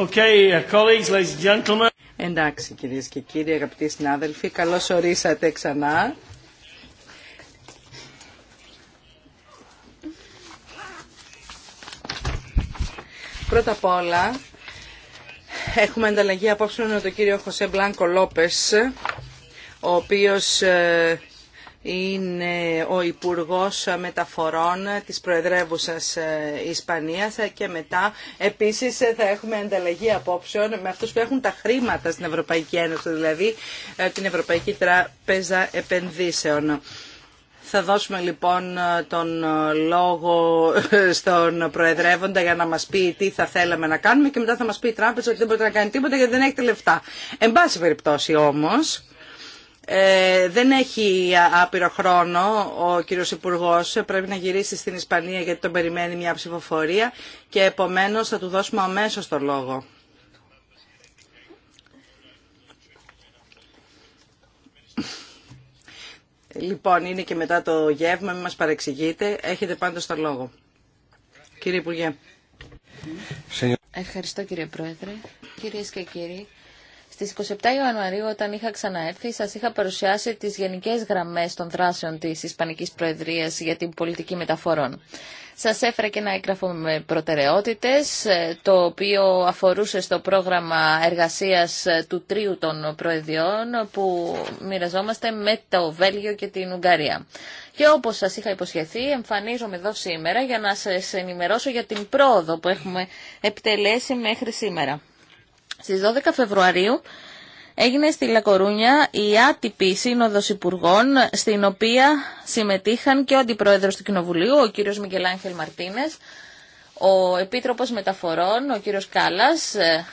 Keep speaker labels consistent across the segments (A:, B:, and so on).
A: Okay, uh, colleagues, ladies and gentlemen. Εντάξει κυρίες και κύριοι, αγαπητοί συνάδελφοι, καλώς ορίσατε ξανά. Πρώτα απ' όλα, έχουμε ανταλλαγή απόψε με τον κύριο Χωσέ Μπλάνκο Λόπες, ο οποίος ε, είναι ο Υπουργός Μεταφορών της Προεδρεύουσας ε, Ισπανίας και μετά επίσης θα έχουμε ανταλλαγή απόψεων με αυτούς που έχουν τα χρήματα στην Ευρωπαϊκή Ένωση, δηλαδή ε, την Ευρωπαϊκή Τράπεζα Επενδύσεων. Θα δώσουμε λοιπόν ε, τον λόγο στον Προεδρεύοντα για να μας πει τι θα θέλαμε να κάνουμε και μετά θα μας πει η Τράπεζα ότι δεν μπορείτε να κάνει τίποτα γιατί δεν έχετε λεφτά. Εν πάση περιπτώσει όμως, ε, δεν έχει άπειρο χρόνο ο κύριος Υπουργός, πρέπει να γυρίσει στην Ισπανία γιατί τον περιμένει μια ψηφοφορία και επομένως θα του δώσουμε αμέσως το λόγο. Λοιπόν, είναι και μετά το γεύμα, μην μας παρεξηγείτε. Έχετε πάντως το λόγο.
B: Κύριε Υπουργέ. Ευχαριστώ κύριε Πρόεδρε. Κυρίες και κύριοι, στις 27 Ιανουαρίου όταν είχα ξαναέρθει σας είχα παρουσιάσει τις γενικές γραμμές των δράσεων της Ισπανικής Προεδρίας για την πολιτική μεταφορών. Σας έφερα και ένα έγγραφο με προτεραιότητες, ε, το οποίο αφορούσε στο πρόγραμμα εργασίας ε, του τρίου των προεδιών που μοιραζόμαστε με το Βέλγιο και την Ουγγαρία. Και όπως σας είχα υποσχεθεί, εμφανίζομαι εδώ σήμερα για να σας ενημερώσω για την πρόοδο που έχουμε επιτελέσει μέχρι σήμερα. Στις 12 Φεβρουαρίου έγινε στη Λακορούνια η άτυπη σύνοδος υπουργών στην οποία συμμετείχαν και ο αντιπρόεδρος του Κοινοβουλίου, ο κύριος Μικελάνχελ Μαρτίνες, ο Επίτροπος Μεταφορών, ο κύριος Κάλλας, ε,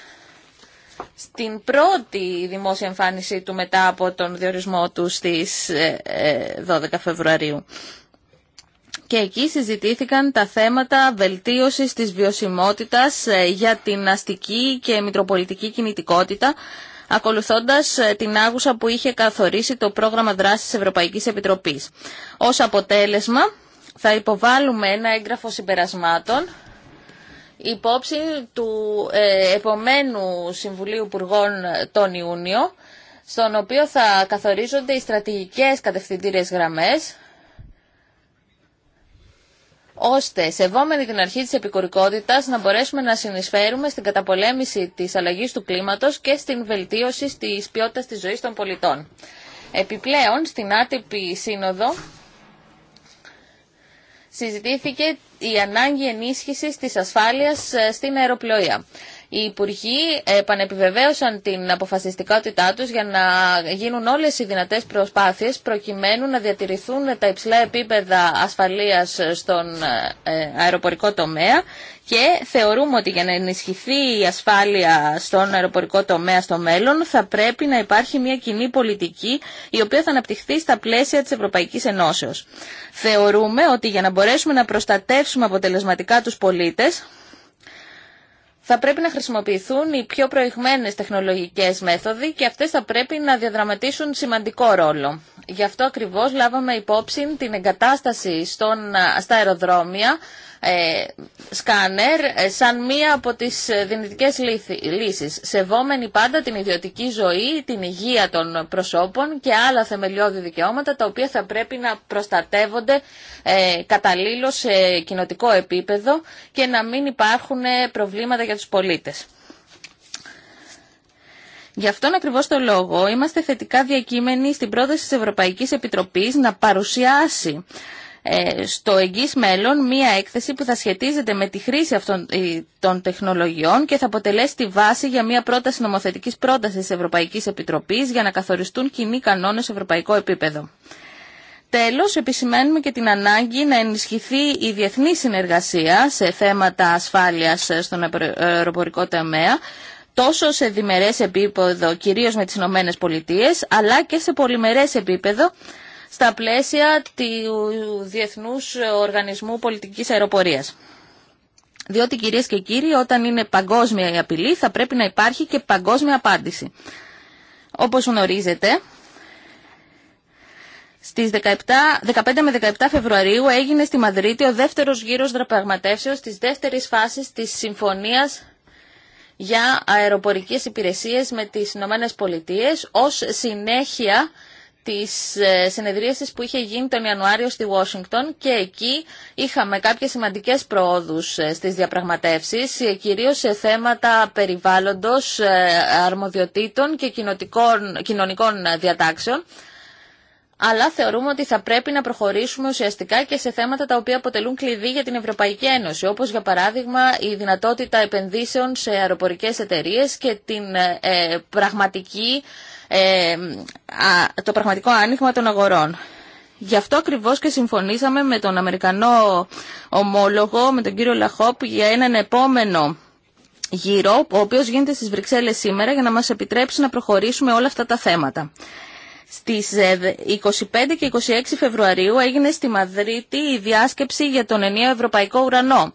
B: στην πρώτη δημόσια εμφάνιση του μετά από τον διορισμό του στις 12 ε, ε, Φεβρουαρίου και εκεί συζητήθηκαν τα θέματα βελτίωσης της βιωσιμότητας ε, για την αστική και μητροπολιτική κινητικότητα ακολουθώντας ε, την άγουσα που είχε καθορίσει το πρόγραμμα δράσης Ευρωπαϊκής Επιτροπής. Ως αποτέλεσμα θα υποβάλουμε ένα έγγραφο συμπερασμάτων υπόψη του ε, επομένου Συμβουλίου Υπουργών τον Ιούνιο στον οποίο θα καθορίζονται οι στρατηγικές κατευθυντήριες γραμμές ώστε σεβόμενοι την αρχή της επικουρικότητας να μπορέσουμε να συνεισφέρουμε στην καταπολέμηση της αλλαγής του κλίματος και στην βελτίωση της ποιότητας της ζωής των πολιτών. Επιπλέον, στην άτυπη σύνοδο συζητήθηκε η ανάγκη ενίσχυσης της ασφάλειας ε, στην αεροπλοεία οι Υπουργοί επανεπιβεβαίωσαν την αποφασιστικότητά τους για να γίνουν όλες οι δυνατές προσπάθειες προκειμένου να διατηρηθούν τα υψηλά επίπεδα ασφαλείας στον ε, αεροπορικό τομέα και θεωρούμε ότι για να ενισχυθεί η ασφάλεια στον αεροπορικό τομέα στο μέλλον θα πρέπει να υπάρχει μια κοινή πολιτική η οποία θα αναπτυχθεί στα πλαίσια της Ευρωπαϊκής Ενώσεως. Θεωρούμε ότι για να μπορέσουμε να προστατεύσουμε αποτελεσματικά τους πολίτες θα πρέπει να χρησιμοποιηθούν οι πιο προηγμένες τεχνολογικές μέθοδοι και αυτές θα πρέπει να διαδραματίσουν σημαντικό ρόλο. Γι' αυτό ακριβώς λάβαμε υπόψη την εγκατάσταση στον, στα αεροδρόμια ε, σκάνερ ε, σαν μία από τις ε, δυνητικές λύσεις, σεβόμενη πάντα την ιδιωτική ζωή, την υγεία των προσώπων και άλλα θεμελιώδη δικαιώματα τα οποία θα πρέπει να προστατεύονται καταλήλως σε κοινοτικό επίπεδο και να μην υπάρχουν προβλήματα για τους πολίτες. Γι' αυτόν ακριβώς το λόγο είμαστε θετικά διακείμενοι στην πρόταση της Ευρωπαϊκής Επιτροπής να παρουσιάσει ε, στο εγγύς μέλλον μία έκθεση που θα σχετίζεται με τη χρήση αυτών ε, των τεχνολογιών και θα αποτελέσει τη βάση για μία πρόταση νομοθετικής πρότασης της Ευρωπαϊκής Επιτροπής για να καθοριστούν κοινοί κανόνες σε ευρωπαϊκό επίπεδο. Τέλος, επισημαίνουμε και την ανάγκη να ενισχυθεί η διεθνή συνεργασία σε θέματα ασφάλειας στον αεροπορικό τομέα, τόσο σε διμερές επίπεδο, κυρίως με τις Ηνωμένε Πολιτείες, αλλά και σε πολυμερές επίπεδο, στα πλαίσια του Διεθνούς Οργανισμού Πολιτικής Αεροπορίας. Διότι κυρίες και κύριοι όταν είναι παγκόσμια η απειλή θα πρέπει να υπάρχει και παγκόσμια απάντηση. Όπως γνωρίζετε, στις 17, 15 με 17 Φεβρουαρίου έγινε στη Μαδρίτη ο δεύτερος γύρος δραπραγματεύσεως της δεύτερης φάσης της συμφωνίας για αεροπορικές υπηρεσίες με τις Ηνωμένες Πολιτείες ως συνέχεια της ε, συνεδρίασης που είχε γίνει τον Ιανουάριο στη Ουάσιγκτον και εκεί είχαμε κάποιες σημαντικές προόδους ε, στις διαπραγματεύσεις, ε, κυρίως σε θέματα περιβάλλοντος, αρμοδιοτήτων και κοινωνικών διατάξεων. Αλλά θεωρούμε ότι θα πρέπει να προχωρήσουμε ουσιαστικά και σε θέματα τα οποία αποτελούν κλειδί για την Ευρωπαϊκή Ένωση, όπως για παράδειγμα η δυνατότητα επενδύσεων σε αεροπορικές εταιρείες και την ε, πραγματική ε, το πραγματικό άνοιγμα των αγορών. Γι' αυτό ακριβώ και συμφωνήσαμε με τον Αμερικανό ομόλογο, με τον κύριο Λαχόπ, για έναν επόμενο γύρο, ο οποίο γίνεται στι Βρυξέλλε σήμερα, για να μα επιτρέψει να προχωρήσουμε όλα αυτά τα θέματα. Στις 25 ε, και 26 Φεβρουαρίου έγινε στη Μαδρίτη η διάσκεψη για τον ενιαίο ευρωπαϊκό ουρανό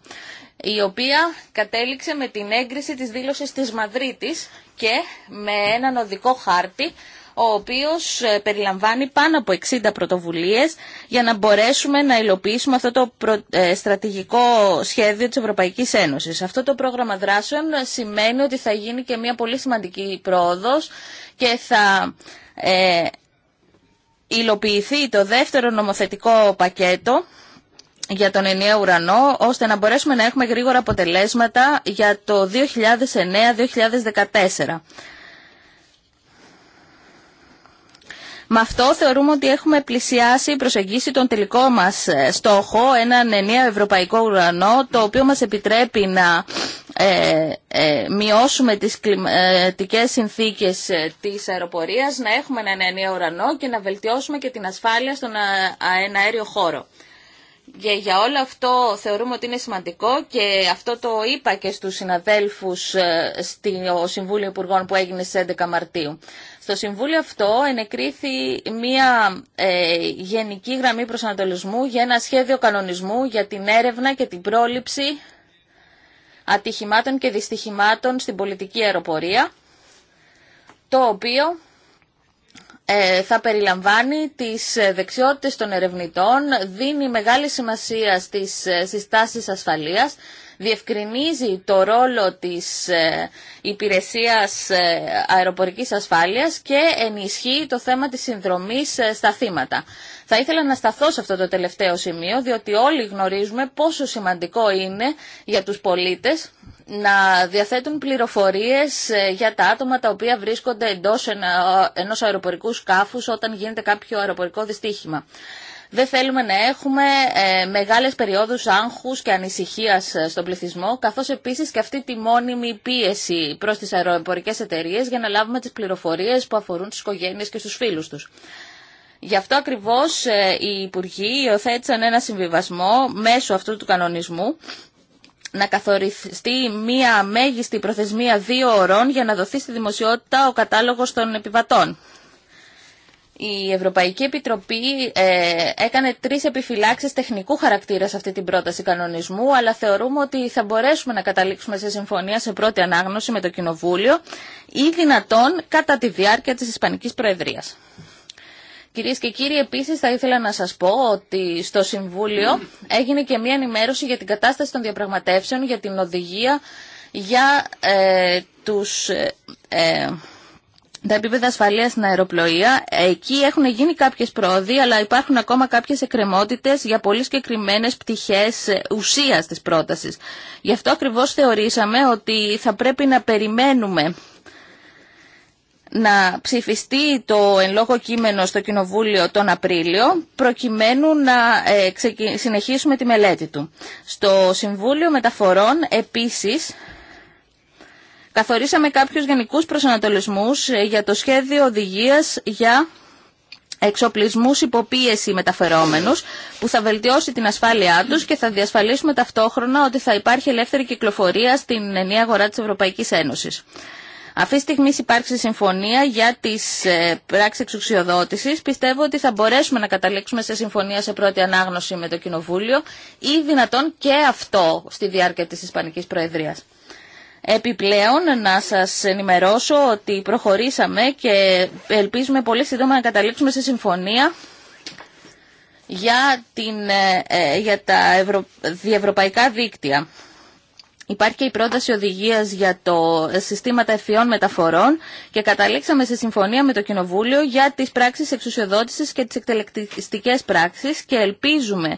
B: η οποία κατέληξε με την έγκριση της δήλωσης της Μαδρίτης και με έναν οδικό χάρτη ο οποίος ε, περιλαμβάνει πάνω από 60 πρωτοβουλίες για να μπορέσουμε να υλοποιήσουμε αυτό το ε, στρατηγικό σχέδιο της Ευρωπαϊκής Ένωσης. Αυτό το πρόγραμμα δράσεων σημαίνει ότι θα γίνει και μια πολύ σημαντική πρόοδος και θα ε, υλοποιηθεί το δεύτερο νομοθετικό πακέτο για τον ενιαίο ουρανό, ώστε να μπορέσουμε να έχουμε γρήγορα αποτελέσματα για το 2009-2014. Με αυτό θεωρούμε ότι έχουμε πλησιάσει, προσεγγίσει τον τελικό μας ε, στόχο, έναν ενιαίο ευρωπαϊκό ουρανό, το οποίο μας επιτρέπει να ε, ε μειώσουμε τις κλιματικές ε, συνθήκες της αεροπορίας, να έχουμε έναν ενιαίο ουρανό και να βελτιώσουμε και την ασφάλεια στον αέριο χώρο. Και για όλο αυτό θεωρούμε ότι είναι σημαντικό και αυτό το είπα και στους συναδέλφους ε, στο Συμβούλιο Υπουργών που έγινε στις 11 Μαρτίου. Στο Συμβούλιο αυτό ενεκρίθη μια ε, γενική γραμμή προσανατολισμού για ένα σχέδιο κανονισμού για την έρευνα και την πρόληψη ατυχημάτων και δυστυχημάτων στην πολιτική αεροπορία, το οποίο ε, θα περιλαμβάνει τις ε, δεξιότητες των ερευνητών, δίνει μεγάλη σημασία στις ε, συστάσεις ασφαλείας, διευκρινίζει το ρόλο της υπηρεσίας αεροπορικής ασφάλειας και ενισχύει το θέμα της συνδρομής στα θύματα. Θα ήθελα να σταθώ σε αυτό το τελευταίο σημείο, διότι όλοι γνωρίζουμε πόσο σημαντικό είναι για τους πολίτες να διαθέτουν πληροφορίες ε, για τα άτομα τα οποία βρίσκονται εντός ενός αεροπορικού σκάφους όταν γίνεται κάποιο αεροπορικό δυστύχημα. Δεν θέλουμε να έχουμε ε, μεγάλες περιόδους άγχους και ανησυχίας ε, στον πληθυσμό, καθώς επίσης και αυτή τη μόνιμη πίεση προς τις αεροπορικές εταιρείες για να λάβουμε τις πληροφορίες που αφορούν τις οικογένειες και τους φίλους τους. Γι' αυτό ακριβώς οι Υπουργοί υιοθέτησαν ένα συμβιβασμό μέσω αυτού του κανονισμού να καθοριστεί μία μέγιστη προθεσμία δύο ωρών για να δοθεί στη δημοσιότητα ο κατάλογος των επιβατών. Η Ευρωπαϊκή Επιτροπή ε, έκανε τρεις επιφυλάξεις τεχνικού χαρακτήρα σε αυτή την πρόταση κανονισμού, αλλά θεωρούμε ότι θα μπορέσουμε να καταλήξουμε σε συμφωνία σε πρώτη ανάγνωση με το Κοινοβούλιο ή δυνατόν κατά τη διάρκεια της Ισπανικής Προεδρίας. Κυρίες και κύριοι, επίσης θα ήθελα να σας πω ότι στο Συμβούλιο έγινε και μία ενημέρωση για την κατάσταση των διαπραγματεύσεων για την οδηγία για ε, τους... Ε, ε, τα επίπεδα ασφαλεία στην αεροπλοεία. Εκεί έχουν γίνει κάποιες πρόοδοι, αλλά υπάρχουν ακόμα κάποιες εκκρεμότητες για πολύ συγκεκριμένε πτυχές ε, ουσία τη πρόταση. Γι' αυτό ακριβώς θεωρήσαμε ότι θα πρέπει να περιμένουμε να ψηφιστεί το εν λόγω κείμενο στο Κοινοβούλιο τον Απρίλιο προκειμένου να ε, συνεχίσουμε τη μελέτη του. Στο Συμβούλιο Μεταφορών επίσης καθορίσαμε κάποιους γενικούς προσανατολισμούς ε, για το σχέδιο οδηγίας για εξοπλισμούς υποπίεση μεταφερόμενους που θα βελτιώσει την ασφάλειά τους και θα διασφαλίσουμε ταυτόχρονα ότι θα υπάρχει ελεύθερη κυκλοφορία στην ενιαία αγορά της Ευρωπαϊκής Ένωσης. Αυτή τη στιγμή υπάρξει συμφωνία για τι ε, πράξει εξουσιοδότηση. Πιστεύω ότι θα μπορέσουμε να καταλήξουμε σε συμφωνία σε πρώτη ανάγνωση με το Κοινοβούλιο ή δυνατόν και αυτό στη διάρκεια τη Ισπανική Προεδρία. Επιπλέον, να σας ενημερώσω ότι προχωρήσαμε και ελπίζουμε πολύ σύντομα να καταλήξουμε σε συμφωνία για, την, ε, ε, για τα ευρω... διευρωπαϊκά δίκτυα. Υπάρχει και η πρόταση οδηγίας για το συστήματα ευφυών μεταφορών και καταλήξαμε σε συμφωνία με το Κοινοβούλιο για τις πράξεις εξουσιοδότησης και τις εκτελεκτιστικές πράξεις και ελπίζουμε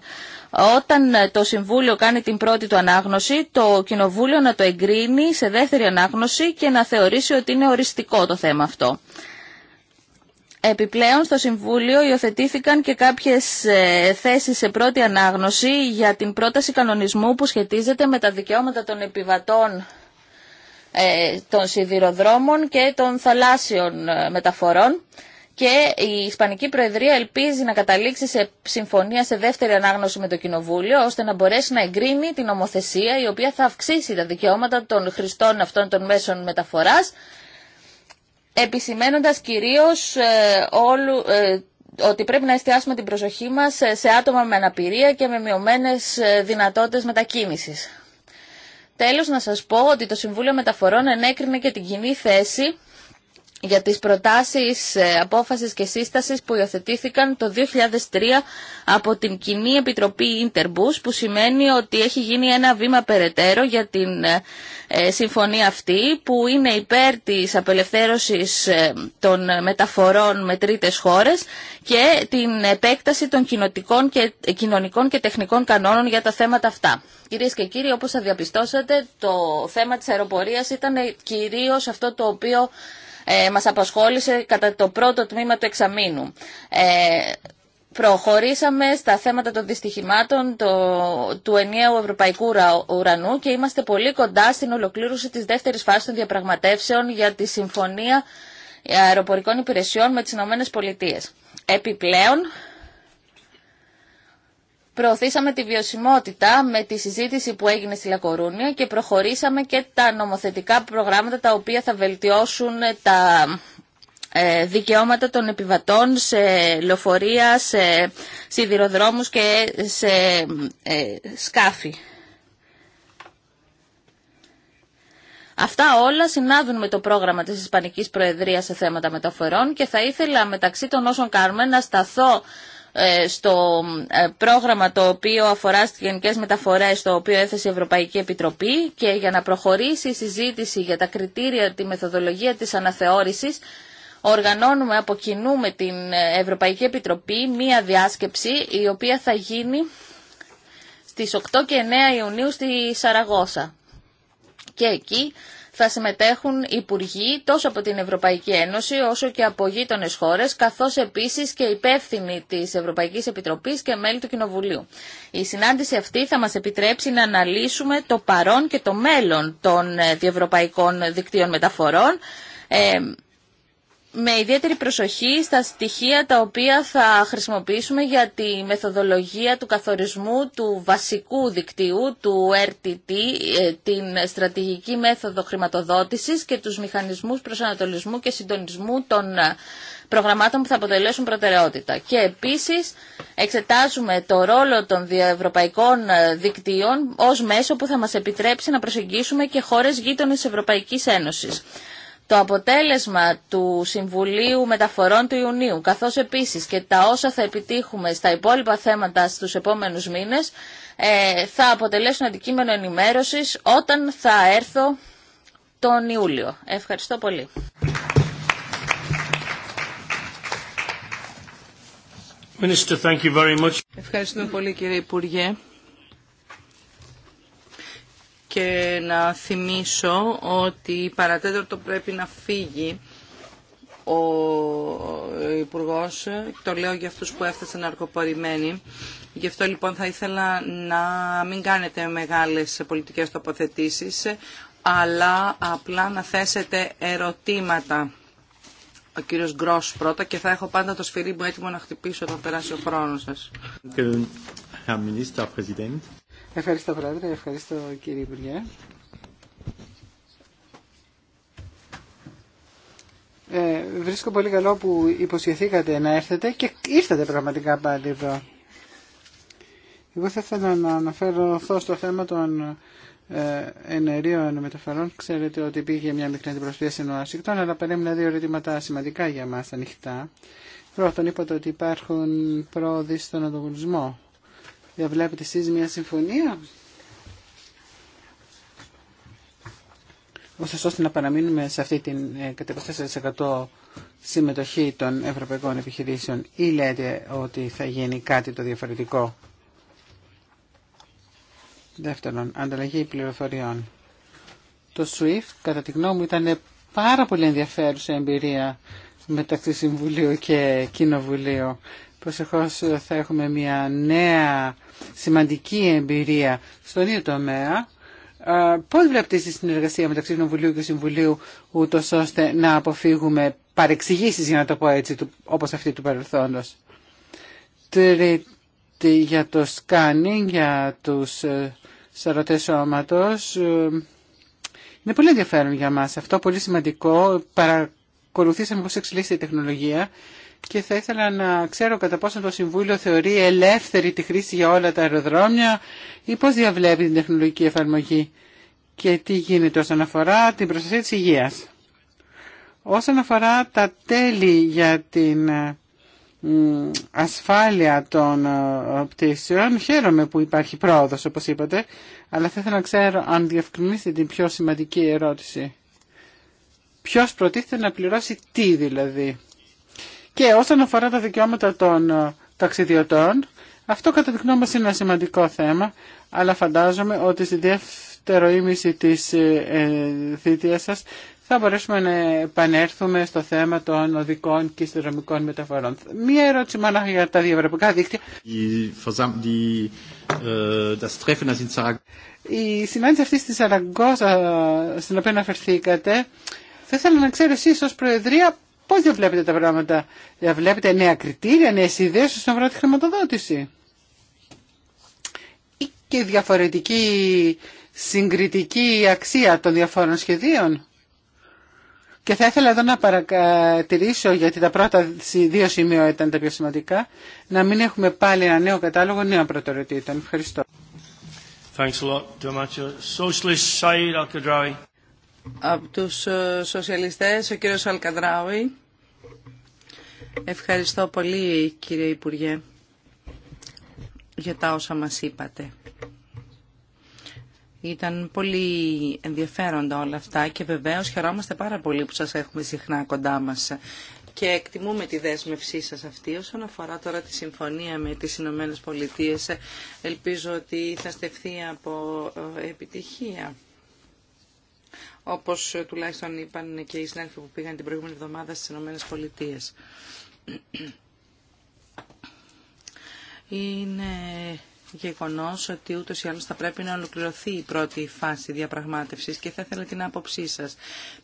B: όταν το Συμβούλιο κάνει την πρώτη του ανάγνωση, το Κοινοβούλιο να το εγκρίνει σε δεύτερη ανάγνωση και να θεωρήσει ότι είναι οριστικό το θέμα αυτό. Επιπλέον στο Συμβούλιο υιοθετήθηκαν και κάποιες ε, θέσεις σε πρώτη ανάγνωση για την πρόταση κανονισμού που σχετίζεται με τα δικαιώματα των επιβατών ε, των σιδηροδρόμων και των θαλάσσιων ε, μεταφορών και η Ισπανική Προεδρία ελπίζει να καταλήξει σε συμφωνία σε δεύτερη ανάγνωση με το Κοινοβούλιο, ώστε να μπορέσει να εγκρίνει την ομοθεσία η οποία θα αυξήσει τα δικαιώματα των χρηστών αυτών των μέσων μεταφοράς επισημένοντας κυρίως ε, όλου, ε, ότι πρέπει να εστιάσουμε την προσοχή μας ε, σε άτομα με αναπηρία και με μειωμένες δυνατότητες μετακίνησης. Τέλος να σας πω ότι το Συμβούλιο Μεταφορών ενέκρινε και την κοινή θέση για τις προτάσεις ε, απόφασης και σύστασης που υιοθετήθηκαν το 2003 από την Κοινή Επιτροπή Interbus, που σημαίνει ότι έχει γίνει ένα βήμα περαιτέρω για την ε, ε, συμφωνία αυτή που είναι υπέρ της απελευθέρωσης των μεταφορών με τρίτες χώρες και την επέκταση των και, κοινωνικών και τεχνικών κανόνων για τα θέματα αυτά. Κυρίε και κύριοι, όπως θα διαπιστώσατε, το θέμα της αεροπορίας ήταν κυρίως αυτό το οποίο ε, μας απασχόλησε κατά το πρώτο τμήμα του εξαμήνου. Ε, προχωρήσαμε στα θέματα των δυστυχημάτων του ενιαίου ευρωπαϊκού ουρανού και είμαστε πολύ κοντά στην ολοκλήρωση της δεύτερης φάσης των διαπραγματεύσεων για τη Συμφωνία Αεροπορικών Υπηρεσιών με τις Ηνωμένες Πολιτείες. Επιπλέον, προωθήσαμε τη βιωσιμότητα με τη συζήτηση που έγινε στη Λακορούνια και προχωρήσαμε και τα νομοθετικά προγράμματα τα οποία θα βελτιώσουν τα ε, δικαιώματα των επιβατών σε λεωφορεία, σε σιδηροδρόμους και σε ε, σκάφη. Αυτά όλα συνάδουν με το πρόγραμμα της Ισπανικής Προεδρίας σε θέματα μεταφορών και θα ήθελα μεταξύ των όσων κάνουμε να σταθώ ε, στο ε, πρόγραμμα το οποίο αφορά στις γενικές μεταφορές το οποίο έθεσε η Ευρωπαϊκή Επιτροπή και για να προχωρήσει η συζήτηση για τα κριτήρια, τη μεθοδολογία της αναθεώρησης οργανώνουμε, με την Ευρωπαϊκή Επιτροπή μία διάσκεψη η οποία θα γίνει στις 8 και 9 Ιουνίου στη Σαραγώσα. Και εκεί θα συμμετέχουν υπουργοί τόσο από την Ευρωπαϊκή Ένωση όσο και από γείτονε χώρε, καθώ επίση και υπεύθυνοι τη Ευρωπαϊκή Επιτροπή και μέλη του Κοινοβουλίου. Η συνάντηση αυτή θα μα επιτρέψει να αναλύσουμε το παρόν και το μέλλον των ε, διευρωπαϊκών δικτύων μεταφορών. Ε, με ιδιαίτερη προσοχή στα στοιχεία τα οποία θα χρησιμοποιήσουμε για τη μεθοδολογία του καθορισμού του βασικού δικτύου, του RTT, ε, την στρατηγική μέθοδο χρηματοδότησης και τους μηχανισμούς προσανατολισμού και συντονισμού των ε, προγραμμάτων που θα αποτελέσουν προτεραιότητα. Και επίσης εξετάζουμε το ρόλο των διευρωπαϊκών ε, δικτύων ως μέσο που θα μας επιτρέψει να προσεγγίσουμε και χώρες γείτονες Ευρωπαϊκής Ένωσης το αποτέλεσμα του Συμβουλίου Μεταφορών του Ιουνίου, καθώς επίσης και τα όσα θα επιτύχουμε στα υπόλοιπα θέματα στους επόμενους μήνες, ε, θα αποτελέσουν αντικείμενο ενημέρωσης όταν θα έρθω τον Ιούλιο. Ευχαριστώ πολύ. Minister, thank you very much.
A: Ευχαριστούμε πολύ κύριε Υπουργέ και να θυμίσω ότι παρατέταρτο πρέπει να φύγει ο υπουργό, το λέω για αυτούς που έφτασαν αρκοπορημένοι. Γι' αυτό λοιπόν θα ήθελα να μην κάνετε μεγάλες πολιτικές τοποθετήσεις, αλλά απλά να θέσετε ερωτήματα. Ο κύριος Γκρός πρώτα και θα έχω πάντα το σφυρί μου έτοιμο να χτυπήσω όταν περάσει ο χρόνος σας. Ευχαριστώ Πρόεδρε,
C: ευχαριστώ κύριε Υπουργέ. Ε, βρίσκω πολύ καλό που υποσχεθήκατε να έρθετε και ήρθατε πραγματικά πάλι εδώ. Εγώ θα ήθελα να αναφέρω στο θέμα των ε, μεταφορών. Ξέρετε ότι πήγε μια μικρή αντιπροσωπεία στην Ουάσιγκτον, αλλά παρέμεινα δύο ερωτήματα σημαντικά για μας ανοιχτά. Πρώτον, είπατε ότι υπάρχουν πρόοδοι στον ανταγωνισμό δεν βλέπετε εσείς μια συμφωνία. ώστε να παραμείνουμε σε αυτή την 24% ε, συμμετοχή των ευρωπαϊκών επιχειρήσεων ή λέτε ότι θα γίνει κάτι το διαφορετικό. Δεύτερον, ανταλλαγή πληροφοριών. Το SWIFT, κατά τη γνώμη μου, ήταν πάρα πολύ ενδιαφέρουσα εμπειρία μεταξύ Συμβουλίου και Κοινοβουλίου. Προσεχώς θα έχουμε μια νέα σημαντική εμπειρία στον ίδιο τομέα. Πώς βλέπετε στη συνεργασία μεταξύ Κοινοβουλίου και Συμβουλίου ούτω ώστε να αποφύγουμε παρεξηγήσεις, για να το πω έτσι, όπως αυτή του παρελθόντος. Τρίτη, για το σκάνινγκ, για τους ε, σαρωτές σώματος. Ε, είναι πολύ ενδιαφέρον για μας αυτό, πολύ σημαντικό. Παρακολουθήσαμε πώς εξελίσσεται η τεχνολογία και θα ήθελα να ξέρω κατά πόσο το Συμβούλιο θεωρεί ελεύθερη τη χρήση για όλα τα αεροδρόμια ή πώς διαβλέπει την τεχνολογική εφαρμογή και τι γίνεται όσον αφορά την προστασία της υγείας. Όσον αφορά τα τέλη για την ε, ασφάλεια των ε, πτήσεων, χαίρομαι που υπάρχει πρόοδος όπως είπατε, αλλά θα ήθελα να ξέρω αν διευκρινίσετε την πιο σημαντική ερώτηση. Ποιος προτίθεται να πληρώσει τι δηλαδή και όσον αφορά τα δικαιώματα των ε, ταξιδιωτών, αυτό κατά τη γνώμη μας είναι ένα σημαντικό θέμα, αλλά φαντάζομαι ότι στη δεύτερο ήμιση της ε, ε, θήτειας σας θα μπορέσουμε να επανέλθουμε στο θέμα των οδικών και ιστορικών μεταφορών. Μία ερώτηση μόνο για τα διευρωπαϊκά δίκτυα. Η συνάντηση αυτή στη Σαραγκώσα, στην οποία αναφερθήκατε, θα ήθελα να ξέρω εσεί ως Προεδρία Πώς δεν βλέπετε τα πράγματα, δεν βλέπετε νέα κριτήρια, νέες ιδέες να αφορά τη χρηματοδότηση. Ή και διαφορετική συγκριτική αξία των διαφόρων σχεδίων. Και θα ήθελα εδώ να παρατηρήσω, γιατί τα πρώτα δύο σημεία ήταν τα πιο σημαντικά, να μην έχουμε πάλι ένα νέο κατάλογο νέων προτεραιοτήτων. Ευχαριστώ.
A: Από τους ε, σοσιαλιστές, ο κύριος Αλκαδράουι. Ευχαριστώ πολύ κύριε Υπουργέ για τα όσα μας είπατε. Ήταν πολύ ενδιαφέροντα όλα αυτά και βεβαίως χαιρόμαστε πάρα πολύ που σας έχουμε συχνά κοντά μας και εκτιμούμε τη δέσμευσή σας αυτή όσον αφορά τώρα τη συμφωνία με τις Ηνωμένες Πολιτείες. Ελπίζω ότι θα στεφθεί από ε, επιτυχία όπως ε, τουλάχιστον είπαν και οι συνάδελφοι που πήγαν την προηγούμενη εβδομάδα στις Ηνωμένες Πολιτείες. Είναι γεγονός ότι ούτως γεγονό θα πρέπει ούτω η πρώτη φάση διαπραγμάτευσης και θα ήθελα την άποψή σας.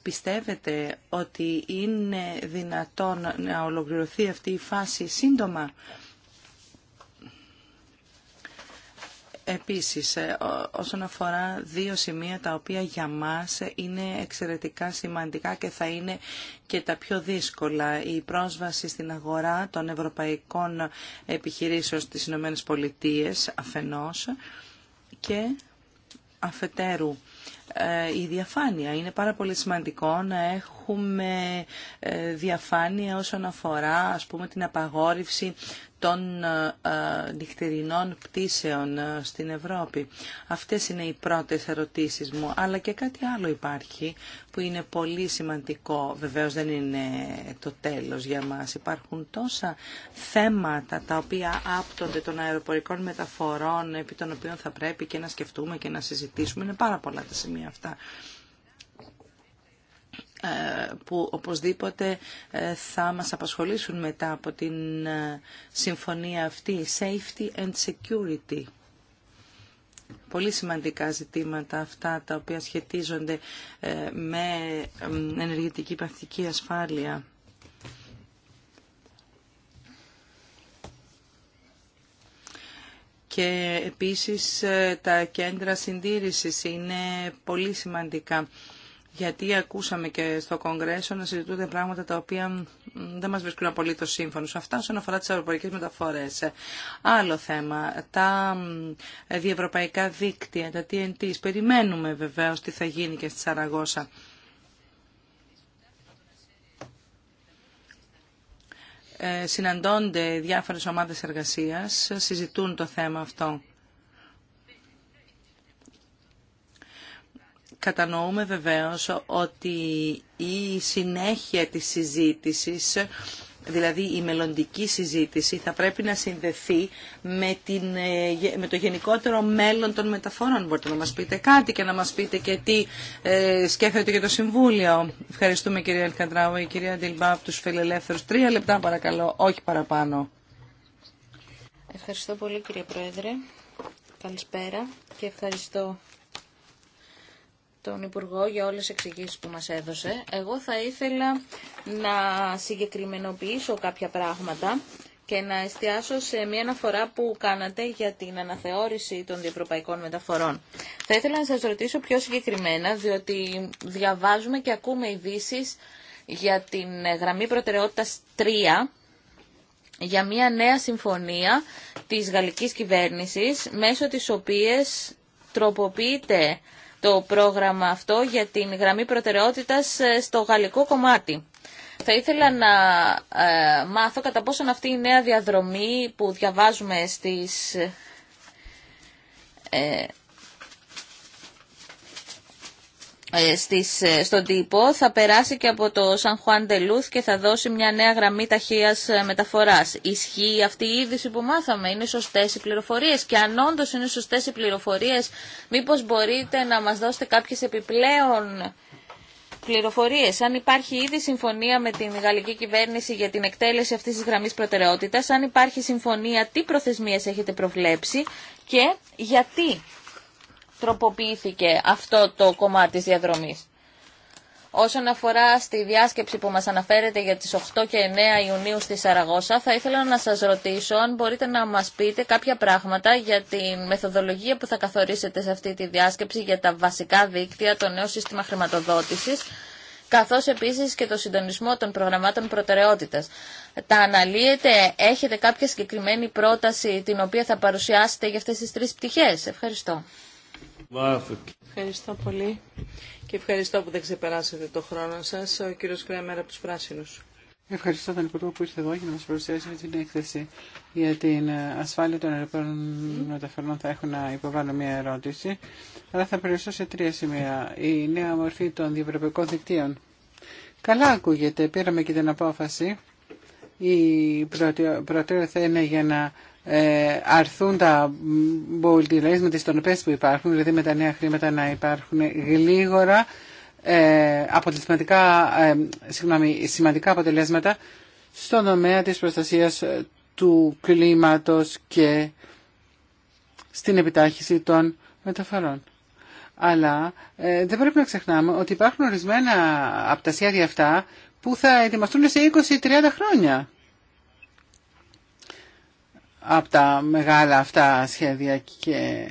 A: Πιστεύετε ότι είναι δυνατόν να ολοκληρωθεί αυτή η φάση σύντομα. Επίσης, ε, όσον αφορά δύο σημεία τα οποία για μας είναι εξαιρετικά σημαντικά και θα είναι και τα πιο δύσκολα, η πρόσβαση στην αγορά των ευρωπαϊκών επιχειρήσεων στις ΗΠΑ αφενός και αφετέρου ε, η διαφάνεια. Είναι πάρα πολύ σημαντικό να έχουμε ε, διαφάνεια όσον αφορά ας πούμε, την απαγόρευση των ε, νυχτερινών πτήσεων στην Ευρώπη. Αυτές είναι οι πρώτες ερωτήσεις μου. Αλλά και κάτι άλλο υπάρχει που είναι πολύ σημαντικό. Βεβαίως δεν είναι το τέλος για μας. Υπάρχουν τόσα θέματα τα οποία άπτονται των αεροπορικών μεταφορών επί των οποίων θα πρέπει και να σκεφτούμε και να συζητήσουμε. Είναι πάρα πολλά τα σημεία αυτά ε, που οπωσδήποτε ε, θα μας απασχολήσουν μετά από την ε, συμφωνία αυτή. Safety and security. Πολύ σημαντικά ζητήματα αυτά τα οποία σχετίζονται με ενεργητική παθητική ασφάλεια. και επίσης ε, τα κέντρα συντήρησης είναι πολύ σημαντικά. Γιατί ακούσαμε και στο Κογκρέσο να συζητούνται πράγματα τα οποία δεν μας βρίσκουν απολύτως σύμφωνος. Αυτά όσον αφορά τις αεροπορικές μεταφορές. Άλλο θέμα, τα διευρωπαϊκά δίκτυα, τα TNT. Περιμένουμε βεβαίως τι θα γίνει και στη Σαραγώσα. Ε, συναντώνται διάφορες ομάδες εργασίας, συζητούν το θέμα αυτό. Κατανοούμε βεβαίως ότι η συνέχεια της συζήτησης δηλαδή η μελλοντική συζήτηση θα πρέπει να συνδεθεί με, την, ε, με το γενικότερο μέλλον των μεταφορών. Μπορείτε να μας πείτε κάτι και να μας πείτε και τι ε, σκέφτεται και το Συμβούλιο. Ευχαριστούμε κυρία Ελκαντράου Η κυρία Ντιλμπά από τους φιλελεύθερους. Τρία λεπτά παρακαλώ, όχι παραπάνω.
B: Ευχαριστώ πολύ κύριε Πρόεδρε. Καλησπέρα και ευχαριστώ τον Υπουργό για όλες τις εξηγήσεις που μας έδωσε. Εγώ θα ήθελα να συγκεκριμενοποιήσω κάποια πράγματα και να εστιάσω σε μια αναφορά που κάνατε για την αναθεώρηση των διευρωπαϊκών μεταφορών. Θα ήθελα να σας ρωτήσω πιο συγκεκριμένα, διότι διαβάζουμε και ακούμε ειδήσει για την γραμμή προτεραιότητας 3, για μια νέα συμφωνία της γαλλικής κυβέρνησης, μέσω της οποίας τροποποιείται το πρόγραμμα αυτό για την γραμμή προτεραιότητας ε, στο γαλλικό κομμάτι. Θα ήθελα να ε, μάθω κατά πόσον αυτή η νέα διαδρομή που διαβάζουμε στις ε, Ε, στις, ε, στον τύπο θα περάσει και από το Σαν Χουάν Τελούθ και θα δώσει μια νέα γραμμή ταχείας ε, μεταφοράς. Ισχύει αυτή η είδηση που μάθαμε, είναι σωστές οι πληροφορίες και αν όντω είναι σωστές οι πληροφορίες μήπως μπορείτε να μας δώσετε κάποιες επιπλέον πληροφορίες. Αν υπάρχει ήδη συμφωνία με την γαλλική κυβέρνηση για την εκτέλεση αυτής της γραμμής προτεραιότητας, αν υπάρχει συμφωνία, τι προθεσμίες έχετε προβλέψει και γιατί τροποποιήθηκε αυτό το κομμάτι της διαδρομής. Όσον αφορά στη διάσκεψη που μας αναφέρεται για τις 8 και 9 Ιουνίου στη Σαραγώσα, θα ήθελα να σας ρωτήσω αν μπορείτε να μας πείτε κάποια πράγματα για τη μεθοδολογία που θα καθορίσετε σε αυτή τη διάσκεψη για τα βασικά δίκτυα, το νέο σύστημα χρηματοδότησης, καθώς επίσης και το συντονισμό των προγραμμάτων προτεραιότητας. Τα αναλύετε, έχετε κάποια συγκεκριμένη πρόταση την οποία θα παρουσιάσετε για αυτές τις τρεις πτυχές. Ευχαριστώ. Ευχαριστώ πολύ
A: και ευχαριστώ που δεν ξεπεράσατε το χρόνο σα, Ο κύριο Κρέμερ από του πράσινου.
C: Ευχαριστώ τον Υπουργό που ήρθε εδώ για να μας παρουσιάσει την έκθεση για την ε, ασφάλεια των αεροπόρων μεταφορών. Θα έχω να υποβάλω μια ερώτηση, αλλά θα περιοριστώ σε τρία σημεία. Η νέα μορφή των διευρωπαϊκών δικτύων. Καλά ακούγεται, πήραμε και την απόφαση. Η προτεραιότητα είναι για να ε, αρθούν τα με των τονοπές που υπάρχουν, δηλαδή με τα νέα χρήματα να υπάρχουν γλίγορα ε, αποτελεσματικά, ε, σημαντικά αποτελέσματα στον τομέα της προστασίας του κλίματος και στην επιτάχυση των μεταφορών. Αλλά δεν πρέπει να ξεχνάμε ότι υπάρχουν ορισμένα από τα σχέδια αυτά που θα ετοιμαστούν σε 20-30 χρόνια από τα μεγάλα αυτά σχέδια και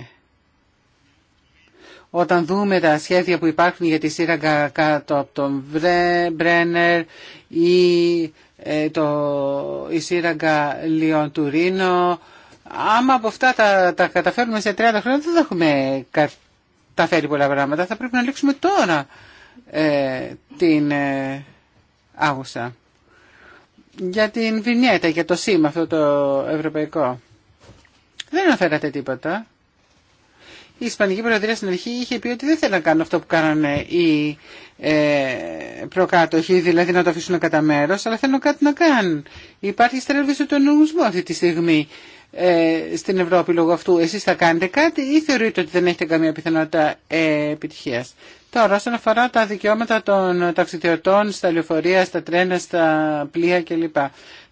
C: όταν δούμε τα σχέδια που υπάρχουν για τη σύραγγα κάτω από τον Μπρένερ ή ε, το, η σύραγγα Λιον Τουρίνο, άμα από αυτά τα, τα καταφέρουμε σε 30 χρόνια δεν θα έχουμε καταφέρει πολλά πράγματα. Θα πρέπει να λήξουμε τώρα ε, την ε, άγουσα για την βινιέτα, για το ΣΥΜ αυτό το ευρωπαϊκό. Δεν αναφέρατε τίποτα. Η Ισπανική Προεδρία στην αρχή είχε πει ότι δεν θέλουν να κάνουν αυτό που κάνανε οι ε, προκάτοχοι, δηλαδή να το αφήσουν κατά μέρο, αλλά θέλουν κάτι να κάνουν. Υπάρχει στραβή του νομισμού αυτή τη στιγμή ε, στην Ευρώπη λόγω αυτού. Εσείς θα κάνετε κάτι ή θεωρείτε ότι δεν έχετε καμία πιθανότητα επιτυχίας. Τώρα, όσον αφορά τα δικαιώματα των ταξιδιωτών στα λεωφορεία, στα τρένα, στα πλοία κλπ.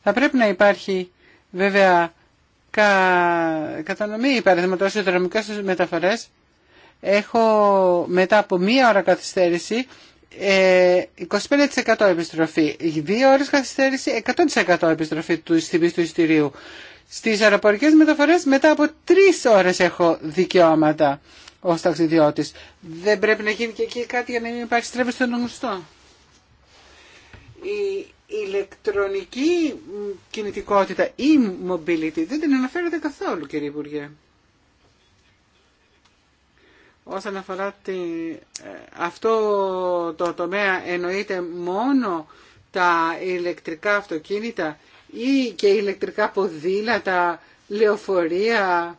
C: Θα πρέπει να υπάρχει βέβαια κα... κατανομή, παραδείγματο οι δρομικές μεταφορές. Έχω μετά από μία ώρα καθυστέρηση 25% ε, επιστροφή, δύο ώρες καθυστέρηση 100% επιστροφή του τιμής του εισιτηρίου. Στις αεροπορικές μεταφορές μετά από τρεις ώρες έχω δικαιώματα ως ταξιδιώτης. Δεν πρέπει να γίνει και εκεί κάτι για να μην υπάρχει στρέβλωση στον γνωστό. Η ηλεκτρονική ή e-mobility, δεν την αναφέρεται καθόλου κύριε Υπουργέ. Όσον αφορά ε, αυτό το τομέα εννοείται μόνο τα ηλεκτρικά αυτοκίνητα ή και ηλεκτρικά ποδήλατα, λεωφορεία,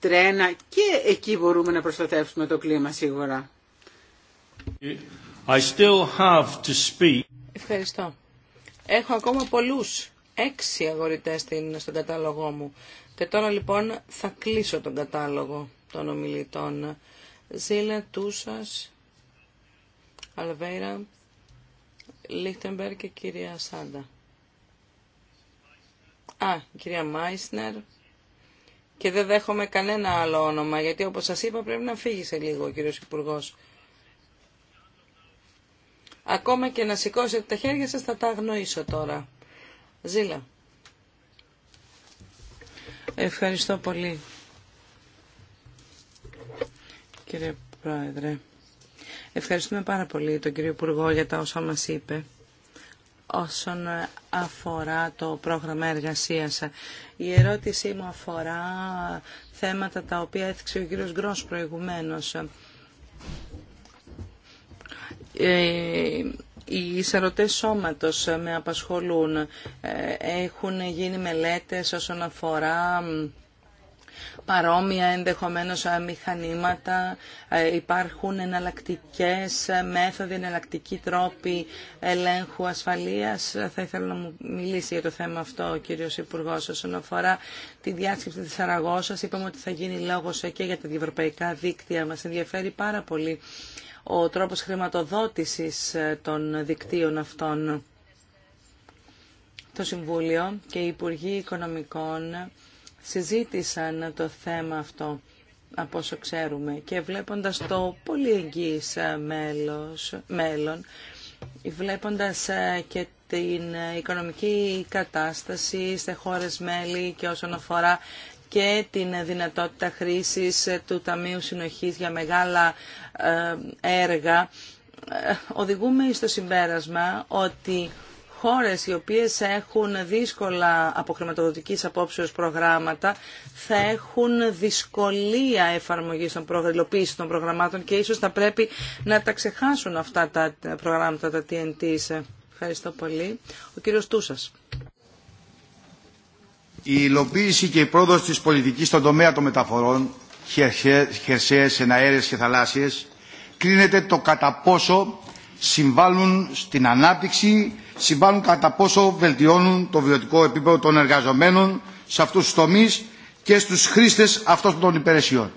C: τρένα και εκεί μπορούμε να προστατεύσουμε το κλίμα σίγουρα.
A: I still have to speak. Ευχαριστώ. Έχω ακόμα πολλούς, έξι αγορητές στον κατάλογό μου. Και λοιπόν θα κλείσω τον κατάλογο των ομιλητών. Ζήλε, Τούσας, Αλβέιρα, Λίχτεμπερ και κυρία Σάντα. Α, κυρία Μάισνερ. Και δεν δέχομαι κανένα άλλο όνομα, γιατί όπως σας είπα πρέπει να φύγει σε λίγο ο κύριος Υπουργό. Ακόμα και να σηκώσετε τα χέρια σας θα τα αγνοήσω τώρα. Ζήλα. Ευχαριστώ πολύ. Κύριε Πρόεδρε, ευχαριστούμε πάρα πολύ τον κύριο Υπουργό για τα όσα μας είπε όσον αφορά το πρόγραμμα εργασίας. Η ερώτησή μου αφορά θέματα τα οποία έθιξε ο κύριος Γκρός προηγουμένως. Ε, οι εισαρωτές σώματος με απασχολούν. Ε, έχουν γίνει μελέτες όσον αφορά παρόμοια ενδεχομένως μηχανήματα, ε, υπάρχουν εναλλακτικές μέθοδοι, εναλλακτικοί τρόποι ελέγχου ασφαλείας. Θα ήθελα να μου μιλήσει για το θέμα αυτό ο κύριος Υπουργός όσον αφορά τη διάσκεψη της Αραγώσας. Είπαμε ότι θα γίνει λόγος και για τα ευρωπαϊκά δίκτυα. Μας ενδιαφέρει πάρα πολύ ο τρόπος χρηματοδότησης ε, των δικτύων αυτών. Το Συμβούλιο και οι Υπουργοί Οικονομικών συζήτησαν το θέμα αυτό από όσο ξέρουμε και βλέποντας το πολύ εγγύης ε, μέλος, μέλλον, βλέποντας ε, και την οικονομική κατάσταση σε χώρες μέλη και όσον αφορά και την δυνατότητα χρήσης ε, του Ταμείου Συνοχής για μεγάλα έργα, οδηγούμε στο συμπέρασμα ότι χώρες οι οποίες έχουν δύσκολα από απόψεως προγράμματα θα έχουν δυσκολία εφαρμογής των των προγραμμάτων και ίσως θα πρέπει να τα ξεχάσουν αυτά τα προγράμματα, τα TNT. Ευχαριστώ πολύ. Ο κύριος Τούσας.
D: Η υλοποίηση και η πρόοδος της πολιτικής στον τομέα των μεταφορών, χερσαίες, εναέρες και θαλάσσιες, κρίνεται το κατά πόσο συμβάλλουν στην ανάπτυξη, συμβάλλουν κατά πόσο βελτιώνουν το βιωτικό επίπεδο των εργαζομένων σε αυτούς τους τομείς και στους χρήστες αυτών των υπηρεσιών.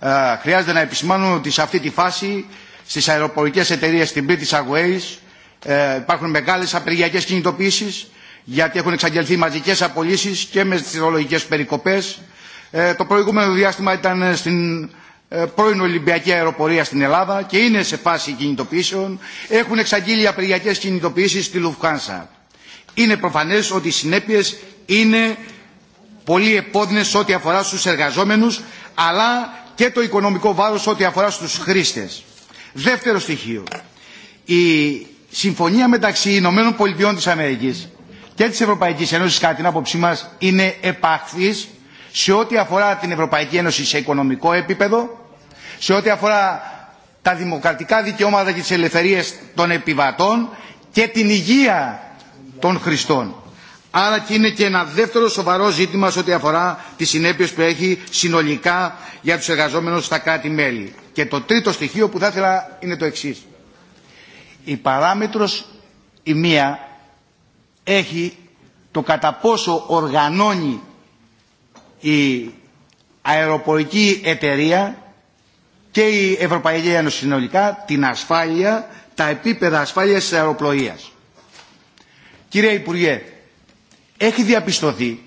D: Ε, χρειάζεται να επισημάνουμε ότι σε αυτή τη φάση στις αεροπορικές εταιρείες στην British Airways ε, υπάρχουν μεγάλες απεργιακές κινητοποιήσεις γιατί έχουν εξαγγελθεί μαζικές απολύσεις και με τις περικοπές. Ε, το προηγούμενο διάστημα ήταν στην ε, πρώην Ολυμπιακή Αεροπορία στην Ελλάδα και είναι σε φάση κινητοποιήσεων, έχουν εξαγγείλει απεργιακέ κινητοποιήσει στη Λουφχάνσα. Είναι προφανέ ότι οι συνέπειε είναι πολύ επώδυνε ό,τι αφορά στου εργαζόμενου, αλλά και το οικονομικό βάρο ό,τι αφορά στου χρήστε. Δεύτερο στοιχείο. Η συμφωνία μεταξύ Ηνωμένων Πολιτειών και τη Ευρωπαϊκή Ένωση, κατά την άποψή μα, είναι επαχθής σε ό,τι αφορά την Ευρωπαϊκή Ένωση σε οικονομικό επίπεδο, σε ό,τι αφορά τα δημοκρατικά δικαιώματα και τις ελευθερίες των επιβατών και την υγεία των χρηστών. Άρα και είναι και ένα δεύτερο σοβαρό ζήτημα σε ό,τι αφορά τις συνέπειες που έχει συνολικά για τους εργαζόμενους στα κράτη-μέλη. Και το τρίτο στοιχείο που θα ήθελα είναι το εξής. Η παράμετρος η μία έχει το κατά πόσο οργανώνει η αεροπορική εταιρεία και η Ευρωπαϊκή Ένωση συνολικά την ασφάλεια, τα επίπεδα ασφάλειας της αεροπλοείας. Κύριε Υπουργέ, έχει διαπιστωθεί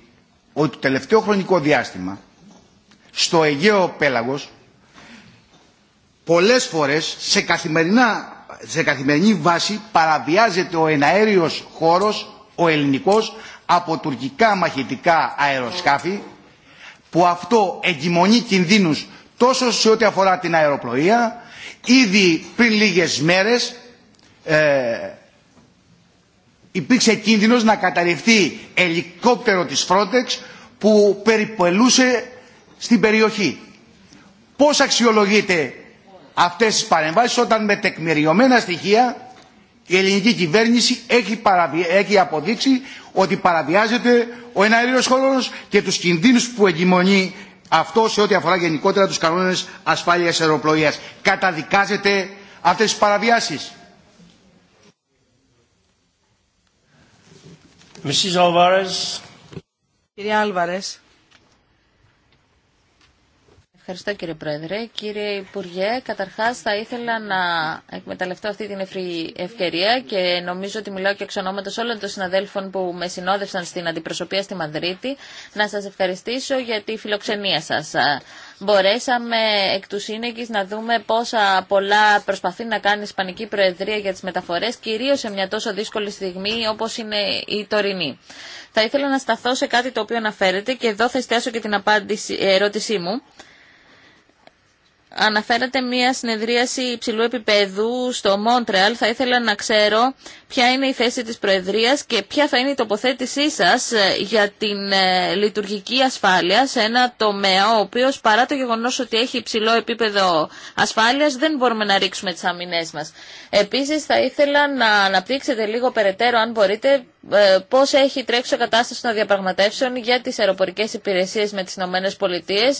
D: ότι το τελευταίο χρονικό διάστημα στο Αιγαίο Πέλαγος πολλές φορές σε, καθημερινά, σε καθημερινή βάση παραβιάζεται ο εναέριος χώρος, ο ελληνικός, από τουρκικά μαχητικά αεροσκάφη που αυτό εγκυμονεί κινδύνους τόσο σε ό,τι αφορά την αεροπλοεία. Ήδη πριν λίγες μέρες ε, υπήρξε κίνδυνος να καταρριφθεί ελικόπτερο της Frontex που περιπελούσε στην περιοχή. Πώς αξιολογείται αυτές τις παρεμβάσεις όταν με τεκμηριωμένα στοιχεία η ελληνική κυβέρνηση έχει, αποδείξει ότι παραβιάζεται ο εναερίο χώρο και τους κινδύνους που εγκυμονεί αυτό σε ό,τι αφορά γενικότερα του κανόνε ασφάλειας αεροπλοείας. Καταδικάζεται αυτές τι παραβιάσεις.
B: Κυρία Άλβαρες. Ευχαριστώ κύριε Πρόεδρε. Κύριε Υπουργέ, καταρχάς θα ήθελα να εκμεταλλευτώ αυτή την ευκαιρία και νομίζω ότι μιλάω και εξ ονόματος όλων των συναδέλφων που με συνόδευσαν στην αντιπροσωπεία στη Μαδρίτη να σας ευχαριστήσω για τη φιλοξενία σας. Μπορέσαμε εκ του σύνεγγυς να δούμε πόσα πολλά προσπαθεί να κάνει η Ισπανική Προεδρία για τις μεταφορές, κυρίως σε μια τόσο δύσκολη στιγμή όπως είναι η τωρινή. Θα ήθελα να σταθώ σε κάτι το οποίο αναφέρεται και εδώ θα εστιάσω και την απάντηση, ερώτησή μου. Αναφέρατε μια συνεδρίαση υψηλού επίπεδου στο Μόντρεαλ. Θα ήθελα να ξέρω ποια είναι η θέση της Προεδρίας και ποια θα είναι η τοποθέτησή σας ε, για την ε, λειτουργική ασφάλεια σε ένα τομέα ο οποίος παρά το γεγονός ότι έχει υψηλό επίπεδο ασφάλειας δεν μπορούμε να ρίξουμε τις αμυνές μας. Επίσης θα ήθελα να αναπτύξετε λίγο περαιτέρω αν μπορείτε ε, πώ έχει τρέξει ο κατάσταση των διαπραγματεύσεων για τι αεροπορικέ υπηρεσίε με τι ΗΠΑ,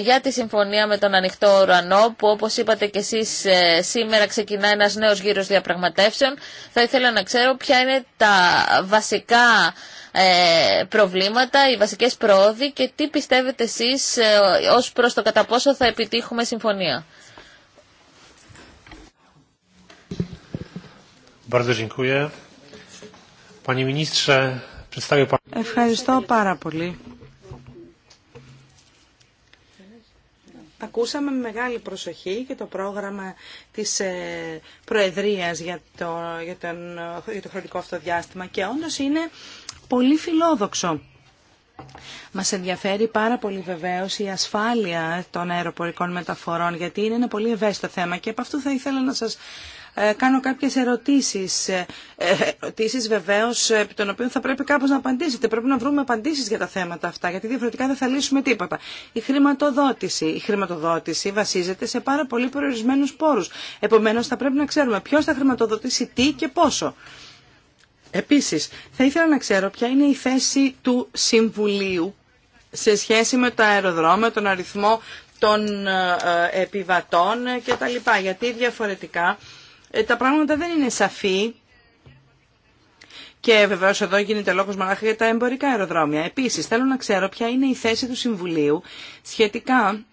B: για τη συμφωνία με τον ανοιχτό ουρανό που όπως είπατε και εσείς ε, σήμερα ξεκινά ένας νέος γύρος διαπραγματεύσεων. Θα ήθελα να ξέρω ποια είναι τα βασικά ε, προβλήματα, οι βασικές προόδοι και τι πιστεύετε εσείς ε, ως προς το κατά πόσο θα επιτύχουμε συμφωνία.
A: Ευχαριστώ πάρα πολύ. Ακούσαμε με μεγάλη προσοχή και το πρόγραμμα της ε, Προεδρίας για το, για, τον, για το χρονικό αυτό διάστημα και όντως είναι πολύ φιλόδοξο. Μας ενδιαφέρει πάρα πολύ βεβαίως η ασφάλεια των αεροπορικών μεταφορών γιατί είναι ένα πολύ ευαίσθητο θέμα και από αυτού θα ήθελα να σας ε, κάνω κάποιες ερωτήσεις. Ε, ε, ερωτήσεις βεβαίως επί των οποίων θα πρέπει κάπως να απαντήσετε. Πρέπει να βρούμε απαντήσεις για τα θέματα αυτά, γιατί διαφορετικά δεν θα λύσουμε τίποτα. Η χρηματοδότηση. Η χρηματοδότηση βασίζεται σε πάρα πολύ περιορισμένους πόρους. Επομένως θα πρέπει να ξέρουμε ποιος θα χρηματοδοτήσει τι και πόσο. Επίσης, θα ήθελα να ξέρω ποια είναι η θέση του Συμβουλίου σε σχέση με τα αεροδρόμια, τον αριθμό των επιβατών και τα λοιπά. Γιατί διαφορετικά ε, τα πράγματα δεν είναι σαφή. Και βεβαίω εδώ γίνεται λόγο μονάχα για τα εμπορικά αεροδρόμια. Επίση, θέλω να ξέρω ποια είναι η θέση του Συμβουλίου σχετικά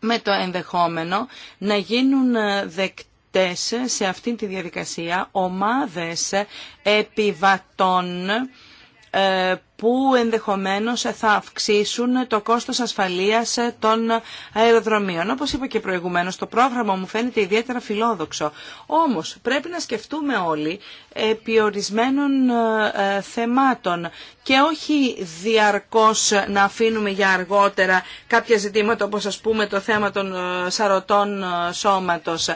A: με το ενδεχόμενο να γίνουν ε, δεκτές σε αυτή τη διαδικασία ομάδες επιβατών ε, που ενδεχομένως θα αυξήσουν το κόστος ασφαλείας των αεροδρομίων. Όπως είπα και προηγουμένως, το πρόγραμμα μου φαίνεται ιδιαίτερα φιλόδοξο. Όμως πρέπει να σκεφτούμε όλοι επί ορισμένων ε, ε, θεμάτων και όχι διαρκώς να αφήνουμε για αργότερα κάποια ζητήματα όπως ας πούμε το θέμα των σαρωτών σώματος.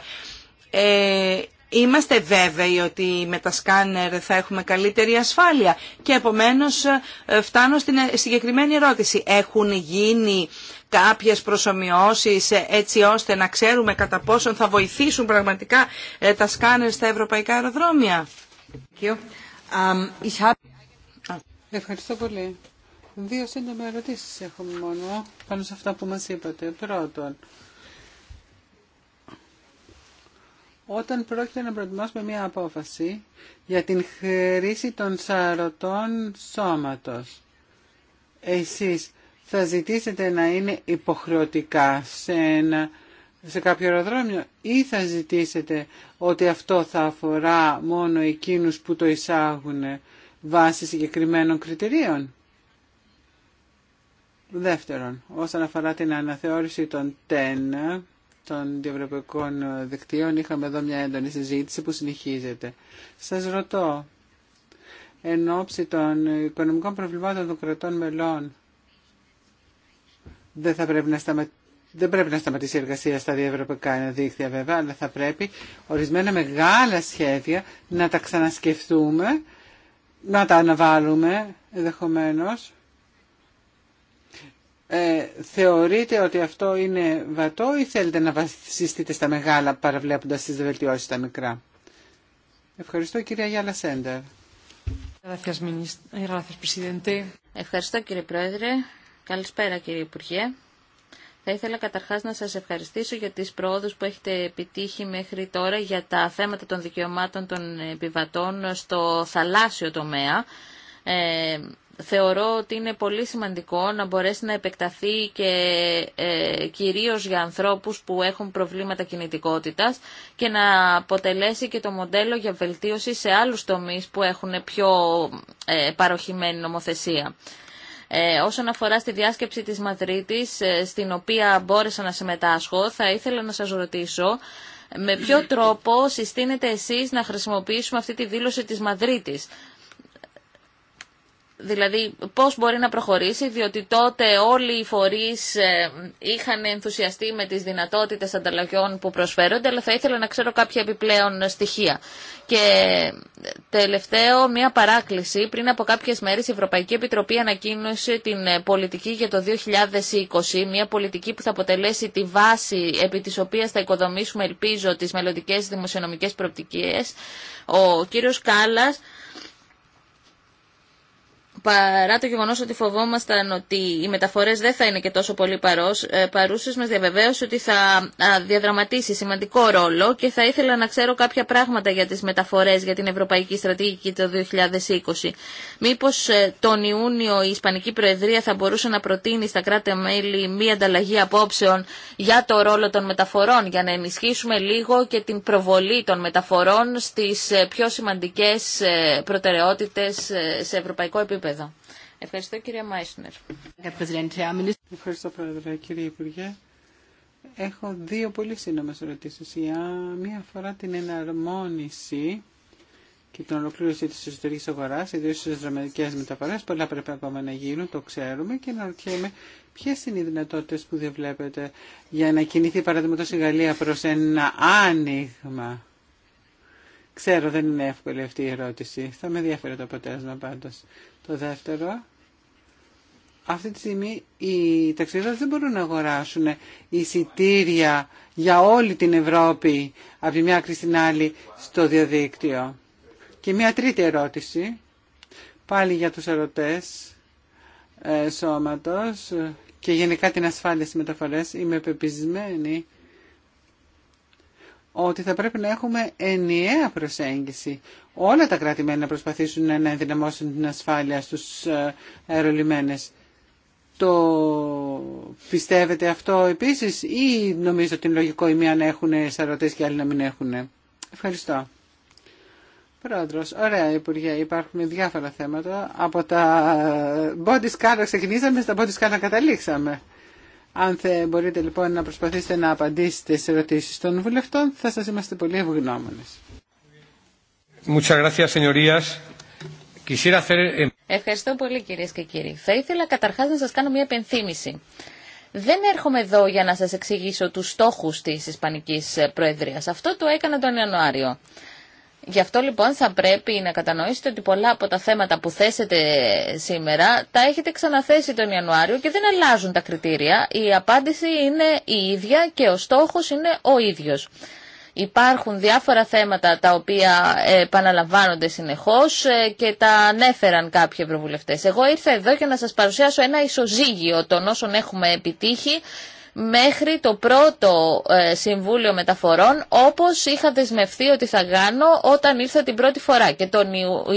A: Είμαστε βέβαιοι ότι με τα σκάνερ θα έχουμε καλύτερη ασφάλεια και επομένως ε, φτάνω στην ε, συγκεκριμένη ερώτηση. Έχουν γίνει κάποιες προσωμιώσεις ε, έτσι ώστε να ξέρουμε κατά πόσον θα βοηθήσουν πραγματικά τα σκάνερ στα ευρωπαϊκά αεροδρόμια. Um, Ευχαριστώ πολύ.
C: Δύο σύντομα ερωτήσεις έχουμε μόνο πάνω σε αυτά που μας είπατε. Πρώτον, όταν πρόκειται να προετοιμάσουμε μία απόφαση για την χρήση των σαρωτών σώματος. Εσείς θα ζητήσετε να είναι υποχρεωτικά σε, ένα, σε κάποιο αεροδρόμιο ή θα ζητήσετε ότι αυτό θα αφορά μόνο εκείνους που το εισάγουν βάσει συγκεκριμένων κριτηρίων. Δεύτερον, όσον αφορά την αναθεώρηση των ΤΕΝ, των διευρωπαϊκών δικτύων είχαμε εδώ μια έντονη συζήτηση που συνεχίζεται. Σας ρωτώ, εν ώψη των οικονομικών προβλημάτων των κρατών μελών, δεν, θα πρέπει να σταματήσει η εργασία στα διευρωπαϊκά δίκτυα βέβαια, αλλά θα πρέπει ορισμένα μεγάλα σχέδια να τα ξανασκεφτούμε, να τα αναβάλουμε ενδεχομένω ε, θεωρείτε ότι αυτό είναι βατό ή θέλετε να βασιστείτε στα μεγάλα παραβλέποντας τις βελτιώσεις στα μικρά. Ευχαριστώ κυρία Γιάλα Σέντερ.
B: Ευχαριστώ κύριε Πρόεδρε. Καλησπέρα κύριε Υπουργέ. Θα ήθελα καταρχάς να σας ευχαριστήσω για τις πρόοδους που έχετε επιτύχει μέχρι τώρα για τα θέματα των δικαιωμάτων των επιβατών στο θαλάσσιο τομέα. Ε, θεωρώ ότι είναι πολύ σημαντικό να μπορέσει να επεκταθεί και ε, κυρίως για ανθρώπους που έχουν προβλήματα κινητικότητας και να αποτελέσει και το μοντέλο για βελτίωση σε άλλους τομείς που έχουν πιο ε, παροχημένη νομοθεσία. Ε, όσον αφορά στη διάσκεψη της Μαδρίτης, ε, στην οποία μπόρεσα να συμμετάσχω, θα ήθελα να σας ρωτήσω με ποιο τρόπο συστήνετε εσείς να χρησιμοποιήσουμε αυτή τη δήλωση της Μαδρίτης. Δηλαδή πώς μπορεί να προχωρήσει, διότι τότε όλοι οι φορείς ε, είχαν ενθουσιαστεί με τις δυνατότητες ανταλλαγών που προσφέρονται, αλλά θα ήθελα να ξέρω κάποια επιπλέον στοιχεία. Και τελευταίο, μία παράκληση. Πριν από κάποιες μέρες η Ευρωπαϊκή Επιτροπή ανακοίνωσε την ε, πολιτική για το 2020, μία πολιτική που θα αποτελέσει τη βάση επί της οποίας θα οικοδομήσουμε, ελπίζω, τις μελλοντικές δημοσιονομικές προοπτικές. Ο κύριος Κάλλας παρά το γεγονό ότι φοβόμασταν ότι οι μεταφορέ δεν θα είναι και τόσο πολύ ε, παρούσε, μα διαβεβαίωσε ότι θα διαδραματίσει σημαντικό ρόλο και θα ήθελα να ξέρω κάποια πράγματα για τι μεταφορέ για την Ευρωπαϊκή Στρατηγική το 2020. Μήπω ε, τον Ιούνιο η Ισπανική Προεδρία θα μπορούσε να προτείνει στα κράτη-μέλη μία ανταλλαγή απόψεων για το ρόλο των μεταφορών, για να ενισχύσουμε λίγο και την προβολή των μεταφορών στι ε, πιο σημαντικέ προτεραιότητε σε ευρωπαϊκό επίπεδο επίπεδο. Ευχαριστώ κυρία Μάισνερ.
C: Ευχαριστώ πρόεδρε κύριε Υπουργέ. Έχω δύο πολύ σύντομε ερωτήσει. Η μία αφορά την εναρμόνιση και την ολοκλήρωση τη εσωτερική αγορά, ιδίω στι δραματικέ μεταφορέ. Πολλά πρέπει ακόμα να γίνουν, το ξέρουμε. Και να ρωτιέμαι ποιε είναι οι δυνατότητε που διαβλέπετε για να κινηθεί, παραδείγματο, η Γαλλία προ ένα άνοιγμα Ξέρω δεν είναι εύκολη αυτή η ερώτηση. Θα με διαφέρει το αποτέλεσμα πάντως. Το δεύτερο, αυτή τη στιγμή οι ταξιδιώτες δεν μπορούν να αγοράσουν εισιτήρια για όλη την Ευρώπη από τη μια άκρη στην άλλη στο διαδίκτυο. Και μια τρίτη ερώτηση, πάλι για τους ερωτές ε, σώματος ε, και γενικά την ασφάλεια στις μεταφορές. Είμαι πεπισμένη ότι θα πρέπει να έχουμε ενιαία προσέγγιση. Όλα τα κρατη να προσπαθήσουν να ενδυναμώσουν την ασφάλεια στους ε, αερολιμένες. Το πιστεύετε αυτό επίσης ή νομίζω ότι είναι λογικό η μία να έχουν σαρωτές και άλλοι να μην έχουν. Ευχαριστώ. Πρόεδρος, ωραία Υπουργέ, υπάρχουν διάφορα θέματα. Από τα body scan ξεκινήσαμε, στα body scan καταλήξαμε. Αν μπορείτε λοιπόν να προσπαθήσετε να απαντήσετε στις ερωτήσεις των βουλευτών, θα σας είμαστε πολύ ευγνώμονες. Eh,
B: Ευχαριστώ πολύ κυρίες και κύριοι. Θα ήθελα καταρχάς να σας κάνω μια επενθύμηση. Δεν έρχομαι εδώ για να σας εξηγήσω τους στόχους της Ισπανικής Προεδρίας. Αυτό το έκανα τον Ιανουάριο. Γι' αυτό λοιπόν θα πρέπει να κατανοήσετε ότι πολλά από τα θέματα που θέσετε σήμερα τα έχετε ξαναθέσει τον Ιανουάριο και δεν αλλάζουν τα κριτήρια. Η απάντηση είναι η ίδια και ο στόχος είναι ο ίδιος. Υπάρχουν διάφορα θέματα τα οποία επαναλαμβάνονται συνεχώς ε, και τα ανέφεραν κάποιοι ευρωβουλευτές. Εγώ ήρθα εδώ για να σας παρουσιάσω ένα ισοζύγιο των όσων έχουμε επιτύχει μέχρι το πρώτο ε, Συμβούλιο Μεταφορών όπως είχα δεσμευθεί ότι θα κάνω όταν ήρθα την πρώτη φορά και τον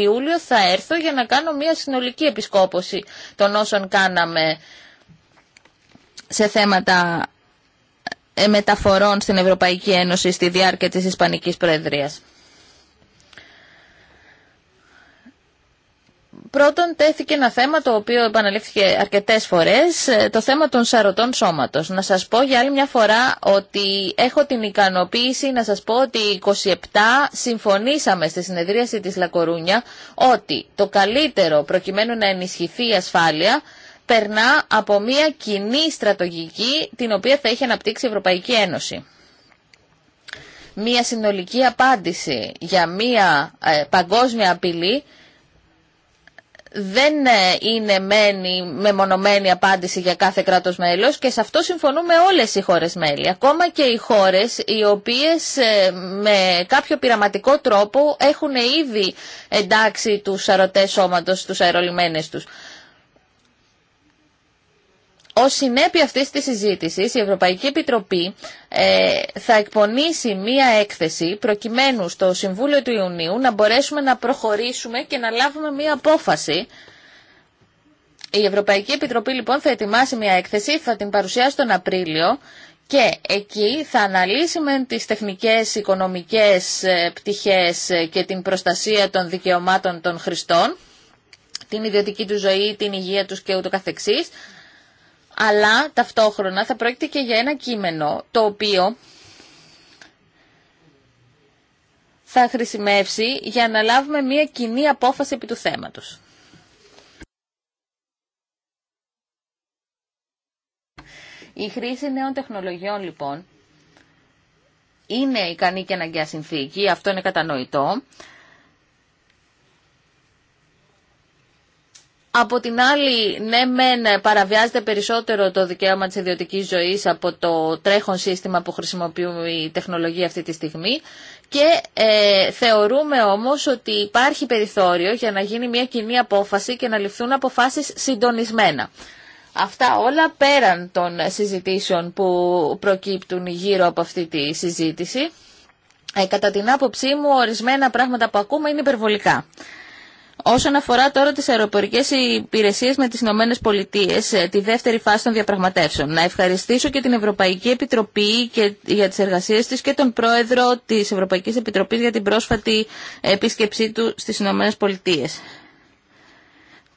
B: Ιούλιο θα έρθω για να κάνω μια συνολική επισκόπωση των όσων κάναμε σε θέματα ε, μεταφορών στην Ευρωπαϊκή Ένωση στη διάρκεια της Ισπανικής Προεδρίας. Πρώτον, τέθηκε ένα θέμα το οποίο επαναλήφθηκε αρκετές φορές, ε, το θέμα των σαρωτών σώματος. Να σας πω για άλλη μια φορά ότι έχω την ικανοποίηση να σας πω ότι 27 συμφωνήσαμε στη συνεδρίαση της Λακορούνια ότι το καλύτερο προκειμένου να ενισχυθεί η ασφάλεια περνά από μια κοινή στρατογική την οποία θα έχει αναπτύξει η Ευρωπαϊκή Ένωση. Μια συνολική απάντηση για μια ε, παγκόσμια απειλή δεν ε, είναι μένη μεμονωμένη απάντηση για κάθε κράτος μέλος και σε αυτό συμφωνούμε όλες οι χώρες μέλη. Ακόμα και οι χώρες οι οποίες ε, με κάποιο πειραματικό τρόπο έχουν ήδη εντάξει τους αρωτές σώματος, τους αερολιμένες τους. Ω συνέπεια αυτής της συζήτησης, η Ευρωπαϊκή Επιτροπή ε, θα εκπονήσει μία έκθεση προκειμένου στο Συμβούλιο του Ιουνίου να μπορέσουμε να προχωρήσουμε και να λάβουμε μία απόφαση. Η Ευρωπαϊκή Επιτροπή λοιπόν θα ετοιμάσει μία έκθεση, θα την παρουσιάσει τον Απρίλιο και εκεί θα αναλύσουμε τις τεχνικές, οικονομικές ε, πτυχές ε, και την προστασία των δικαιωμάτων των χρηστών, την ιδιωτική του ζωή, την υγεία τους και ούτω καθεξής αλλά ταυτόχρονα θα πρόκειται και για ένα κείμενο το οποίο θα χρησιμεύσει για να λάβουμε μια κοινή απόφαση επί του θέματος. Η χρήση νέων τεχνολογιών λοιπόν είναι ικανή και αναγκαία συνθήκη, αυτό είναι κατανοητό, Από την άλλη, ναι, μεν παραβιάζεται περισσότερο το δικαίωμα της ιδιωτική ζωής από το τρέχον σύστημα που χρησιμοποιούμε η τεχνολογία αυτή τη στιγμή και ε, θεωρούμε όμως ότι υπάρχει περιθώριο για να γίνει μια κοινή απόφαση και να ληφθούν αποφάσεις συντονισμένα. Αυτά όλα πέραν των συζητήσεων που προκύπτουν γύρω από αυτή τη συζήτηση. Ε, κατά την άποψή μου, ορισμένα πράγματα που ακούμε είναι υπερβολικά. Όσον αφορά τώρα τις αεροπορικές υπηρεσίες με τις Ηνωμένες Πολιτείες, ε, τη δεύτερη φάση των διαπραγματεύσεων, να ευχαριστήσω και την Ευρωπαϊκή Επιτροπή και για τις εργασίες της και τον Πρόεδρο της Ευρωπαϊκής Επιτροπής για την πρόσφατη επίσκεψή του στις Ηνωμένες Πολιτείες.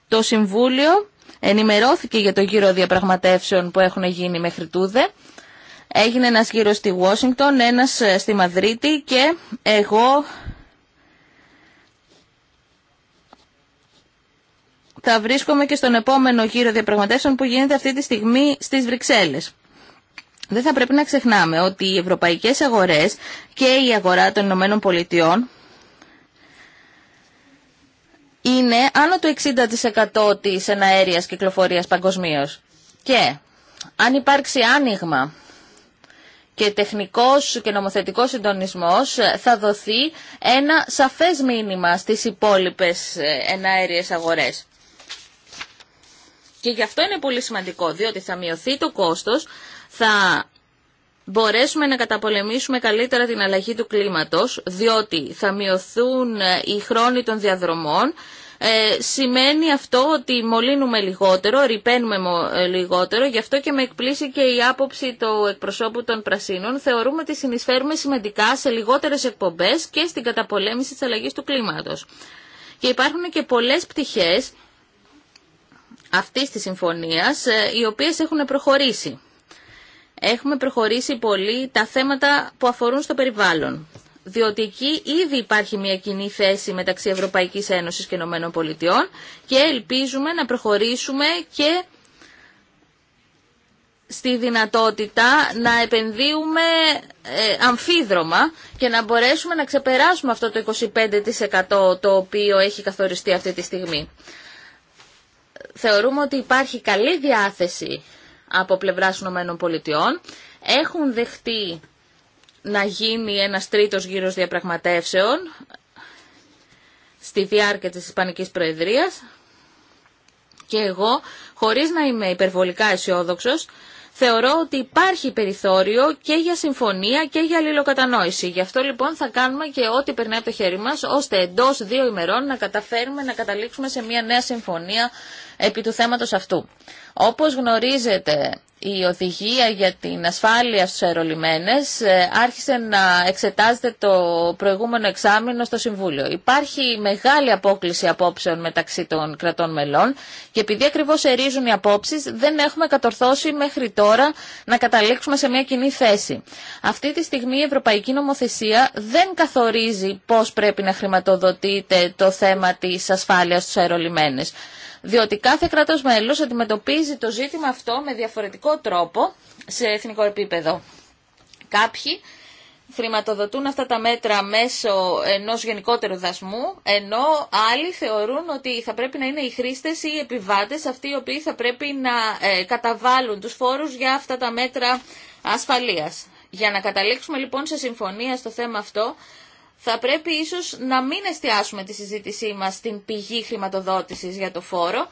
B: Το Συμβούλιο ενημερώθηκε για το γύρο διαπραγματεύσεων που έχουν γίνει μέχρι τούδε. Έγινε ένας γύρος στη Washington, ένας ε, στη Μαδρίτη και εγώ θα βρίσκομαι και στον επόμενο γύρο διαπραγματεύσεων που γίνεται αυτή τη στιγμή στις Βρυξέλλες. Δεν θα πρέπει να ξεχνάμε ότι οι ευρωπαϊκές αγορές και η αγορά των Ηνωμένων Πολιτειών είναι άνω του 60% της εναέριας κυκλοφορίας παγκοσμίω. Και αν υπάρξει άνοιγμα και τεχνικός και νομοθετικός συντονισμός θα δοθεί ένα σαφές μήνυμα στις υπόλοιπες ε, εναέριες αγορές. Και γι' αυτό είναι πολύ σημαντικό, διότι θα μειωθεί το κόστος, θα μπορέσουμε να καταπολεμήσουμε καλύτερα την αλλαγή του κλίματος, διότι θα μειωθούν ε, οι χρόνοι των διαδρομών, ε, σημαίνει αυτό ότι μολύνουμε λιγότερο, ρηπαίνουμε ε, λιγότερο, γι' αυτό και με εκπλήσει και η άποψη του εκπροσώπου των Πρασίνων. Θεωρούμε ότι συνεισφέρουμε σημαντικά σε λιγότερες εκπομπές και στην καταπολέμηση της αλλαγής του κλίματος. Και υπάρχουν και πολλές πτυχές αυτής της συμφωνίας, ε, οι οποίες έχουν προχωρήσει. Έχουμε προχωρήσει πολύ τα θέματα που αφορούν στο περιβάλλον διότι εκεί ήδη υπάρχει μια κοινή θέση μεταξύ Ευρωπαϊκής Ένωσης και Ηνωμένων και ελπίζουμε να προχωρήσουμε και στη δυνατότητα να επενδύουμε ε, αμφίδρομα και να μπορέσουμε να ξεπεράσουμε αυτό το 25% το οποίο έχει καθοριστεί αυτή τη στιγμή θεωρούμε ότι υπάρχει καλή διάθεση από πλευράς Ηνωμένων πολιτιών, Έχουν δεχτεί να γίνει ένας τρίτος γύρος διαπραγματεύσεων στη διάρκεια της Ισπανικής Προεδρίας και εγώ, χωρίς να είμαι υπερβολικά αισιόδοξο, θεωρώ ότι υπάρχει περιθώριο και για συμφωνία και για αλληλοκατανόηση. Γι' αυτό λοιπόν θα κάνουμε και ό,τι περνάει από το χέρι μας, ώστε εντός δύο ημερών να καταφέρουμε να καταλήξουμε σε μια νέα συμφωνία επί του θέματος αυτού. Όπως γνωρίζετε, η οδηγία για την ασφάλεια στους αερολιμένες ε, άρχισε να εξετάζεται το προηγούμενο εξάμεινο στο Συμβούλιο. Υπάρχει μεγάλη απόκληση απόψεων μεταξύ των κρατών μελών και επειδή ακριβώς ερίζουν οι απόψεις δεν έχουμε κατορθώσει μέχρι τώρα να καταλήξουμε σε μια κοινή θέση. Αυτή τη στιγμή η Ευρωπαϊκή Νομοθεσία δεν καθορίζει πώς πρέπει να χρηματοδοτείται το θέμα της ασφάλειας στους αερολιμένες διότι κάθε κράτος μέλος αντιμετωπίζει το ζήτημα αυτό με διαφορετικό τρόπο σε εθνικό επίπεδο. Κάποιοι χρηματοδοτούν αυτά τα μέτρα μέσω ενός γενικότερου δασμού, ενώ άλλοι θεωρούν ότι θα πρέπει να είναι οι χρήστες ή οι επιβάτες αυτοί οι οποίοι θα πρέπει να ε, καταβάλουν τους φόρους για αυτά τα μέτρα ασφαλείας. Για να καταλήξουμε λοιπόν σε συμφωνία στο θέμα αυτό, θα πρέπει ίσως να μην εστιάσουμε τη συζήτησή μας στην πηγή χρηματοδότησης για το φόρο,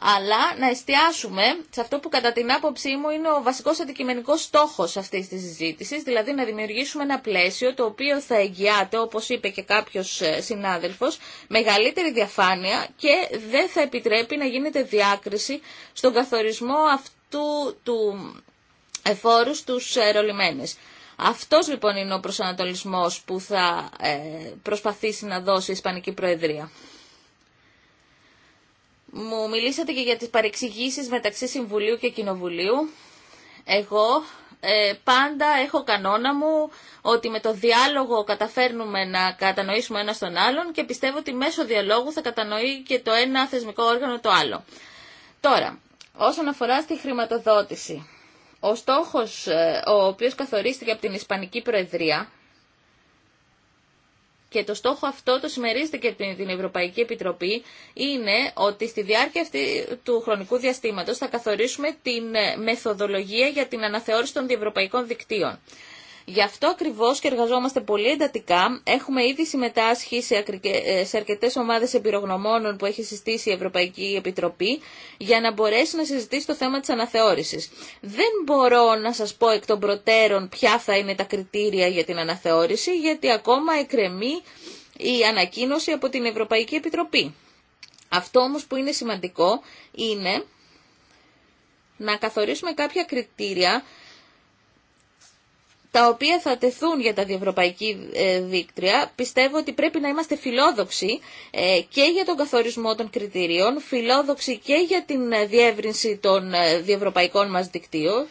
B: αλλά να εστιάσουμε σε αυτό που κατά την άποψή μου είναι ο βασικός αντικειμενικός στόχος αυτής της συζήτηση, δηλαδή να δημιουργήσουμε ένα πλαίσιο το οποίο θα εγγυάται, όπως είπε και κάποιος ε, συνάδελφος, μεγαλύτερη διαφάνεια και δεν θα επιτρέπει να γίνεται διάκριση στον καθορισμό αυτού του εφόρου στους ε, ρολημένες. Αυτός λοιπόν είναι ο προσανατολισμός που θα ε, προσπαθήσει να δώσει η Ισπανική Προεδρία. Μου μιλήσατε και για τις παρεξηγήσεις μεταξύ Συμβουλίου και Κοινοβουλίου. Εγώ ε, πάντα έχω κανόνα μου ότι με το διάλογο καταφέρνουμε να κατανοήσουμε ένα τον άλλον και πιστεύω ότι μέσω διαλόγου θα κατανοεί και το ένα θεσμικό όργανο το άλλο. Τώρα, όσον αφορά στη χρηματοδότηση, ο στόχος ε, ο οποίος καθορίστηκε από την Ισπανική Προεδρία και το στόχο αυτό το συμμερίζεται και την Ευρωπαϊκή Επιτροπή, είναι ότι στη διάρκεια αυτή του χρονικού διαστήματος θα καθορίσουμε την ε, μεθοδολογία για την αναθεώρηση των διευρωπαϊκών δικτύων. Γι' αυτό ακριβώ και εργαζόμαστε πολύ εντατικά. Έχουμε ήδη συμμετάσχει σε ε, αρκετέ ομάδε εμπειρογνωμόνων που έχει συστήσει η Ευρωπαϊκή Επιτροπή για να μπορέσει να συζητήσει το θέμα τη αναθεώρηση. Δεν μπορώ να σα πω εκ των προτέρων ποια θα είναι τα κριτήρια για την αναθεώρηση, γιατί ακόμα εκρεμεί η ανακοίνωση από την Ευρωπαϊκή Επιτροπή. Αυτό όμως που είναι σημαντικό είναι να καθορίσουμε κάποια κριτήρια τα οποία θα τεθούν για τα διευρωπαϊκή ε, δίκτρια. Πιστεύω ότι πρέπει να είμαστε φιλόδοξοι ε, και για τον καθορισμό των κριτηρίων, φιλόδοξοι και για την ε, διεύρυνση των διευρωπαϊκών μας δικτύων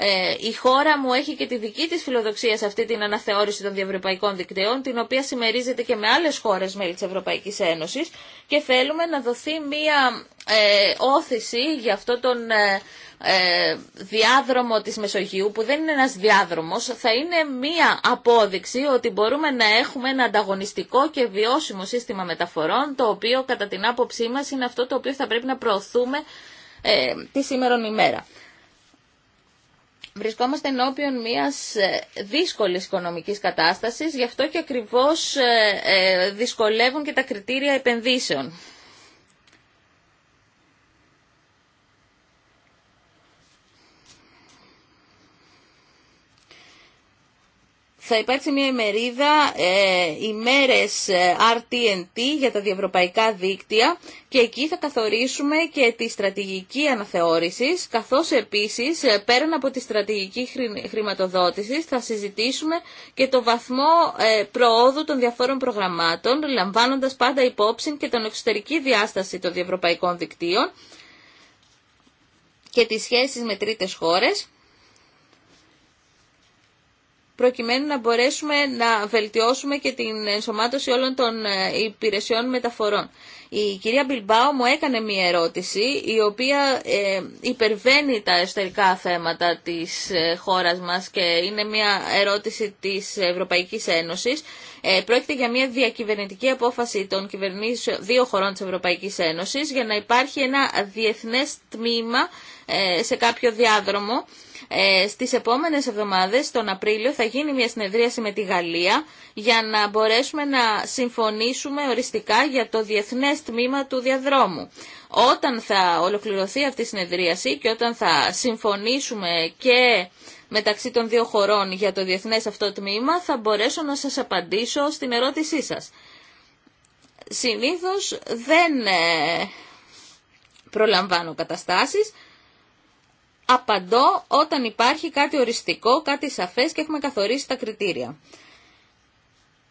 B: ε, η χώρα μου έχει και τη δική της φιλοδοξία σε αυτή την αναθεώρηση των διευρωπαϊκών δικτύων, την οποία συμμερίζεται και με άλλες χώρες μέλη της Ευρωπαϊκής Ένωσης και θέλουμε να δοθεί μία ε, όθηση για αυτό τον ε, ε, διάδρομο της Μεσογείου, που δεν είναι ένας διάδρομος, θα είναι μία απόδειξη ότι μπορούμε να έχουμε ένα ανταγωνιστικό και βιώσιμο σύστημα μεταφορών, το οποίο κατά την άποψή μας είναι αυτό το οποίο θα πρέπει να προωθούμε τη σήμερον ημέρα. Βρισκόμαστε ενώπιον μιας ε, δύσκολης οικονομικής κατάστασης, γι' αυτό και ακριβώς ε, ε, δυσκολεύουν και τα κριτήρια επενδύσεων. θα υπάρξει μια ημερίδα ε, ημέρες RTNT ε, για τα διευρωπαϊκά δίκτυα και εκεί θα καθορίσουμε και τη στρατηγική αναθεώρησης καθώς επίσης ε, πέραν από τη στρατηγική χρηματοδότηση θα συζητήσουμε και το βαθμό ε, προόδου των διαφόρων προγραμμάτων λαμβάνοντας πάντα υπόψη και την εξωτερική διάσταση των διευρωπαϊκών δικτύων και τις σχέσεις με τρίτες χώρες προκειμένου να μπορέσουμε να βελτιώσουμε και την ενσωμάτωση όλων των ε, υπηρεσιών μεταφορών. Η κυρία Μπιλμπάου μου έκανε μία ερώτηση η οποία ε, υπερβαίνει τα εσωτερικά θέματα της ε, χώρας μας και είναι μία ερώτηση της Ευρωπαϊκής Ένωσης. Πρόκειται για μία διακυβερνητική απόφαση των κυβερνήσεων δύο χωρών της Ευρωπαϊκής Ένωσης για να υπάρχει ένα διεθνές τμήμα σε κάποιο διάδρομο ε, στις επόμενες εβδομάδες, τον Απρίλιο, θα γίνει μια συνεδρίαση με τη Γαλλία για να μπορέσουμε να συμφωνήσουμε οριστικά για το διεθνές τμήμα του διαδρόμου. Όταν θα ολοκληρωθεί αυτή η συνεδρίαση και όταν θα συμφωνήσουμε και μεταξύ των δύο χωρών για το διεθνές αυτό τμήμα, θα μπορέσω να σας απαντήσω στην ερώτησή σας. Συνήθως δεν ε, προλαμβάνω καταστάσεις, απαντώ όταν υπάρχει κάτι οριστικό, κάτι σαφές και έχουμε καθορίσει τα κριτήρια.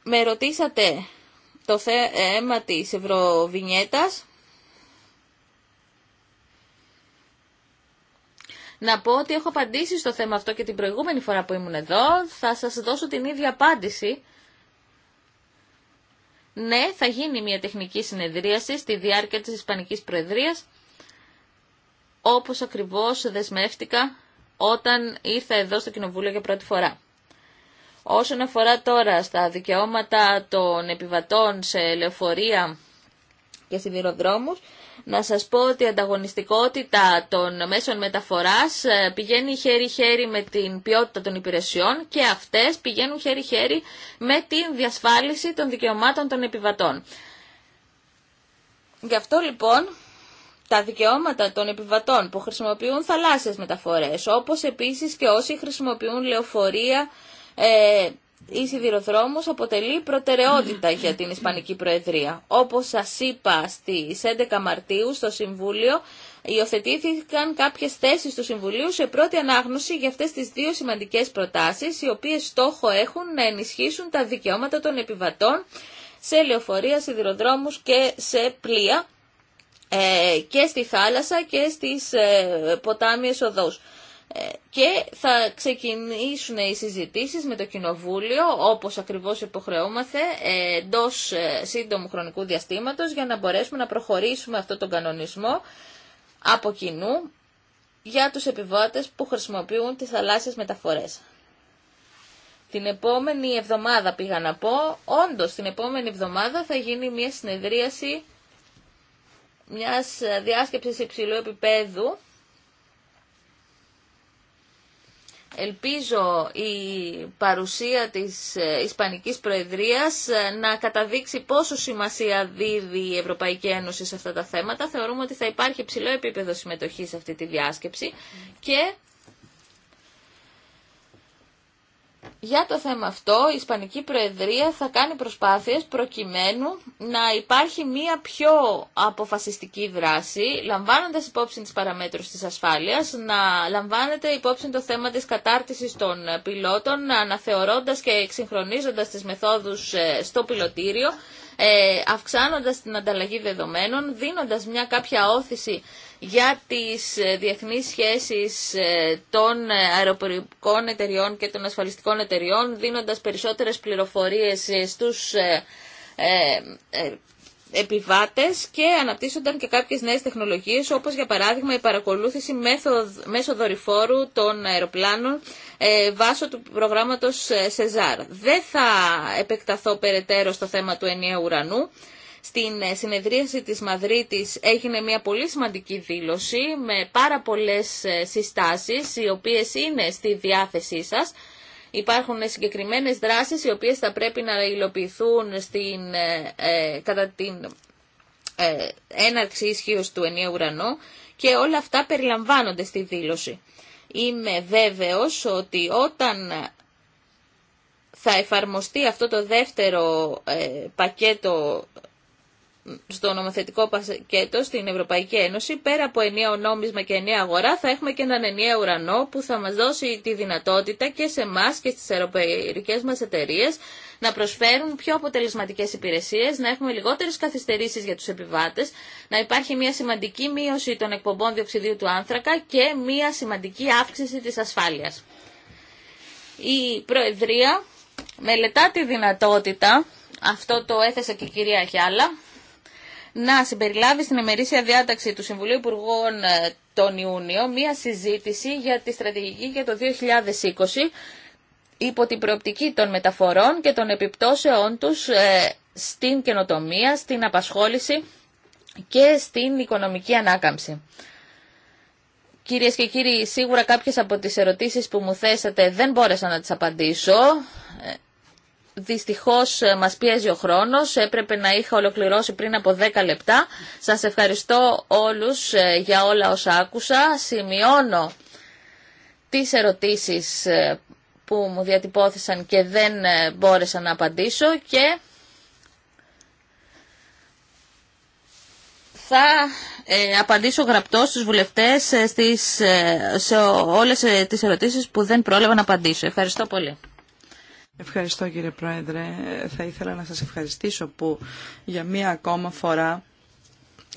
B: Με ρωτήσατε το θέμα ε, της Ευρωβινιέτας. Να πω ότι έχω απαντήσει στο θέμα αυτό και την προηγούμενη φορά που ήμουν εδώ. Θα σας δώσω την ίδια απάντηση. Ναι, θα γίνει μια τεχνική συνεδρίαση στη διάρκεια της Ισπανικής Προεδρίας όπως ακριβώς δεσμεύτηκα όταν ήρθα εδώ στο Κοινοβούλιο για πρώτη φορά. Όσον αφορά τώρα στα δικαιώματα των επιβατών σε λεωφορεία και σιδηροδρόμους, να σας πω ότι η ανταγωνιστικότητα των μέσων μεταφοράς ε, πηγαίνει χέρι-χέρι με την ποιότητα των υπηρεσιών και αυτές πηγαίνουν χέρι-χέρι με την διασφάλιση των δικαιωμάτων των επιβατών. Γι' αυτό λοιπόν τα δικαιώματα των επιβατών που χρησιμοποιούν θαλάσσιες μεταφορές, όπως επίσης και όσοι χρησιμοποιούν λεωφορεία ε, ή σιδηροδρόμους αποτελεί προτεραιότητα για την Ισπανική Προεδρία. Όπως σας είπα στις 11 Μαρτίου στο Συμβούλιο, υιοθετήθηκαν κάποιες θέσεις του Συμβουλίου σε πρώτη ανάγνωση για αυτές τις δύο σημαντικές προτάσεις, οι οποίες στόχο έχουν να ενισχύσουν τα δικαιώματα των επιβατών σε λεωφορεία, σιδηροδρόμους και σε πλοία, ε, και στη θάλασσα και στις ε, ποτάμιες οδούς. Ε, και θα ξεκινήσουν οι συζητήσεις με το Κοινοβούλιο, όπως ακριβώς υποχρεώμαθε, εντό σύντομου χρονικού διαστήματος, για να μπορέσουμε να προχωρήσουμε αυτό τον κανονισμό από κοινού για τους επιβάτες που χρησιμοποιούν τις θαλάσσιες μεταφορές. Την επόμενη εβδομάδα πήγα να πω, όντως την επόμενη εβδομάδα θα γίνει μια συνεδρίαση μιας διάσκεψης υψηλού επίπεδου. Ελπίζω η παρουσία της Ισπανικής Προεδρίας να καταδείξει πόσο σημασία δίδει η Ευρωπαϊκή Ένωση σε αυτά τα θέματα. Θεωρούμε ότι θα υπάρχει υψηλό επίπεδο συμμετοχής σε αυτή τη διάσκεψη και Για το θέμα αυτό η Ισπανική Προεδρία θα κάνει προσπάθειες προκειμένου να υπάρχει μία πιο αποφασιστική δράση, λαμβάνοντας υπόψη τις παραμέτρους της ασφάλειας, να λαμβάνεται υπόψη το θέμα της κατάρτισης των πιλότων, αναθεωρώντας και εξυγχρονίζοντας τις μεθόδους ε, στο πιλωτήριο, ε, αυξάνοντας την ανταλλαγή δεδομένων, δίνοντας μια κάποια όθηση για τις ε, διεθνείς σχέσεις ε, των ε, αεροπορικών εταιριών και των ασφαλιστικών εταιριών, δίνοντας περισσότερες πληροφορίες στους επιβάτες και αναπτύσσονταν και κάποιες νέες τεχνολογίες όπως για παράδειγμα η παρακολούθηση μέσω δορυφόρου των αεροπλάνων βάσω του προγράμματος ΣΕΖΑΡ. Δεν θα επεκταθώ περαιτέρω στο θέμα του ενιαίου ουρανού. Στην ε, συνεδρίαση της Μαδρίτης έγινε μια πολύ σημαντική δήλωση με πάρα πολλές ε, συστάσεις οι οποίες είναι στη διάθεσή σας. Υπάρχουν συγκεκριμένες δράσεις οι οποίες θα πρέπει να υλοποιηθούν στην, ε, κατά την έναρξη ισχύω του ενίου ουρανού και όλα αυτά περιλαμβάνονται στη δήλωση. Είμαι βέβαιος ότι όταν θα εφαρμοστεί αυτό το δεύτερο πακέτο στο νομοθετικό πακέτο στην Ευρωπαϊκή Ένωση, πέρα από ενιαίο νόμισμα και ενιαία αγορά, θα έχουμε και έναν ενιαίο ουρανό που θα μας δώσει τη δυνατότητα και σε εμά και στις ευρωπαϊκές μας εταιρείε να προσφέρουν πιο αποτελεσματικές υπηρεσίες, να έχουμε λιγότερες καθυστερήσεις για τους επιβάτες, να υπάρχει μια σημαντική μείωση των εκπομπών διοξιδίου του άνθρακα και μια σημαντική αύξηση της ασφάλειας. Η Προεδρία μελετά τη δυνατότητα, αυτό το έθεσε και η κυρία Χιάλα, να συμπεριλάβει στην ημερήσια διάταξη του Συμβουλίου Υπουργών ε, τον Ιούνιο μία συζήτηση για τη στρατηγική για το 2020 υπό την προοπτική των μεταφορών και των επιπτώσεών τους ε, στην καινοτομία, στην απασχόληση και στην οικονομική ανάκαμψη. Κυρίες και κύριοι, σίγουρα κάποιες από τις ερωτήσεις που μου θέσατε δεν μπόρεσα να τις απαντήσω. Δυστυχώς ε, μας πιέζει ο χρόνος, έπρεπε να είχα ολοκληρώσει πριν από 10 λεπτά. Σας ευχαριστώ όλους ε, για όλα όσα άκουσα. Σημειώνω τις ερωτήσεις ε, που μου διατυπώθησαν και δεν μπόρεσα να απαντήσω και θα απαντήσω γραπτό στους βουλευτές στις, σε όλες τις ερωτήσεις που δεν πρόλαβα να απαντήσω. Ευχαριστώ πολύ.
A: Ευχαριστώ κύριε Πρόεδρε. Θα ήθελα να σας ευχαριστήσω που για μία ακόμα φορά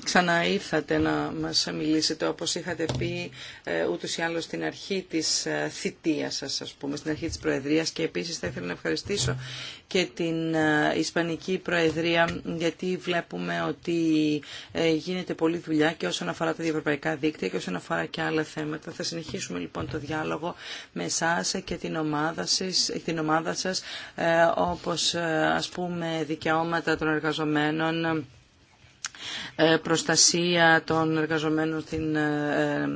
A: ξαναήρθατε να μας μιλήσετε όπως είχατε πει ε, ούτως ή άλλως στην αρχή της ε, θητείας σας ας πούμε, στην αρχή της Προεδρίας και επίσης θα ήθελα να ευχαριστήσω και την ε, Ισπανική Προεδρία γιατί βλέπουμε ότι γίνεται πολλή δουλειά και όσον αφορά τα διευρωπαϊκά δίκτυα και όσον αφορά και άλλα θέματα. Θα συνεχίσουμε λοιπόν το διάλογο με εσά και την ομάδα, σας, την ομάδα σας όπως ας πούμε δικαιώματα των εργαζομένων ε, προστασία των εργαζομένων στην, ε,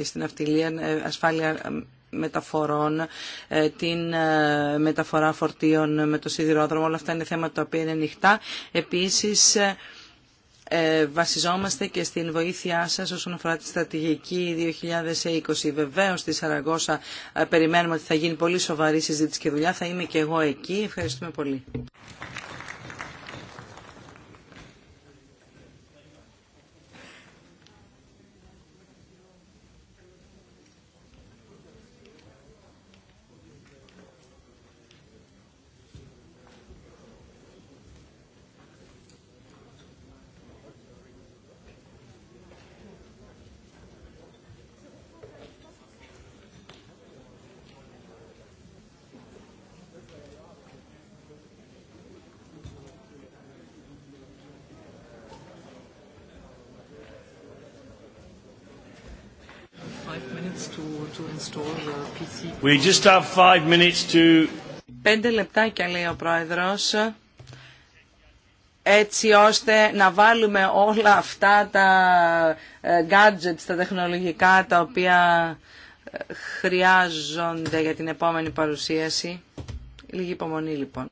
A: ε, στην αυτιλία, ασφάλεια μεταφορών, την μεταφορά φορτίων με το σιδηρόδρομο, όλα αυτά είναι θέματα τα οποία είναι ανοιχτά. Επίσης, βασιζόμαστε και στην βοήθειά σας όσον αφορά τη στρατηγική 2020. Βεβαίως στη Σαραγώσα περιμένουμε ότι θα γίνει πολύ σοβαρή συζήτηση και δουλειά. Θα είμαι και εγώ εκεί. Ευχαριστούμε πολύ. We just have minutes to... Πέντε λεπτάκια λέει ο Πρόεδρος έτσι ώστε να βάλουμε όλα αυτά τα ε, gadgets, τα τεχνολογικά τα οποία ε, χρειάζονται για την επόμενη παρουσίαση. Λίγη υπομονή λοιπόν.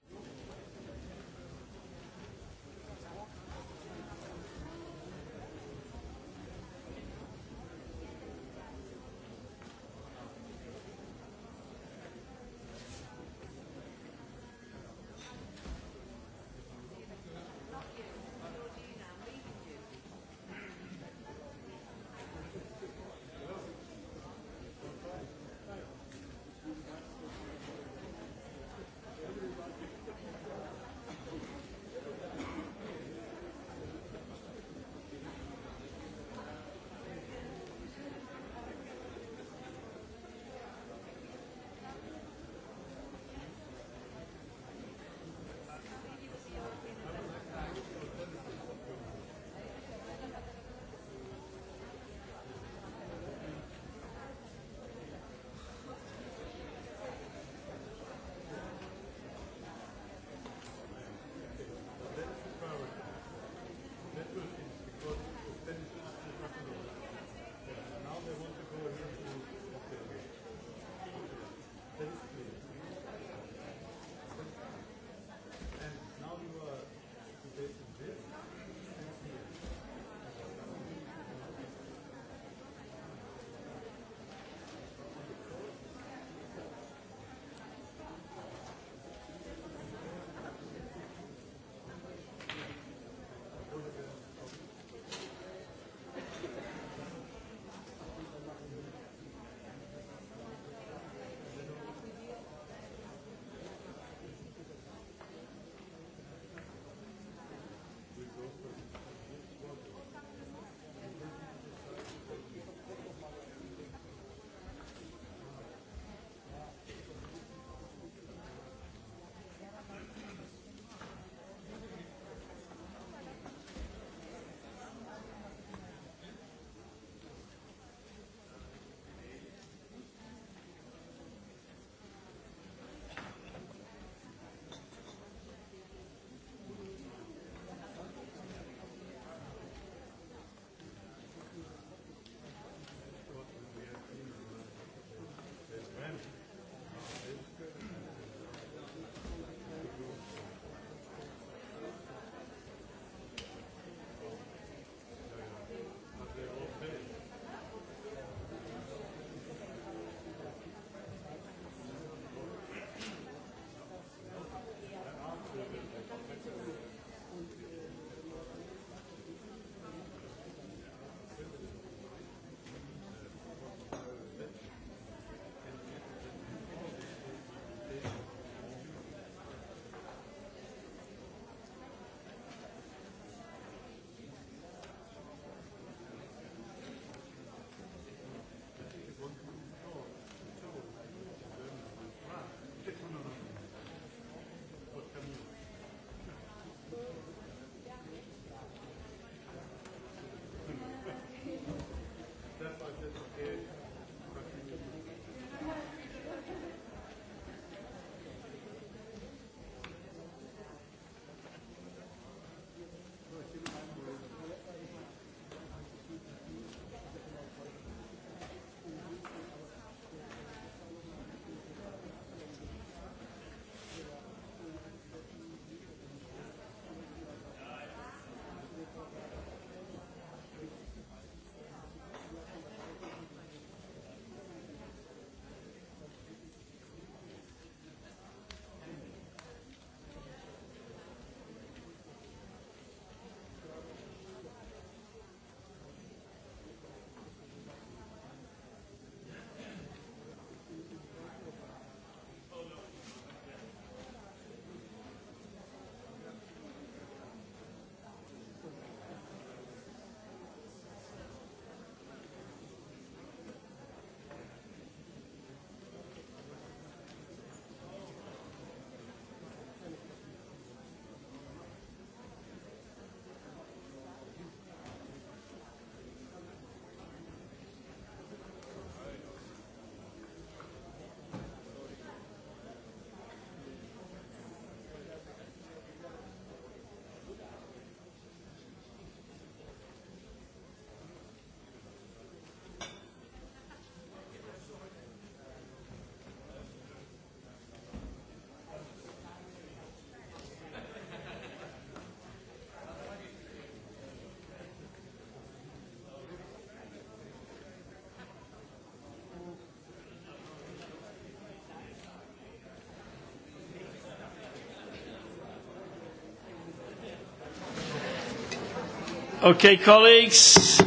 B: Okay, colleagues.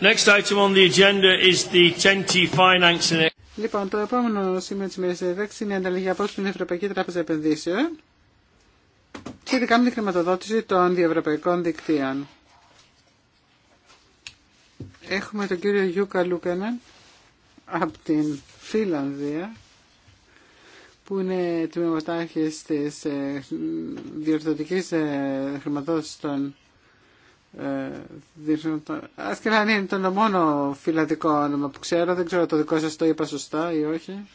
B: Next item on the agenda
D: is the 10 financing.
C: Λοιπόν, το επόμενο σημείο της ημέρας έδεξης είναι η ανταλλαγή από την Ευρωπαϊκή Τράπεζα Επενδύσεων και σχετικά με τη χρηματοδότηση των διευρωπαϊκών δικτύων. Έχουμε τον κύριο Γιούκα Λούκαναν από την Φιλανδία που είναι τμήματάρχης της ε, διορθωτικής ε, χρηματοδότησης των ε, να είναι το μόνο φιλανδικό όνομα που ξέρω. Δεν ξέρω το δικό σας το είπα σωστά ή όχι.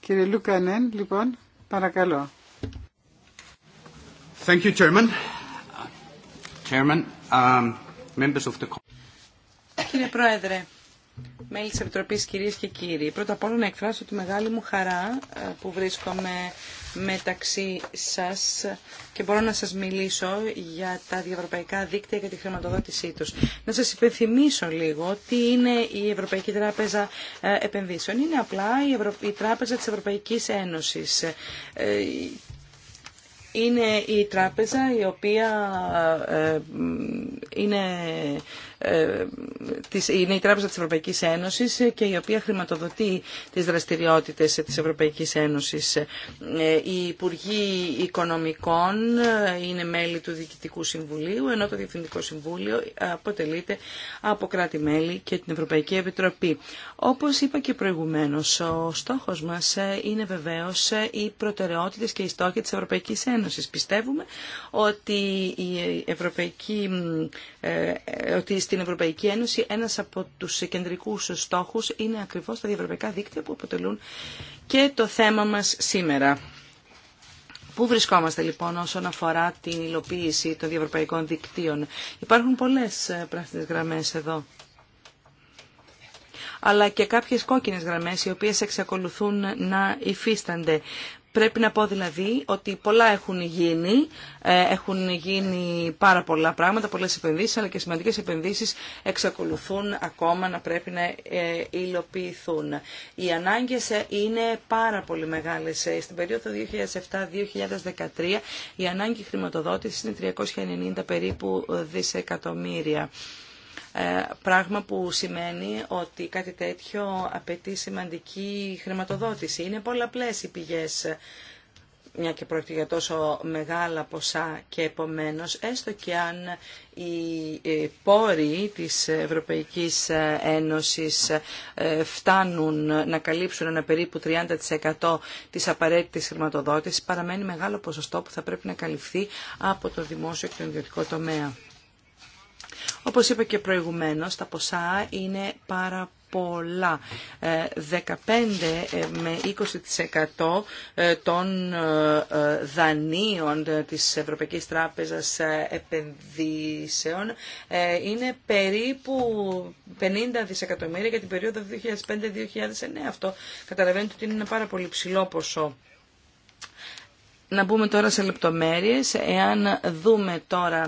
C: Κύριε Λούκανεν, λοιπόν, παρακαλώ. Thank you, Chairman. Chairman, um, members of the...
A: Κύριε Πρόεδρε, μέλη της Επιτροπής, κυρίες και κύριοι. Πρώτα απ' όλα να εκφράσω τη μεγάλη μου χαρά ε, που βρίσκομαι μεταξύ σας και μπορώ να σας μιλήσω για τα διευρωπαϊκά δίκτυα και τη χρηματοδότησή τους. Να σας υπενθυμίσω λίγο τι είναι η Ευρωπαϊκή Τράπεζα ε, Επενδύσεων. Είναι απλά η, Τράπεζα της Ευρωπαϊκής Ένωσης. Ε, είναι η τράπεζα η οποία είναι ε, είναι η Τράπεζα της Ευρωπαϊκής Ένωσης και η οποία χρηματοδοτεί τις δραστηριότητες της Ευρωπαϊκής Ένωσης. Ε, οι Υπουργοί Οικονομικών ε, είναι μέλη του Διοικητικού Συμβουλίου, ενώ το Διευθυντικό Συμβούλιο αποτελείται από κράτη-μέλη και την Ευρωπαϊκή Επιτροπή. Όπως είπα και προηγουμένως, ο στόχος μας είναι βεβαίως οι προτεραιότητες και οι στόχοι της Ευρωπαϊκής Ένωσης. Πιστεύουμε ότι η Ευρωπαϊκή, στην Ευρωπαϊκή Ένωση ένας από τους κεντρικού στόχους είναι ακριβώς τα διευρωπαϊκά δίκτυα που αποτελούν και το θέμα μας σήμερα. Πού βρισκόμαστε λοιπόν όσον αφορά την υλοποίηση των διευρωπαϊκών δικτύων. Υπάρχουν πολλές ε, πράσινες γραμμές εδώ αλλά και κάποιες κόκκινες γραμμές οι οποίες εξακολουθούν να υφίστανται. Πρέπει να πω δηλαδή ότι πολλά έχουν γίνει, ε, έχουν γίνει πάρα πολλά πράγματα, πολλές επενδύσεις, αλλά και σημαντικές επενδύσεις εξακολουθούν ακόμα να πρέπει να ε, υλοποιηθούν. Οι ανάγκες ε, είναι πάρα πολύ μεγάλες. Στην περίοδο 2007-2013 η ανάγκη χρηματοδότησης είναι 390 περίπου δισεκατομμύρια. Ε, πράγμα που σημαίνει ότι κάτι τέτοιο απαιτεί σημαντική χρηματοδότηση. Είναι πολλαπλές οι πηγές μια και πρόκειται για τόσο μεγάλα ποσά και επομένως, έστω και αν οι ε, πόροι της Ευρωπαϊκής Ένωσης ε, φτάνουν να καλύψουν ένα περίπου 30% της απαραίτητης χρηματοδότησης, παραμένει μεγάλο ποσοστό που θα πρέπει να καλυφθεί από το δημόσιο και το ιδιωτικό τομέα. Όπως είπα και προηγουμένως, τα ποσά είναι πάρα πολλά. 15 ε, ε, με 20% ε, των δανείων της Ευρωπαϊκής Τράπεζας Επενδύσεων είναι περίπου 50 δισεκατομμύρια για την περίοδο 2005-2009. Αυτό καταλαβαίνετε ότι είναι ένα πάρα πολύ ψηλό ποσό. Να μπούμε τώρα σε λεπτομέρειες. Εάν δούμε τώρα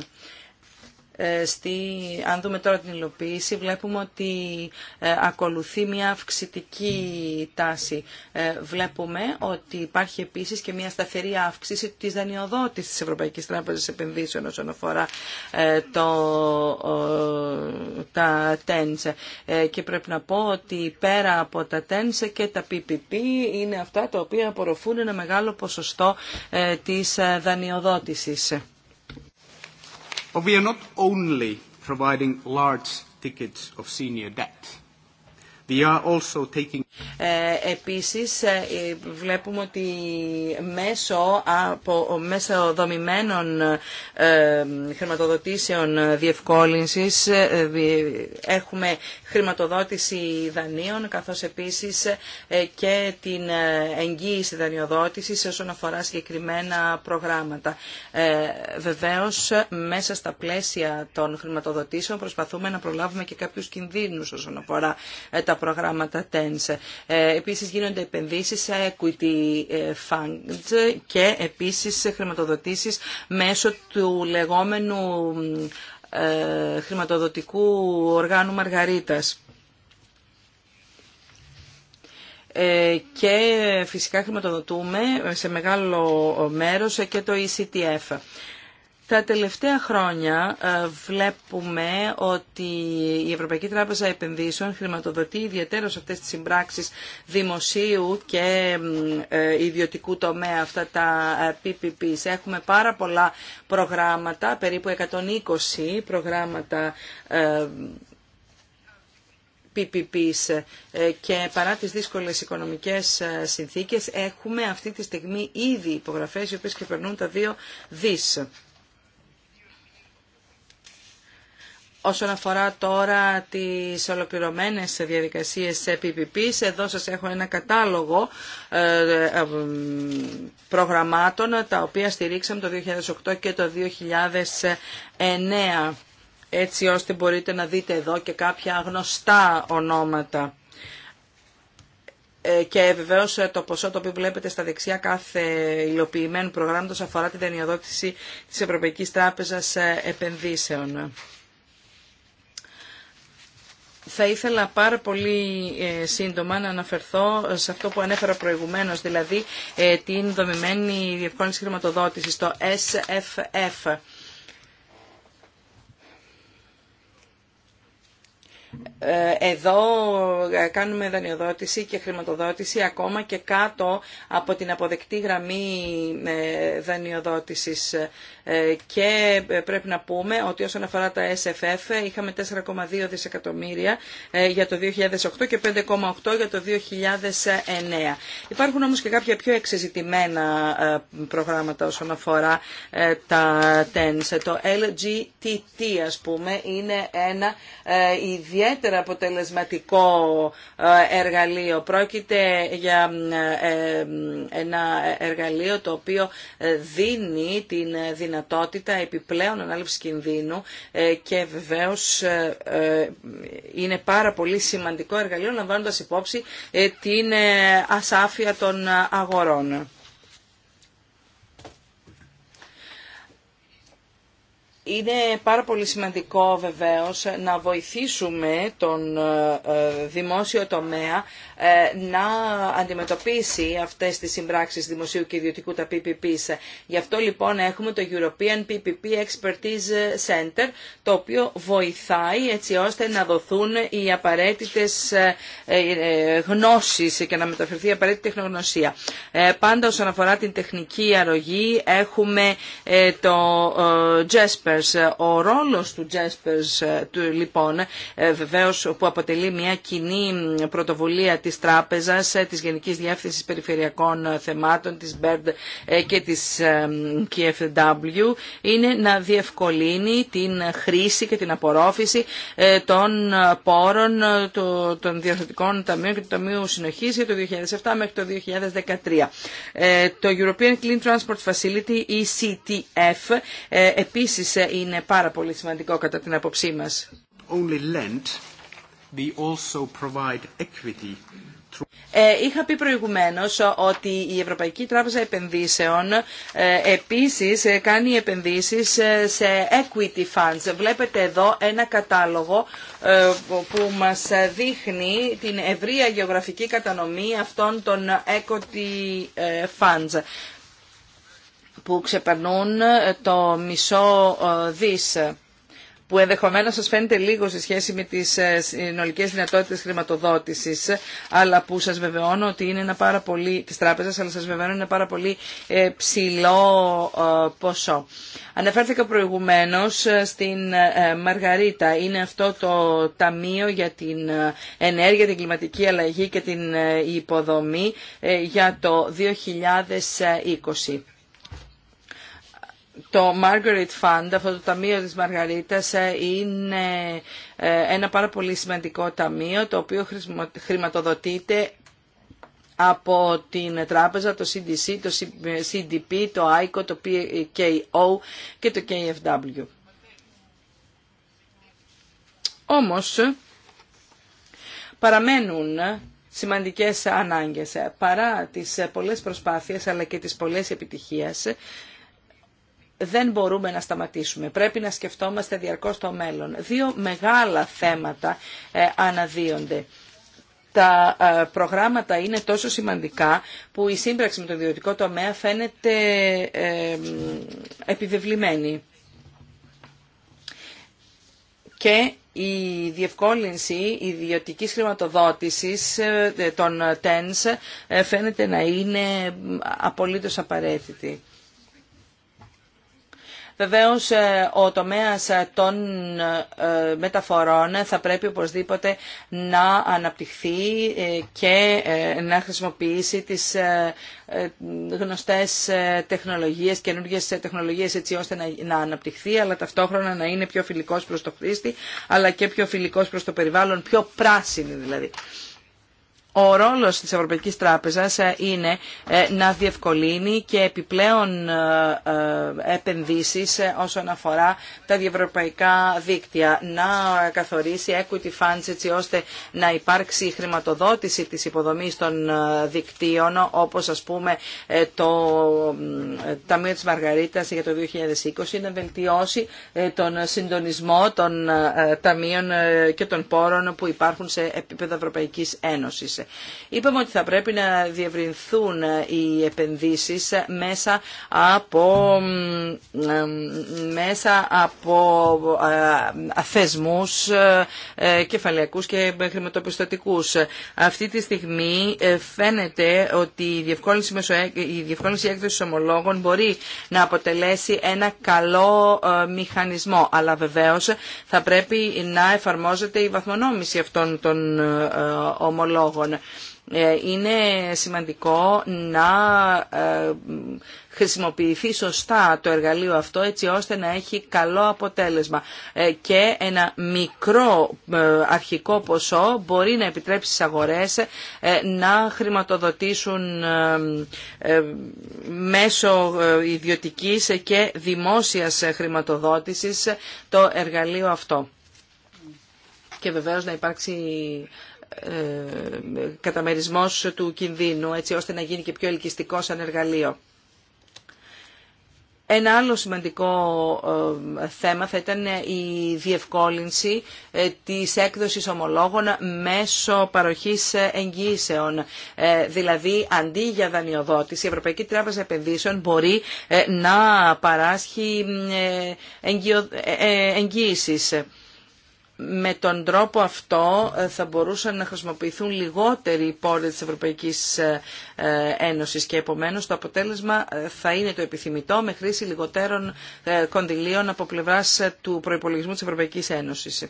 A: ε, στη, αν δούμε τώρα την υλοποίηση, βλέπουμε ότι ε, ακολουθεί μια αυξητική τάση. Ε, βλέπουμε ότι υπάρχει επίσης και μια σταθερή αύξηση της δανειοδότησης της Ευρωπαϊκής Τράπεζας Επενδύσεων όσον αφορά το, τα TENS. E. και πρέπει να πω ότι πέρα από τα TENS e και τα PPP είναι αυτά τα οποία απορροφούν ένα μεγάλο ποσοστό της δανειοδότησης
D: we are not only providing large tickets
C: of
A: senior debt. We are also taking ε, επίσης ε, βλέπουμε ότι μέσω, από, μέσω δομημένων ε, χρηματοδοτήσεων διευκόλυνσης έχουμε χρηματοδότηση δανείων καθώς επίσης και την εγγύηση δανειοδότησης όσον αφορά συγκεκριμένα προγράμματα. Βεβαίως μέσα στα πλαίσια των χρηματοδοτήσεων προσπαθούμε να προλάβουμε και κάποιους κινδύνους όσον αφορά τα προγράμματα TENS. Ε, επίσης γίνονται επενδύσεις σε equity ε, funds και επίσης χρηματοδοτήσεις μέσω του λεγόμενου ε, χρηματοδοτικού οργάνου Μαργαρίτας και φυσικά χρηματοδοτούμε σε μεγάλο μέρος και το ECTF. Τα τελευταία χρόνια ε, βλέπουμε ότι η Ευρωπαϊκή Τράπεζα Επενδύσεων χρηματοδοτεί ιδιαίτερα σε αυτές τις συμπράξεις δημοσίου και ε, ιδιωτικού τομέα, αυτά τα ε, PPPs. Έχουμε πάρα πολλά προγράμματα, περίπου 120 προγράμματα PPPs και παρά τις δύσκολες οικονομικές συνθήκες έχουμε αυτή τη στιγμή ήδη υπογραφές οι οποίες περνούν τα δύο δις. Όσον αφορά τώρα τις ολοκληρωμένες διαδικασίες PPP, εδώ σας έχω ένα κατάλογο ε, ε, ε, προγραμμάτων τα οποία στηρίξαμε το 2008 και το 2009 έτσι ώστε μπορείτε να δείτε εδώ και κάποια γνωστά ονόματα. Και βεβαίω το ποσό το οποίο βλέπετε στα δεξιά κάθε υλοποιημένου προγράμματος αφορά την δανειοδότηση της Ευρωπαϊκής Τράπεζας Επενδύσεων. Θα ήθελα πάρα πολύ ε, σύντομα να αναφερθώ σε αυτό που ανέφερα προηγουμένως, δηλαδή ε, την δομημένη διευκόλυνση χρηματοδότησης, το SFF. Ε, εδώ ε, κάνουμε δανειοδότηση και χρηματοδότηση ακόμα και κάτω από την αποδεκτή γραμμή ε, δανειοδότησης και πρέπει να πούμε ότι όσον αφορά τα SFF είχαμε 4,2 δισεκατομμύρια για το 2008 και 5,8 για το 2009. Υπάρχουν όμως και κάποια πιο εξεζητημένα προγράμματα όσον αφορά τα TENS. Το LGTT ας πούμε είναι ένα ιδιαίτερο ιδιαίτερα αποτελεσματικό ε, εργαλείο. Πρόκειται για ε, ε, ένα εργαλείο το οποίο δίνει την δυνατότητα επιπλέον ανάληψης κινδύνου και βεβαίως είναι πάρα πολύ σημαντικό εργαλείο λαμβάνοντας υπόψη την ασάφεια των αγορών. Είναι πάρα πολύ σημαντικό βεβαίως να βοηθήσουμε τον ε, ε, δημόσιο τομέα ε, να αντιμετωπίσει αυτές τις συμπράξεις δημοσίου και ιδιωτικού τα PPPs. Γι' αυτό λοιπόν έχουμε το European PPP Expertise Center, το οποίο βοηθάει έτσι ώστε να δοθούν οι απαραίτητες ε, ε, γνώσεις και να μεταφερθεί η απαραίτητη τεχνογνωσία. Πάντα όσον αφορά την τεχνική αρρωγή έχουμε το JESPERS. Ο ρόλος του Jaspers λοιπόν βεβαίως που αποτελεί μια κοινή πρωτοβουλία της Τράπεζας, ε, της Γενικής Διεύθυνσης Περιφερειακών ε, Θεμάτων, της BERD ε, και της KFW, είναι να διευκολύνει την χρήση και την απορρόφηση των πόρων των διαθετικών ταμείων και του Ταμείου Συνοχής για το 2007 μέχρι το 2013. Το European Clean Transport Facility, ECTF, επίσης είναι πάρα πολύ σημαντικό κατά την απόψή μας. Only lent ε, είχα πει προηγουμένως ότι η Ευρωπαϊκή Τράπεζα Επενδύσεων ε, επίσης ε, κάνει επενδύσεις σε equity funds. Βλέπετε εδώ ένα κατάλογο που μας δείχνει την ευρεία γεωγραφική κατανομή αυτών των equity funds που ξεπερνούν το μισό δις που ενδεχομένως σα φαίνεται λίγο σε σχέση με τι ε, συνολικέ δυνατότητε χρηματοδότηση, αλλά που σα βεβαιώνω ότι είναι ένα πάρα πολύ, τη τράπεζα, αλλά σα βεβαιώνω είναι ένα πάρα πολύ ε, ψηλό ε, ποσό. Αναφέρθηκα προηγουμένω στην Μαργαρίτα. Είναι αυτό το ταμείο για την ενέργεια, την κλιματική αλλαγή και την υποδομή για το 2020 το Margaret Fund, αυτό το ταμείο της Μαργαρίτας, ε, είναι ε, ένα πάρα πολύ σημαντικό ταμείο, το οποίο χρηματοδοτείται από την τράπεζα, το CDC, το CDP, το ICO, το PKO και το KFW. Όμως, παραμένουν σημαντικές ανάγκες. Παρά τις πολλές προσπάθειες αλλά και τις πολλές επιτυχίες, δεν μπορούμε να σταματήσουμε. Πρέπει να σκεφτόμαστε διαρκώς το μέλλον. Δύο μεγάλα θέματα ε, αναδύονται τα ε, προγράμματα είναι τόσο σημαντικά που η σύμπραξη με τον ιδιωτικό τομέα φαίνεται ε, επιβεβλημένη. Και η διευκόλυνση ιδιωτικής χρηματοδότησης των TENS φαίνεται να είναι απολύτως απαραίτητη. Βεβαίως ε, ο τομέας ε, των ε, μεταφορών θα πρέπει οπωσδήποτε να αναπτυχθεί και να χρησιμοποιήσει τις γνωστές τεχνολογίες, καινούργιες τεχνολογίες έτσι ώστε να αναπτυχθεί αλλά ταυτόχρονα να είναι πιο φιλικός προς το χρήστη αλλά και πιο φιλικός προς το περιβάλλον, πιο πράσινη δηλαδή ο ρόλος της Ευρωπαϊκής Τράπεζας ε, είναι ε, να διευκολύνει και επιπλέον ε, επενδύσεις όσον αφορά τα διευρωπαϊκά δίκτυα, να καθορίσει equity funds έτσι ώστε να υπάρξει χρηματοδότηση της υποδομής των δικτύων όπως ας πούμε το Ταμείο της Μαργαρίτας για το 2020 να βελτιώσει τον συντονισμό των ταμείων και των πόρων που υπάρχουν σε επίπεδο Ευρωπαϊκής Ένωσης. Είπαμε ότι θα πρέπει να διευρυνθούν οι επενδύσεις μέσα από, μέσα από ε, θεσμούς ε, ε, κεφαλαιακούς και χρηματοπιστωτικούς. Αυτή τη στιγμή φαίνεται ότι η διευκόλυνση, η διευκόλυνση έκδοσης ομολόγων μπορεί να αποτελέσει ένα καλό μηχανισμό. Αλλά βεβαίως θα πρέπει να εφαρμόζεται η βαθμονόμηση αυτών των ομολόγων είναι σημαντικό να ε, χρησιμοποιηθεί σωστά το εργαλείο αυτό έτσι ώστε να έχει καλό αποτέλεσμα ε, και ένα μικρό ε, αρχικό ποσό μπορεί να επιτρέψει στις αγορές να χρηματοδοτήσουν μέσω ιδιωτικής και δημόσιας χρηματοδότησης το εργαλείο αυτό και βεβαίως να υπάρξει ε, καταμερισμός του κινδύνου, έτσι ώστε να γίνει και πιο ελκυστικό σαν εργαλείο. Ένα άλλο σημαντικό ε, θέμα θα ήταν η διευκόλυνση ε, της έκδοσης ομολόγων μέσω παροχής εγγύησεων. Δηλαδή, αντί για δανειοδότηση, η Ευρωπαϊκή Τράπεζα Επενδύσεων μπορεί να παράσχει εγγύησεις με τον τρόπο αυτό ε, θα μπορούσαν να χρησιμοποιηθούν λιγότεροι πόροι της Ευρωπαϊκής ε, ε, Ένωσης και επομένως το αποτέλεσμα θα είναι το επιθυμητό με χρήση λιγότερων κονδυλίων από πλευράς του προϋπολογισμού της Ευρωπαϊκής Ένωσης.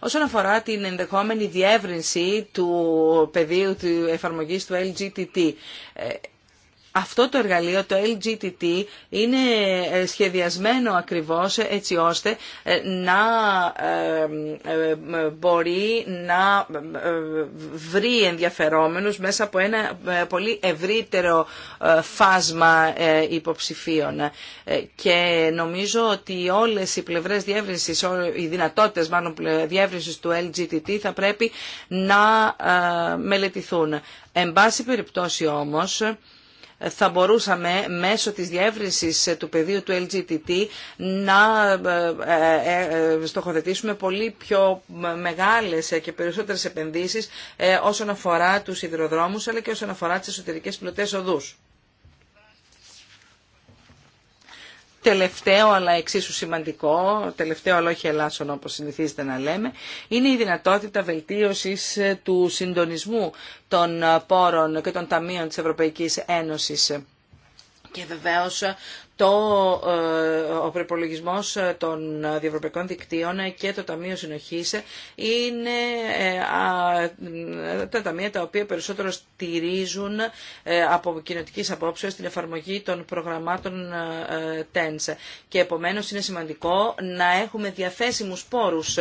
A: Όσον αφορά την ενδεχόμενη διεύρυνση του πεδίου του εφαρμογής του LGTT, αυτό το εργαλείο, το LGTT, είναι ε, σχεδιασμένο ακριβώς έτσι ώστε ε, να ε, μπορεί να βρει ενδιαφερόμενους μέσα από ένα πολύ ευρύτερο φάσμα υποψηφίων. Και νομίζω ότι όλες οι πλευρές διεύρυνσης, οι δυνατότητες μάλλον διεύρυνσης του LGTT θα πρέπει να μελετηθούν. Εν πάση περιπτώσει όμως, θα μπορούσαμε μέσω της διεύρυνσης του πεδίου του LGTT να ε, ε, ε, στοχοθετήσουμε πολύ πιο μεγάλες και περισσότερες επενδύσεις όσον αφορά τους υδροδρόμους αλλά και όσον αφορά τις εσωτερικές πλωτές οδούς. Τελευταίο αλλά εξίσου σημαντικό, τελευταίο αλλά όχι ελάσσον όπως συνηθίζεται να λέμε, είναι η δυνατότητα βελτίωσης ε, του συντονισμού των ε, πόρων και των ταμείων της Ευρωπαϊκής Ένωσης. Και βεβαίως ε, το, ε, ο προπολογισμό ε, των διευρωπαϊκών δικτύων και το Ταμείο συνοχή είναι ε, τα ταμεία τα οποία περισσότερο στηρίζουν από κοινωτική απόψεω την εφαρμογή των προγραμμάτων TENS. Και επομένω είναι σημαντικό να έχουμε διαθέσιμους πόρους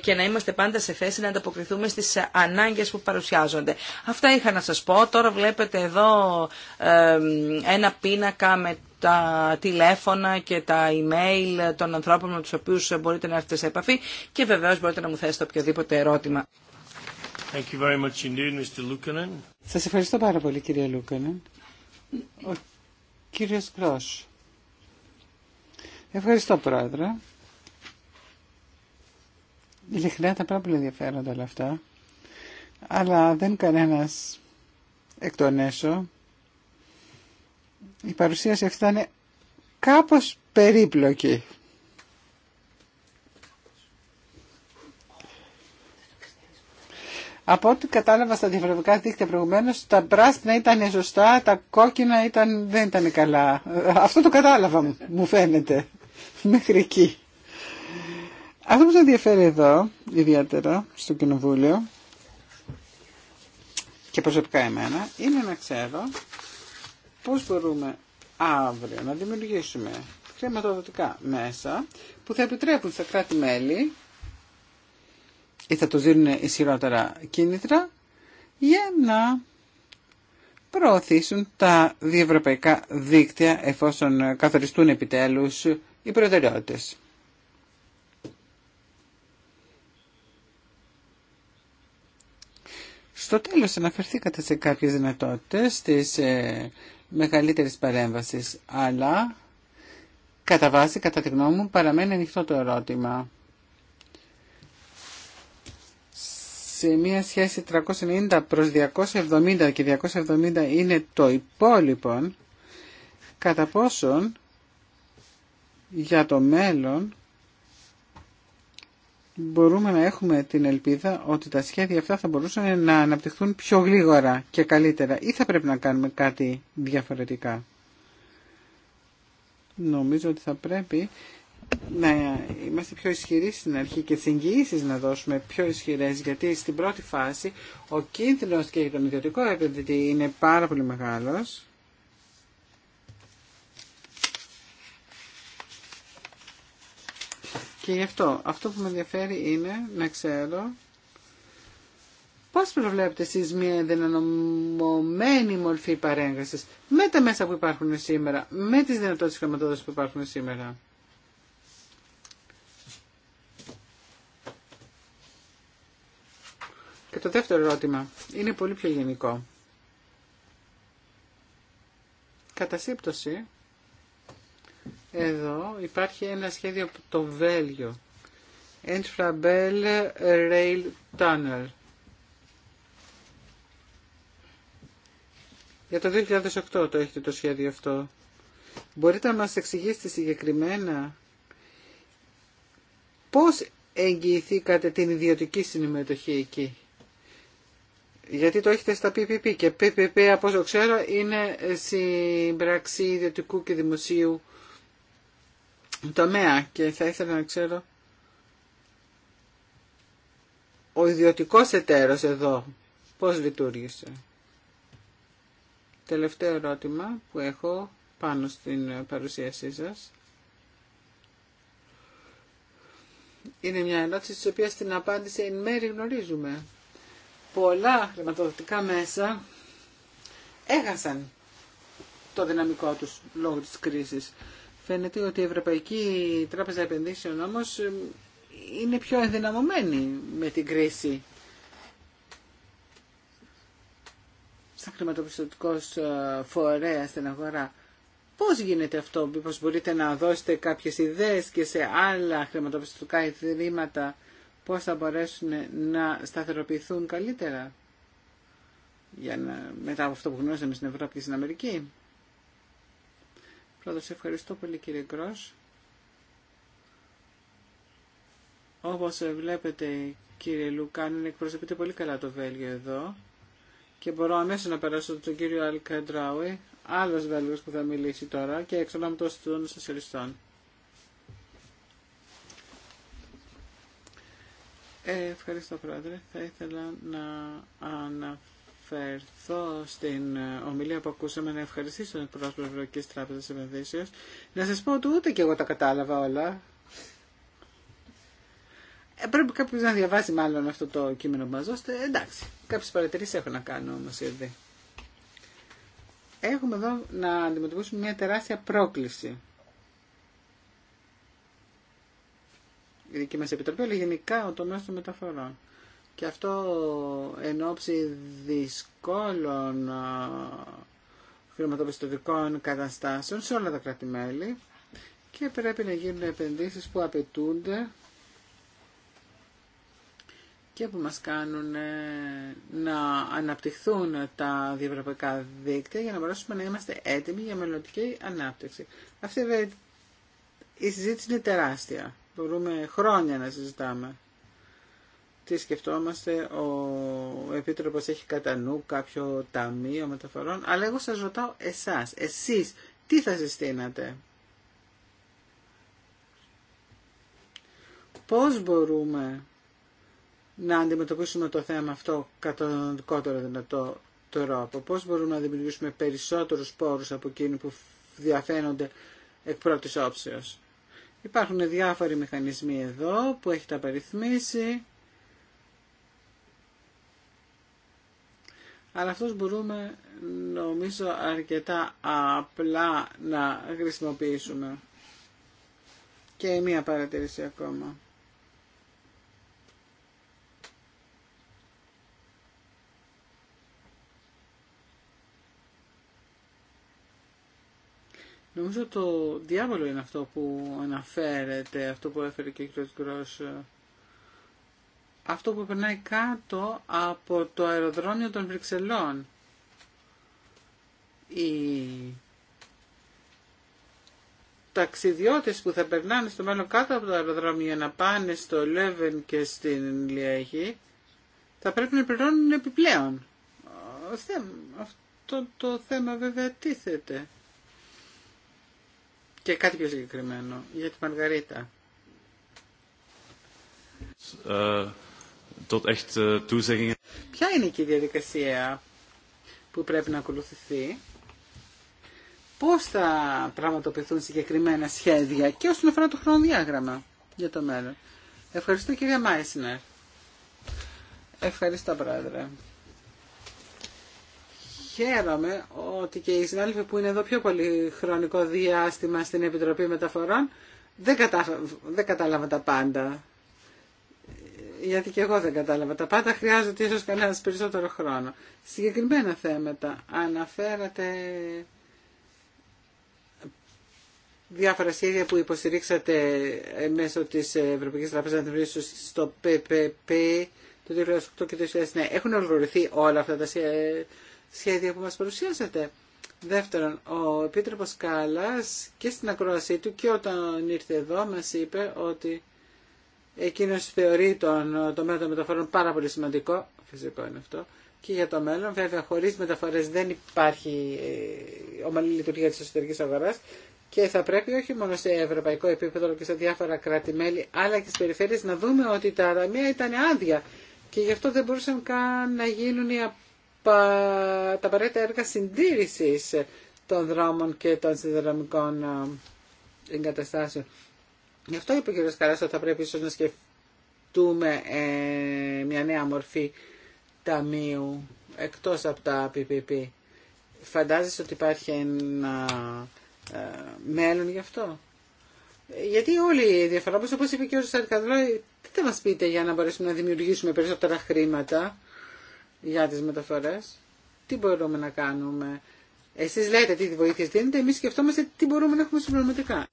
A: και να είμαστε πάντα σε θέση να ανταποκριθούμε στι ανάγκε που παρουσιάζονται. Αυτά είχα να σα πω. Τώρα βλέπετε εδώ ένα πίνακα με τα τηλέφωνα και τα email των ανθρώπων με τους οποίους μπορείτε να έρθετε σε επαφή και βεβαίως μπορείτε να μου θέσετε οποιοδήποτε ερώτημα.
B: Thank you very much indeed, Mr.
C: Σας ευχαριστώ πάρα πολύ κύριε Λούκανεν. Ο κύριος Γκρός. Ευχαριστώ πρόεδρε. Ειλικρινά τα πάρα πολύ ενδιαφέροντα όλα αυτά. Αλλά δεν κανένας εκ των έσω η παρουσίαση αυτή ήταν κάπως περίπλοκη. Από ό,τι κατάλαβα στα διαφορετικά δίκτυα προηγουμένω, τα πράσινα ήταν σωστά, τα κόκκινα ήταν, δεν ήταν καλά. Αυτό το κατάλαβα, μου φαίνεται, μέχρι εκεί. Αυτό που σας ενδιαφέρει εδώ, ιδιαίτερα, στο Κοινοβούλιο, και προσωπικά εμένα, είναι να ξέρω πώς μπορούμε αύριο να δημιουργήσουμε χρηματοδοτικά μέσα που θα επιτρέπουν στα κράτη-μέλη ή θα τους δίνουν ισχυρότερα κίνητρα για να προωθήσουν τα διευρωπαϊκά δίκτυα εφόσον καθοριστούν επιτέλους οι προτεραιότητες. Στο τέλος αναφερθήκατε σε κάποιες δυνατότητες της μεγαλύτερης παρέμβασης, αλλά κατά βάση, κατά τη γνώμη μου, παραμένει ανοιχτό το ερώτημα. Σε μία σχέση 390 προς 270 και 270 είναι το υπόλοιπο, κατά πόσον για το μέλλον μπορούμε να έχουμε την ελπίδα ότι τα σχέδια αυτά θα μπορούσαν να αναπτυχθούν πιο γρήγορα και καλύτερα ή θα πρέπει να κάνουμε κάτι διαφορετικά. Νομίζω ότι θα πρέπει να είμαστε πιο ισχυροί στην αρχή και τις να δώσουμε πιο ισχυρές γιατί στην πρώτη φάση ο κίνδυνος και για τον ιδιωτικό επενδυτή είναι πάρα πολύ μεγάλος Και γι' αυτό, αυτό που με ενδιαφέρει είναι να ξέρω πώς προβλέπετε εσείς μια δυναμωμένη μορφή παρέγκασης με τα μέσα που υπάρχουν σήμερα, με τις δυνατότητες χρηματοδότησης που υπάρχουν σήμερα. Και το δεύτερο ερώτημα είναι πολύ πιο γενικό. Κατά εδώ υπάρχει ένα σχέδιο από το Βέλγιο. Entrabel Rail Tunnel. Για το 2008 το έχετε το σχέδιο αυτό. Μπορείτε να μας εξηγήσετε συγκεκριμένα πώς εγγυηθήκατε την ιδιωτική συμμετοχή εκεί. Γιατί το έχετε στα PPP και PPP από όσο ξέρω είναι συμπραξή ιδιωτικού και δημοσίου τομέα και θα ήθελα να ξέρω ο ιδιωτικός εταίρος εδώ πώς λειτουργήσε. Τελευταίο ερώτημα που έχω πάνω στην παρουσίασή σας. Είναι μια ερώτηση της οποια την απάντηση εν μέρη γνωρίζουμε. Πολλά χρηματοδοτικά μέσα έχασαν το δυναμικό τους λόγω της κρίσης φαίνεται ότι η Ευρωπαϊκή Τράπεζα Επενδύσεων όμως ε, είναι πιο ενδυναμωμένη με την κρίση σαν χρηματοπιστωτικός ε, φορέας στην αγορά. Πώς γίνεται αυτό, μήπως μπορείτε να δώσετε κάποιες ιδέες και σε άλλα χρηματοπιστωτικά ιδρύματα πώς θα μπορέσουν να σταθεροποιηθούν καλύτερα για να, μετά από αυτό που γνώσαμε στην Ευρώπη και στην Αμερική σε ευχαριστώ πολύ κύριε Γκρός. Όπως βλέπετε κύριε Λουκάν, εκπροσωπείται πολύ καλά το Βέλγιο εδώ και μπορώ αμέσως να περάσω τον κύριο Αλκαντράουι, άλλος Βέλγος που θα μιλήσει τώρα και το ονόματος των σοσιαλιστών. Ε, ευχαριστώ πρόεδρε. Θα ήθελα να αναφέρω αναφερθώ στην ε, ομιλία που ακούσαμε να ευχαριστήσω τον εκπρόσωπο της Ευρωπαϊκής Τράπεζας Επενδύσεως. Να σας πω ότι ούτε και εγώ τα κατάλαβα όλα. Ε, πρέπει κάποιο να διαβάσει μάλλον αυτό το κείμενο μας, ώστε ε, εντάξει, κάποιες παρατηρήσεις έχω να κάνω όμως ήδη. Έχουμε εδώ να αντιμετωπίσουμε μια τεράστια πρόκληση. Η δική μας επιτροπή, αλλά γενικά ο τομέας των μεταφορών και αυτό εν ώψη δυσκόλων χρηματοπιστωτικών καταστάσεων σε όλα τα κράτη-μέλη και πρέπει να γίνουν επενδύσεις που απαιτούνται και που μας κάνουν ε, να αναπτυχθούν τα διευρωπαϊκά δίκτυα για να μπορέσουμε να είμαστε έτοιμοι για μελλοντική ανάπτυξη. Αυτή η συζήτηση είναι τεράστια. Μπορούμε χρόνια να συζητάμε τι σκεφτόμαστε, ο Επίτροπος έχει κατά νου κάποιο ταμείο μεταφορών, αλλά εγώ σας ρωτάω εσάς, εσείς, τι θα συστήνατε. Πώς μπορούμε να αντιμετωπίσουμε το θέμα αυτό κατά τον δικότερο δυνατό τρόπο, πώς μπορούμε να δημιουργήσουμε περισσότερους πόρους από εκείνοι που διαφαίνονται εκ πρώτης όψεως. Υπάρχουν διάφοροι μηχανισμοί εδώ που έχετε απαριθμίσει. αλλά αυτούς μπορούμε νομίζω αρκετά απλά να χρησιμοποιήσουμε. Και μία παρατηρήση ακόμα. Νομίζω το διάβολο είναι αυτό που αναφέρεται, αυτό που έφερε και ο κ αυτό που περνάει κάτω από το αεροδρόμιο των Βρυξελών. Οι ταξιδιώτες που θα περνάνε στο μέλλον κάτω από το αεροδρόμιο για να πάνε στο Λέβεν και στην Λιέχη θα πρέπει να πληρώνουν επιπλέον. Αυτό το θέμα βέβαια τίθεται. Και κάτι πιο συγκεκριμένο για τη Μαργαρίτα.
A: Ε, Eh,
C: Ποια είναι και η διαδικασία που πρέπει να ακολουθηθεί, πώς θα πραγματοποιηθούν συγκεκριμένα σχέδια και όσον αφορά το χρονοδιάγραμμα για το μέλλον. Ευχαριστώ κυρία Μάισνερ. Ευχαριστώ πρόεδρε. Χαίρομαι ότι και οι συνάδελφοι που είναι εδώ πιο πολύ χρονικό διάστημα στην Επιτροπή Μεταφορών δεν, κατάλαβαν τα πάντα γιατί και εγώ δεν κατάλαβα τα πάντα, χρειάζεται ίσως κανένας περισσότερο χρόνο. Συγκεκριμένα θέματα αναφέρατε διάφορα σχέδια που υποστηρίξατε μέσω της Ευρωπαϊκής Τράπεζας Αντιβρίσεως στο PPP το 2008 και το 2009. Έχουν ολοκληρωθεί όλα αυτά τα σχέδια που μας παρουσιάσατε. Δεύτερον, ο Επίτροπος Κάλλας και στην ακρόασή του και όταν ήρθε εδώ μας είπε ότι Εκείνο θεωρεί τον τομέα των μεταφορών πάρα πολύ σημαντικό, φυσικό είναι αυτό, και για το μέλλον. Βέβαια, χωρί μεταφορέ δεν υπάρχει ε, ομαλή λειτουργία τη εσωτερική αγορά και θα πρέπει όχι μόνο σε ευρωπαϊκό επίπεδο αλλά και σε διάφορα κράτη-μέλη αλλά και στι περιφέρειε να δούμε ότι τα ταμεία ήταν άδεια και γι' αυτό δεν μπορούσαν καν να γίνουν οι τα απαραίτητα έργα συντήρηση των δρόμων και των συνδρομικών ε, εγκαταστάσεων. Γι' αυτό είπε ο κ. Καράς ότι θα πρέπει ίσως να σκεφτούμε ε, μια νέα μορφή ταμείου εκτός από τα PPP. Φαντάζεσαι ότι υπάρχει ένα ε, μέλλον γι' αυτό. Γιατί όλοι οι διαφορά, όπως είπε και ο Σαρκαδρόη, τι θα μας πείτε για να μπορέσουμε να δημιουργήσουμε περισσότερα χρήματα για τις μεταφορές. Τι μπορούμε να κάνουμε εσείς λέτε τι βοήθειες δίνετε, εμείς σκεφτόμαστε τι μπορούμε να έχουμε συμπληρωματικά.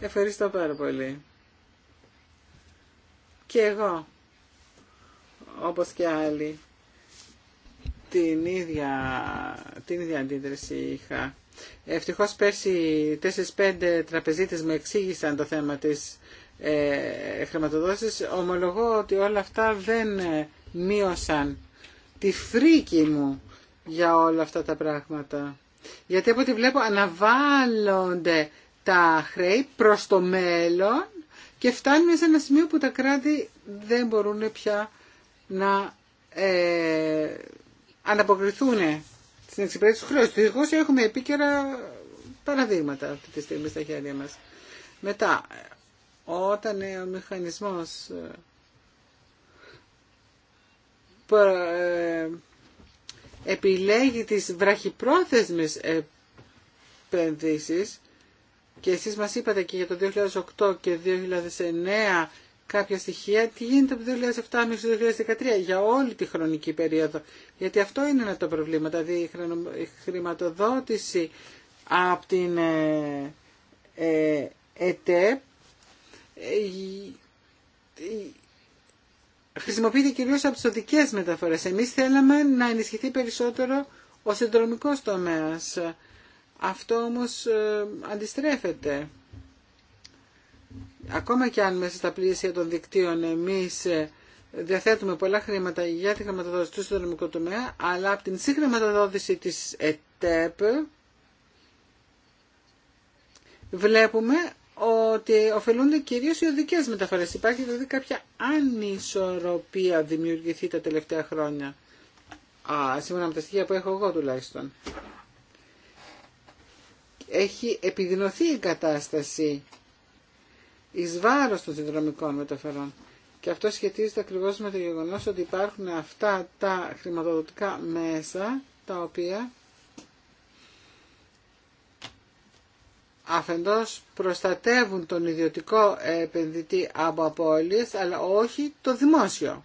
C: Ευχαριστώ πάρα πολύ. Και εγώ, όπως και άλλοι, την ίδια, την ίδια αντίδραση είχα. Ευτυχώς πέρσι τέσσερις-πέντε τραπεζίτες με εξήγησαν το θέμα της ε, χρηματοδότησης, ομολογώ ότι όλα αυτά δεν ε, μείωσαν τη φρίκη μου για όλα αυτά τα πράγματα. Γιατί από ό,τι βλέπω αναβάλλονται τα χρέη προς το μέλλον και φτάνουμε σε ένα σημείο που τα κράτη δεν μπορούν πια να ε, αναποκριθούν στην εξυπηρέτηση του χρέους. Δυστυχώς έχουμε επίκαιρα παραδείγματα αυτή τη στιγμή στα χέρια μας. Μετά, όταν ο μηχανισμός ε, ε, επιλέγει τις βραχυπρόθεσμες επενδύσεις και εσείς μας είπατε και για το 2008 και 2009 κάποια στοιχεία, τι γίνεται από το 2007 μέχρι το 2013 για όλη τη χρονική περίοδο. Γιατί αυτό είναι ένα από τα προβλήματα, δηλαδή η χρηματοδότηση από την ε, ΕΤΕΠ ε, ε, ε, χρησιμοποιείται κυρίως από τις οδικές μεταφορές. Εμείς θέλαμε να ενισχυθεί περισσότερο ο συνδρομικός τομέας. Αυτό όμως αντιστρέφεται. Ακόμα και αν μέσα στα πλαίσια των δικτύων εμείς διαθέτουμε πολλά χρήματα για τη χρηματοδότηση του συνδρομικού τομέα, αλλά από την συγχρηματοδότηση της ΕΤΕΠ βλέπουμε ότι ωφελούνται κυρίω οι οδικές μεταφορές. Υπάρχει δηλαδή κάποια ανισορροπία δημιουργηθεί τα τελευταία χρόνια. Α, σύμφωνα με τα στοιχεία που έχω εγώ τουλάχιστον. Έχει επιδεινωθεί η κατάσταση ει βάρο των συνδρομικών μεταφορών. Και αυτό σχετίζεται ακριβώ με το γεγονό ότι υπάρχουν αυτά τα χρηματοδοτικά μέσα τα οποία αφεντός προστατεύουν τον ιδιωτικό ε, επενδυτή από απώλειες, αλλά όχι το δημόσιο.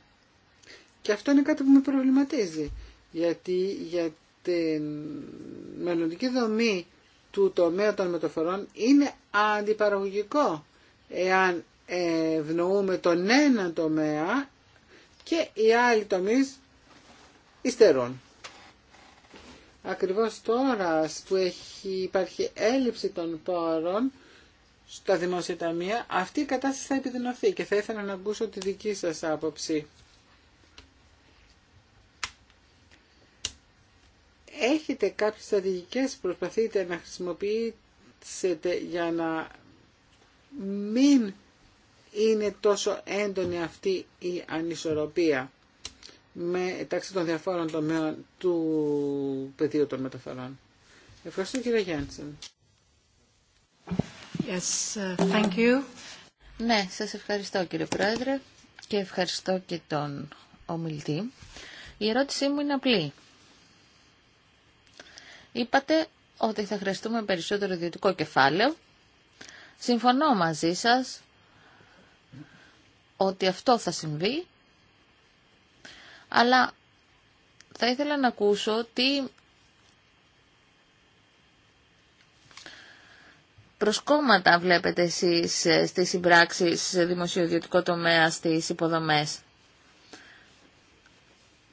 C: Και αυτό είναι κάτι που με προβληματίζει, γιατί για την μελλοντική δομή του τομέα των μεταφορών είναι αντιπαραγωγικό εάν ευνοούμε τον ένα τομέα και οι άλλοι τομείς υστερούν ακριβώς τώρα που έχει υπάρχει έλλειψη των πόρων στα δημόσια ταμεία, αυτή η κατάσταση θα επιδεινωθεί και θα ήθελα να ακούσω τη δική σας άποψη. Έχετε κάποιες στρατηγικές που προσπαθείτε να χρησιμοποιήσετε για να μην είναι τόσο έντονη αυτή η ανισορροπία μεταξύ των διαφόρων τομέων του πεδίου των μεταφορών. Ευχαριστώ κύριε Γιάννησεν.
B: Yes, uh, thank you. Ναι, σας ευχαριστώ κύριε Πρόεδρε και ευχαριστώ και τον ομιλητή. Η ερώτησή μου είναι απλή. Είπατε ότι θα χρειαστούμε περισσότερο ιδιωτικό κεφάλαιο. Συμφωνώ μαζί σας ότι αυτό θα συμβεί αλλά θα ήθελα να ακούσω τι προσκόμματα βλέπετε εσείς ε, στις συμπράξεις σε δημοσιοδιωτικό τομέα στις υποδομές.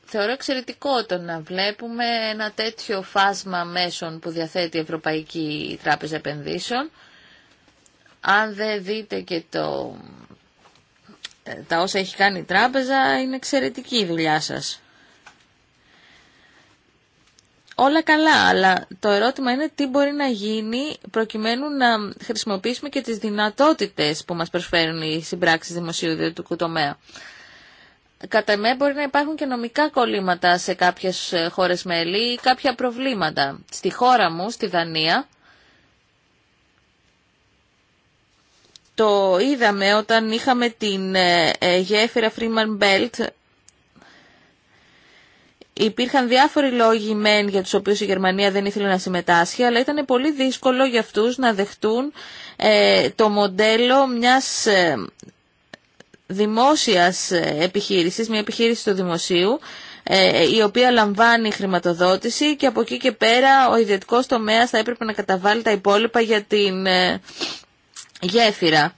B: Θεωρώ εξαιρετικό το να βλέπουμε ένα τέτοιο φάσμα μέσων που διαθέτει η Ευρωπαϊκή Τράπεζα Επενδύσεων. Αν δεν δείτε και το τα όσα έχει κάνει η τράπεζα είναι εξαιρετική η δουλειά σας. Όλα καλά, αλλά το ερώτημα είναι τι μπορεί να γίνει προκειμένου να χρησιμοποιήσουμε και τις δυνατότητες που μας προσφέρουν οι συμπράξεις δημοσίου ιδιωτικού τομέα. Κατά με μπορεί να υπάρχουν και νομικά κολλήματα σε κάποιες ε, χώρες μέλη ή κάποια προβλήματα. Στη χώρα μου, στη Δανία, Το είδαμε όταν είχαμε την ε, ε, γέφυρα Freeman Belt. Υπήρχαν διάφοροι λόγοι μεν για τους οποίους η Γερμανία δεν ήθελε να συμμετάσχει, αλλά ήταν πολύ δύσκολο για αυτούς να δεχτούν ε, το μοντέλο μιας δημόσιας επιχείρησης, μια επιχείρηση του δημοσίου, η οποία λαμβάνει χρηματοδότηση και από εκεί και πέρα ο ιδιωτικός τομέας θα έπρεπε να καταβάλει τα υπόλοιπα για την γέφυρα.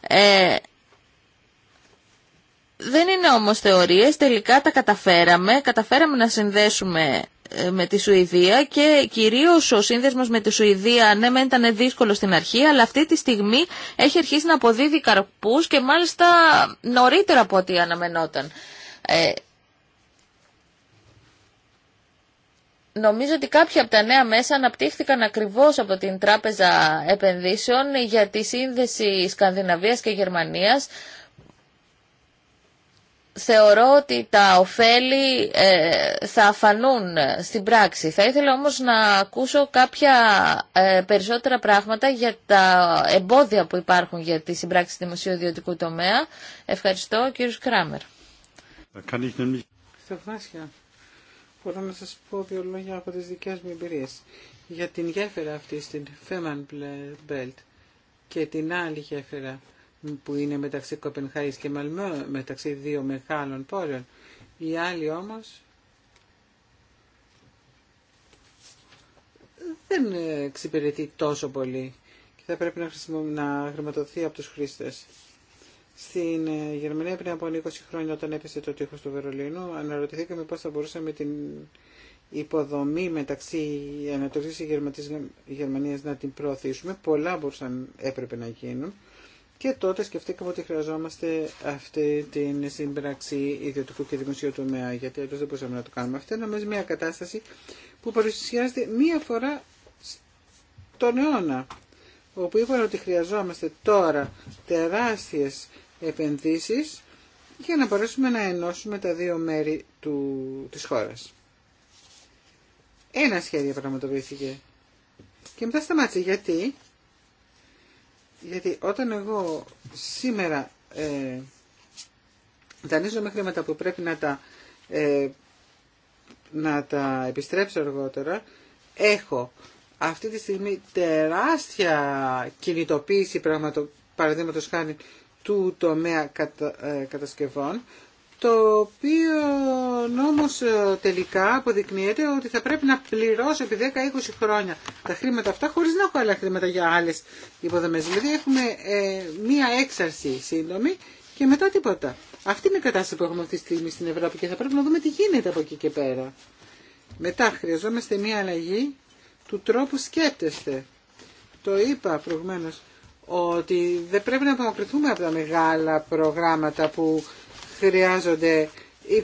B: Ε, δεν είναι όμως θεωρίες, τελικά τα καταφέραμε, καταφέραμε να συνδέσουμε ε, με τη Σουηδία και κυρίως ο σύνδεσμος με τη Σουηδία ναι μεν ήταν δύσκολο στην αρχή αλλά αυτή τη στιγμή έχει αρχίσει να αποδίδει καρπούς και μάλιστα νωρίτερα από ό,τι αναμενόταν. Ε, Νομίζω ότι κάποια από τα νέα μέσα αναπτύχθηκαν ακριβώς από την Τράπεζα Επενδύσεων για τη σύνδεση Σκανδιναβίας και Γερμανίας. Θεωρώ ότι τα ωφέλη ε, θα αφανούν στην πράξη. Θα ήθελα όμως να ακούσω κάποια ε, περισσότερα πράγματα για τα εμπόδια που υπάρχουν για τη συμπράξη δημοσίου-ιδιωτικού τομέα. Ευχαριστώ, κύριος Κράμερ
C: μπορώ να σας πω δύο λόγια από τις δικές μου εμπειρίες. Για την γέφυρα αυτή στην Φέμαν Belt και την άλλη γέφυρα που είναι μεταξύ Κοπενχάης και μαλμό μεταξύ δύο μεγάλων πόλεων. Η άλλη όμως δεν εξυπηρετεί τόσο πολύ και θα πρέπει να, χρηματοδοθεί από τους χρήστες. Στην ε, Γερμανία πριν από 20 χρόνια όταν έπεσε το τείχος του Βερολίνου αναρωτηθήκαμε πώς θα μπορούσαμε την υποδομή μεταξύ ε, Ανατολής και Γερμανίας να την προωθήσουμε. Πολλά μπορούσαν, έπρεπε να γίνουν. Και τότε σκεφτήκαμε ότι χρειαζόμαστε αυτή την σύμπραξη ιδιωτικού και δημοσίου τομέα, γιατί αλλιώ δεν μπορούσαμε να το κάνουμε. Αυτή είναι ομως μια κατάσταση που παρουσιάζεται μία φορά στον αιώνα, όπου είπαν ότι χρειαζόμαστε τώρα τεράστιες επενδύσεις για να μπορέσουμε να ενώσουμε τα δύο μέρη του, της χώρας. Ένα σχέδιο πραγματοποιήθηκε και μετά σταμάτησε. Γιατί, γιατί όταν εγώ σήμερα ε, δανείζομαι χρήματα που πρέπει να τα, ε, να τα επιστρέψω αργότερα, έχω αυτή τη στιγμή τεράστια κινητοποίηση πραγματο, παραδείγματος χάνει του τομέα ε, κατασκευών, το οποίο όμω ε, τελικά αποδεικνύεται ότι θα πρέπει να πληρώσω επί 10-20 χρόνια τα χρήματα αυτά χωρίς να έχω άλλα χρήματα για άλλες υποδομές. Δηλαδή έχουμε ε, μία έξαρση σύντομη και μετά τίποτα. Αυτή είναι η κατάσταση που έχουμε αυτή τη στιγμή στην Ευρώπη και θα πρέπει να δούμε τι γίνεται από εκεί και πέρα. Μετά χρειαζόμαστε μία αλλαγή του τρόπου σκέπτεστε. Το είπα προηγουμένως ότι δεν πρέπει να απομακρυνθούμε από τα μεγάλα προγράμματα που χρειάζονται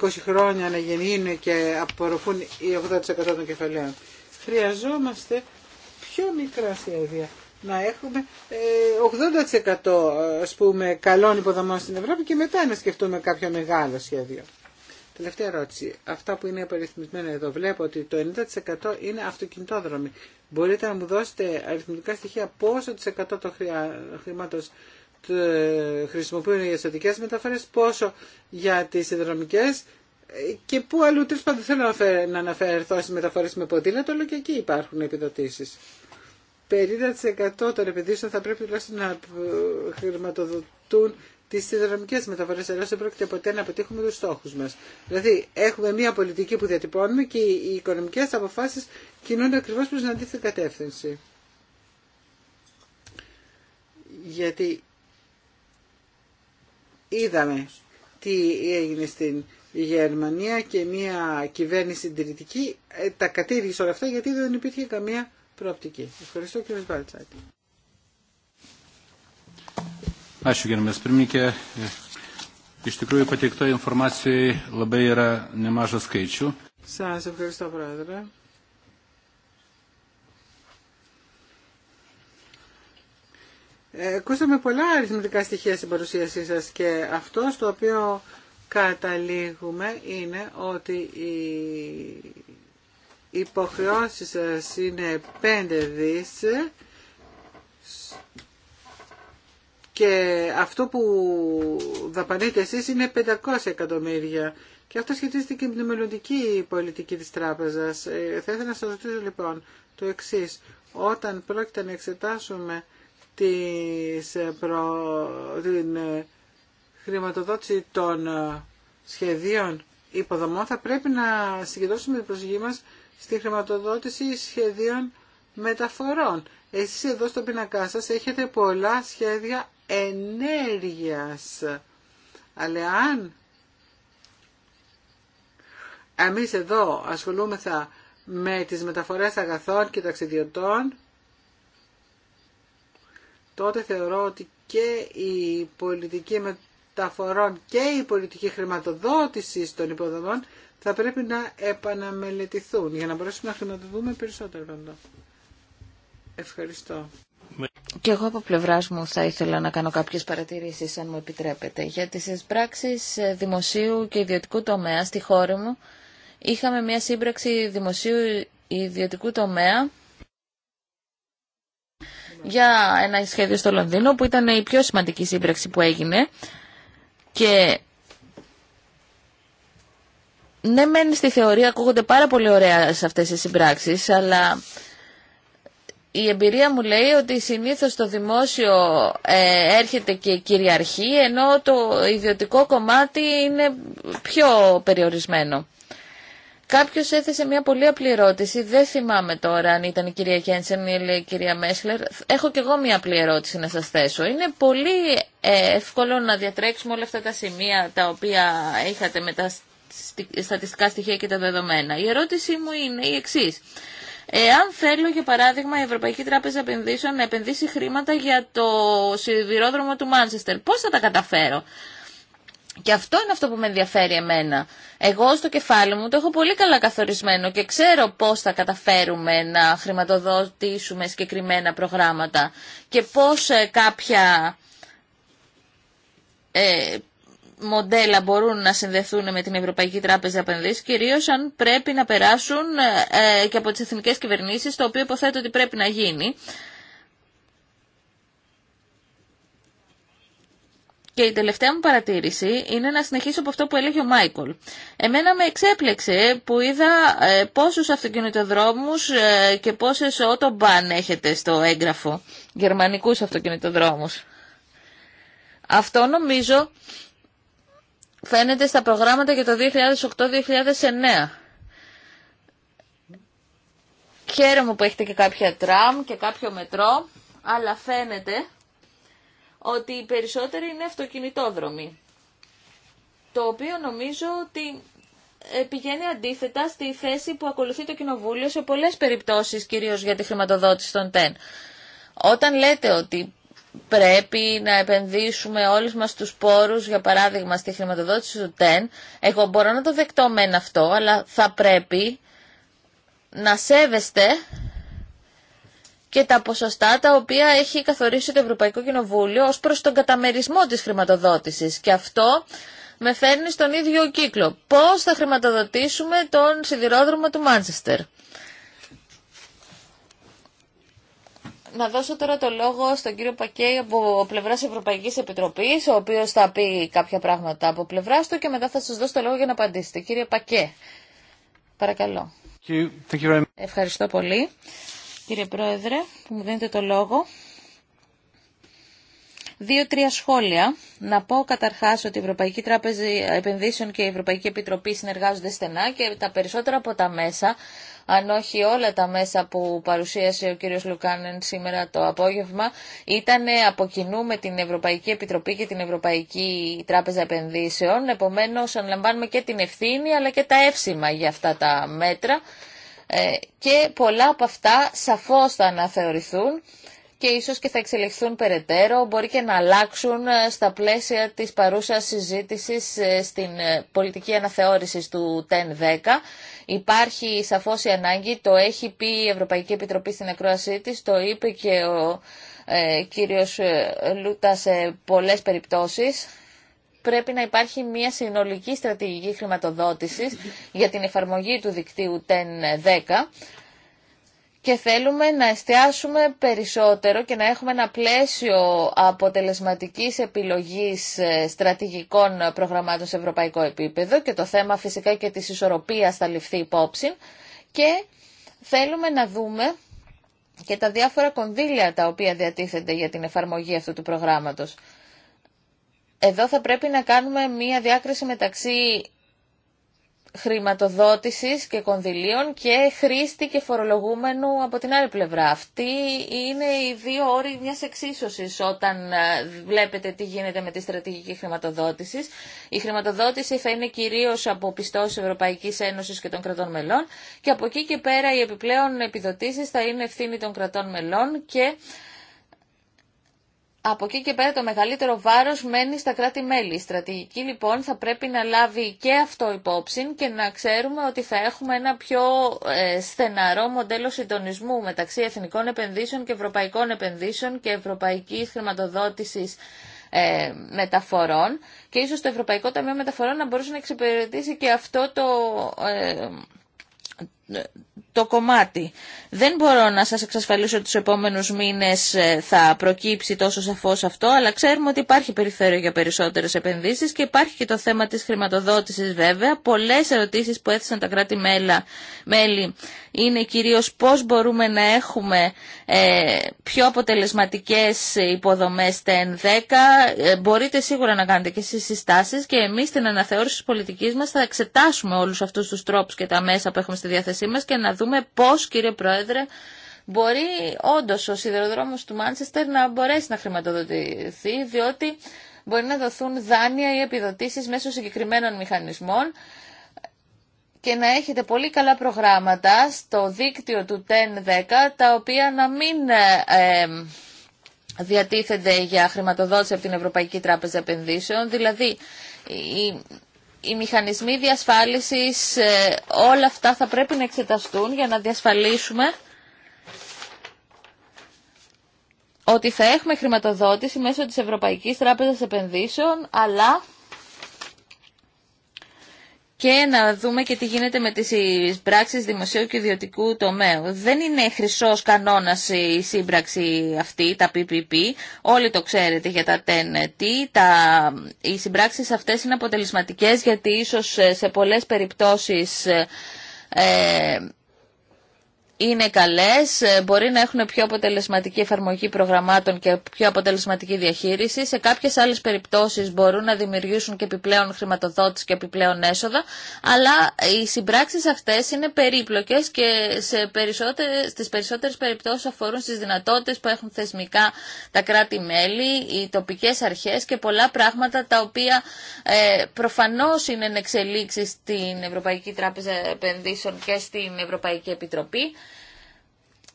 C: 20 χρόνια να γεννήνουν και απορροφούν οι 80% των κεφαλαίων. Χρειαζόμαστε πιο μικρά σχέδια. Να έχουμε 80% ε, ας πούμε καλών υποδομών στην Ευρώπη και μετά να σκεφτούμε κάποιο μεγάλο σχέδιο. Τελευταία ερώτηση. Αυτά που είναι απαριθμισμένα εδώ. Βλέπω ότι το 90% είναι αυτοκινητόδρομοι. Μπορείτε να μου δώσετε αριθμητικά στοιχεία πόσο της 100 των χρημάτων χρησιμοποιούν οι εσωτικές μεταφορές, πόσο για τις συνδρομικέ ε, και πού αλλού τέλος πάντων θέλω να αναφερθώ στις μεταφορές με ποδήλατο, αλλά και εκεί υπάρχουν επιδοτήσεις. 50% των επενδύσεων θα πρέπει τουλάχιστον να χρηματοδοτούν τις συνδρομικές μεταφορέ αλλά δεν πρόκειται ποτέ να πετύχουμε τους στόχους μας. Δηλαδή έχουμε μια πολιτική που διατυπώνουμε και οι οικονομικέ αποφάσεις κινούνται ακριβώς προ την αντίθετη κατεύθυνση. Γιατί είδαμε τι έγινε στην Γερμανία και μια κυβέρνηση συντηρητική ε, τα κατήργησε όλα αυτά γιατί δεν υπήρχε καμία προοπτική. Ευχαριστώ κύριε Σπάλτσάκη. Ačiū, gerbiamas pirmininkė. Iš tikrųjų pateiktoje ευχαριστώ πρόεδρε. Ε, πολλά αριθμητικά στοιχεία στην παρουσίασή σας και αυτό στο οποίο καταλήγουμε είναι ότι οι υποχρεώσεις σας είναι 5 δις και αυτό που δαπανείτε εσείς είναι 500 εκατομμύρια. Και αυτό σχετίζεται και με τη μελλοντική πολιτική της τράπεζας. Ε, θα ήθελα να σας ρωτήσω λοιπόν το εξή. Όταν πρόκειται να εξετάσουμε τις ε, προ... την ε, χρηματοδότηση των σχεδίων υποδομών, θα πρέπει να συγκεντρώσουμε την προσοχή μας στη χρηματοδότηση σχεδίων μεταφορών. Εσείς εδώ στο πίνακά σας έχετε πολλά σχέδια ενέργειας. Αλλά αν εμείς εδώ ασχολούμεθα με τις μεταφορές αγαθών και ταξιδιωτών, τότε θεωρώ ότι και η πολιτική μεταφορών και η πολιτική χρηματοδότηση των υποδομών θα πρέπει να επαναμελετηθούν για να μπορέσουμε να χρηματοδοτούμε περισσότερο. Ευχαριστώ.
B: Και εγώ από πλευρά μου θα ήθελα να κάνω κάποιες παρατηρήσεις, αν μου επιτρέπετε. Για τις πράξει ε, δημοσίου και ιδιωτικού τομέα στη χώρα μου, είχαμε μια σύμπραξη δημοσίου ιδιωτικού τομέα για ένα σχέδιο στο Λονδίνο που ήταν η πιο σημαντική σύμπραξη που έγινε και ναι μένει στη θεωρία ακούγονται πάρα πολύ ωραία σε αυτές οι συμπράξεις αλλά η εμπειρία μου λέει ότι συνήθως το δημόσιο ε, έρχεται και κυριαρχεί, ενώ το ιδιωτικό κομμάτι είναι πιο περιορισμένο. Κάποιος έθεσε μια πολύ απλή ερώτηση. Δεν θυμάμαι τώρα αν ήταν η κυρία Κένσεν ή η κυρία Μέσλερ. Έχω κι εγώ μια απλή ερώτηση να σας θέσω. Είναι πολύ ε, εύκολο να διατρέξουμε όλα αυτά τα σημεία τα οποία είχατε με τα στατιστικά στοιχεία και τα δεδομένα. Η ερώτησή μου είναι η εξή. Εάν θέλω, για παράδειγμα, η Ευρωπαϊκή Τράπεζα Επενδύσεων να επενδύσει χρήματα για το σιδηρόδρομο του Μάνσεστερ, Πώ θα τα καταφέρω. Και αυτό είναι αυτό που με ενδιαφέρει εμένα. Εγώ στο κεφάλι μου το έχω πολύ καλά καθορισμένο και ξέρω πώς θα καταφέρουμε να χρηματοδοτήσουμε συγκεκριμένα προγράμματα και πώς ε, κάποια ε, μοντέλα μπορούν να συνδεθούν με την Ευρωπαϊκή Τράπεζα Επενδύσεις, κυρίως αν πρέπει να περάσουν ε, και από τις εθνικές κυβερνήσεις, το οποίο υποθέτω ότι πρέπει να γίνει. Και η τελευταία μου παρατήρηση είναι να συνεχίσω από αυτό που έλεγε ο Μάικολ. Εμένα με εξέπλεξε που είδα ε, πόσους αυτοκινητοδρόμους ε, και πόσες ότομπαν έχετε στο έγγραφο γερμανικούς αυτοκινητοδρόμους. Αυτό νομίζω φαίνεται στα προγράμματα για το 2008-2009. Χαίρομαι που έχετε και κάποια τραμ και κάποιο μετρό, αλλά φαίνεται ότι οι περισσότεροι είναι αυτοκινητόδρομοι. Το οποίο νομίζω ότι ε, πηγαίνει αντίθετα στη θέση που ακολουθεί το Κοινοβούλιο σε πολλές περιπτώσεις, κυρίως για τη χρηματοδότηση των ΤΕΝ. Όταν λέτε ότι πρέπει να επενδύσουμε όλους μας τους πόρους, για παράδειγμα, στη χρηματοδότηση του ΤΕΝ. Εγώ μπορώ να το δεκτώ μεν αυτό, αλλά θα πρέπει να σέβεστε και τα ποσοστά τα οποία έχει καθορίσει το Ευρωπαϊκό Κοινοβούλιο ως προς τον καταμερισμό της χρηματοδότησης. Και αυτό με φέρνει στον ίδιο κύκλο. Πώς θα χρηματοδοτήσουμε τον σιδηρόδρομο του Μάντσεστερ. να δώσω τώρα το λόγο στον κύριο Πακέ από πλευρά Ευρωπαϊκή Επιτροπή, ο οποίο θα πει κάποια πράγματα από πλευρά του και μετά θα σα δώσω το λόγο για να απαντήσετε. Κύριε Πακέ, παρακαλώ.
C: Thank you. Thank you
B: Ευχαριστώ πολύ, κύριε Πρόεδρε, που μου δίνετε το λόγο. Δύο-τρία σχόλια. Να πω καταρχά ότι η Ευρωπαϊκή Τράπεζα Επενδύσεων και η Ευρωπαϊκή Επιτροπή συνεργάζονται στενά και τα περισσότερα από τα μέσα αν όχι όλα τα μέσα που παρουσίασε ο κύριος Λουκάνεν σήμερα το απόγευμα, ήταν από κοινού με την Ευρωπαϊκή Επιτροπή και την Ευρωπαϊκή Τράπεζα Επενδύσεων. Επομένως, αναλαμβάνουμε και την ευθύνη αλλά και τα εύσημα για αυτά τα μέτρα ε, και πολλά από αυτά σαφώς θα αναθεωρηθούν και ίσως και θα εξελιχθούν περαιτέρω, μπορεί και να αλλάξουν ε, στα πλαίσια της παρούσας συζήτησης ε, στην πολιτική αναθεώρησης του 10-10 Υπάρχει σαφώς η ανάγκη, το έχει πει η Ευρωπαϊκή Επιτροπή στην ακρόασή της, το είπε και ο ε, κύριος ε, Λούτα σε πολλές περιπτώσεις πρέπει να υπάρχει μια συνολική στρατηγική χρηματοδότησης για την εφαρμογή του δικτύου TEN10 και θέλουμε να εστιάσουμε περισσότερο και να έχουμε ένα πλαίσιο αποτελεσματικής επιλογής ε, στρατηγικών προγραμμάτων σε ευρωπαϊκό επίπεδο και το θέμα φυσικά και της ισορροπίας θα ληφθεί υπόψη και θέλουμε να δούμε και τα διάφορα κονδύλια τα οποία διατίθενται για την εφαρμογή αυτού του προγράμματος. Εδώ θα πρέπει να κάνουμε μία διάκριση μεταξύ χρηματοδότησης και κονδυλίων και χρήστη και φορολογούμενου από την άλλη πλευρά. Αυτή είναι οι δύο όροι μιας εξίσωσης όταν ε, βλέπετε τι γίνεται με τη στρατηγική χρηματοδότηση. Η χρηματοδότηση θα είναι κυρίως από πιστώσεις Ευρωπαϊκής Ένωσης και των κρατών μελών και από εκεί και πέρα οι επιπλέον επιδοτήσεις θα είναι ευθύνη των κρατών μελών και από εκεί και πέρα το μεγαλύτερο βάρος μένει στα κράτη-μέλη. Η στρατηγική λοιπόν θα πρέπει να λάβει και αυτό υπόψη και να ξέρουμε ότι θα έχουμε ένα πιο ε, στεναρό μοντέλο συντονισμού μεταξύ εθνικών επενδύσεων και ευρωπαϊκών επενδύσεων και ευρωπαϊκής χρηματοδότησης ε, μεταφορών και ίσως το Ευρωπαϊκό Ταμείο Μεταφορών να μπορούσε να εξυπηρετήσει και αυτό το, ε, το κομμάτι. Δεν μπορώ να σας εξασφαλίσω ότι τους επόμενους μήνες ε, θα προκύψει τόσο σαφώς αυτό, αλλά ξέρουμε ότι υπάρχει περιθώριο για περισσότερες επενδύσεις και υπάρχει και το θέμα της χρηματοδότησης βέβαια. Πολλές ερωτήσεις που έθεσαν τα κράτη-μέλη είναι κυρίως πώς μπορούμε να έχουμε ε, πιο αποτελεσματικές υποδομές TEN 10. Ε, μπορείτε σίγουρα να κάνετε και εσείς συστάσεις και εμείς στην αναθεώρηση της πολιτικής μας θα εξετάσουμε όλους αυτούς τους τρόπους και τα μέσα που έχουμε στη διάθεσή μας και να δούμε δούμε πώς, κύριε Πρόεδρε, μπορεί όντως ο σιδηροδρόμος του Μάντσεστερ να μπορέσει να χρηματοδοτηθεί, διότι μπορεί να δοθούν δάνεια ή επιδοτήσεις μέσω συγκεκριμένων μηχανισμών και να έχετε πολύ καλά προγράμματα στο δίκτυο του TEN10, τα οποία να μην... Ε, διατίθενται για χρηματοδότηση από την Ευρωπαϊκή Τράπεζα Επενδύσεων, δηλαδή οι μηχανισμοί διασφάλισης, ε, όλα αυτά θα πρέπει να εξεταστούν για να διασφαλίσουμε ότι θα έχουμε χρηματοδότηση μέσω της Ευρωπαϊκής Τράπεζας Επενδύσεων, αλλά και να δούμε και τι γίνεται με τις πράξεις δημοσίου και ιδιωτικού τομέα. Δεν είναι χρυσός κανόνας η σύμπραξη αυτή, τα PPP, όλοι το ξέρετε για τα TNT, τα... οι συμπράξεις αυτές είναι αποτελεσματικές γιατί ίσως σε πολλές περιπτώσεις ε, είναι καλές, ε, μπορεί να έχουν πιο αποτελεσματική εφαρμογή προγραμμάτων και πιο αποτελεσματική διαχείριση. Σε κάποιες άλλες περιπτώσεις μπορούν να δημιουργήσουν και επιπλέον χρηματοδότηση και επιπλέον έσοδα, αλλά οι συμπράξεις αυτές είναι περίπλοκες και σε περισσότερες, στις περισσότερες περιπτώσεις αφορούν στις δυνατότητες που έχουν θεσμικά τα κράτη-μέλη, οι τοπικές αρχές και πολλά πράγματα τα οποία ε, προφανώς είναι εξελίξει στην Ευρωπαϊκή Τράπεζα Επενδύσεων και στην Ευρωπαϊκή Επιτροπή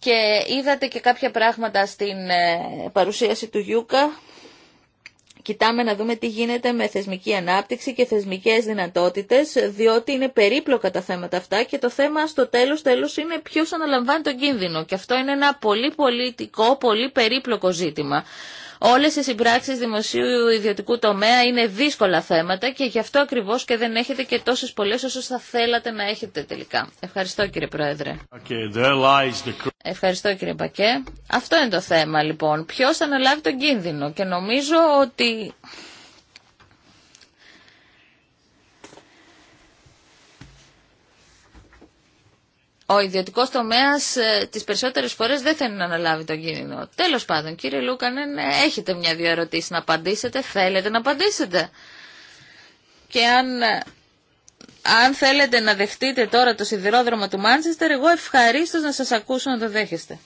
B: και είδατε και κάποια πράγματα στην ε, παρουσίαση του Γιούκα. Κοιτάμε να δούμε τι γίνεται με θεσμική ανάπτυξη και θεσμικές δυνατότητες, διότι είναι περίπλοκα τα θέματα αυτά και το θέμα στο τέλος τέλος είναι ποιος αναλαμβάνει τον κίνδυνο. Και αυτό είναι ένα πολύ πολιτικό, πολύ περίπλοκο ζήτημα. Όλες οι συμπράξεις δημοσίου ιδιωτικού τομέα είναι δύσκολα θέματα και γι' αυτό ακριβώς και δεν έχετε και τόσες πολλές όσο θα θέλατε να έχετε τελικά. Ευχαριστώ κύριε Πρόεδρε. Ευχαριστώ κύριε Πακέ. Αυτό είναι το θέμα λοιπόν. Ποιος αναλάβει τον κίνδυνο και νομίζω ότι... ο ιδιωτικός τομέας ε, τις περισσότερες φορές δεν θέλει να αναλάβει τον κίνδυνο. Τέλος πάντων, κύριε Λούκανεν, ε, έχετε μια-δύο ερωτήσει να απαντήσετε, θέλετε να απαντήσετε. Και αν, ε, αν θέλετε να δεχτείτε τώρα το σιδηρόδρομο του Μάντσεστερ, εγώ ευχαρίστως να σας ακούσω να το δέχεστε.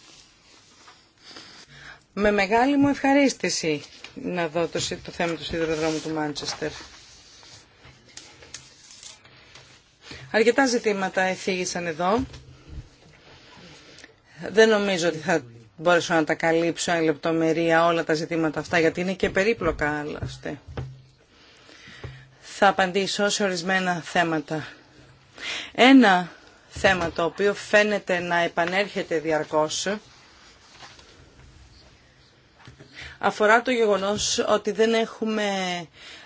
A: Με μεγάλη μου ευχαρίστηση να δω το, το θέμα του σιδηροδρόμου του Μάντσεστερ. Αρκετά ζητήματα εφήγησαν εδώ. Δεν νομίζω ότι θα μπορέσω να τα καλύψω εν λεπτομερία όλα τα ζητήματα αυτά, γιατί είναι και περίπλοκα άλλωστε. Θα απαντήσω σε ορισμένα θέματα. Ένα θέμα το οποίο φαίνεται να επανέρχεται διαρκώς αφορά το γεγονός ότι δεν έχουμε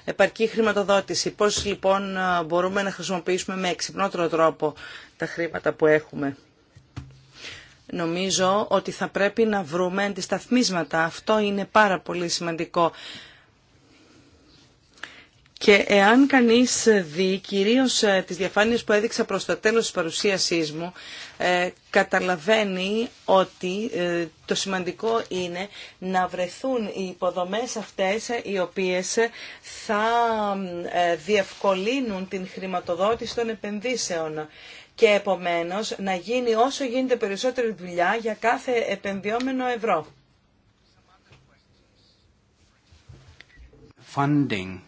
A: επαρκή χρηματοδότηση. Πώς λοιπόν μπορούμε να χρησιμοποιήσουμε με εξυπνότερο τρόπο τα χρήματα που έχουμε. Νομίζω ότι θα πρέπει να βρούμε αντισταθμίσματα. Αυτό είναι πάρα πολύ σημαντικό. Και εάν κανείς δει κυρίως ε, τις διαφάνειες που έδειξα προς το τέλος της παρουσίασής μου, ε, καταλαβαίνει ότι ε, το σημαντικό είναι να βρεθούν οι υποδομές αυτές οι οποίες θα διευκολύνουν την χρηματοδότηση των επενδύσεων και επομένως να γίνει όσο γίνεται περισσότερη δουλειά για κάθε επενδυόμενο ευρώ.
C: Funding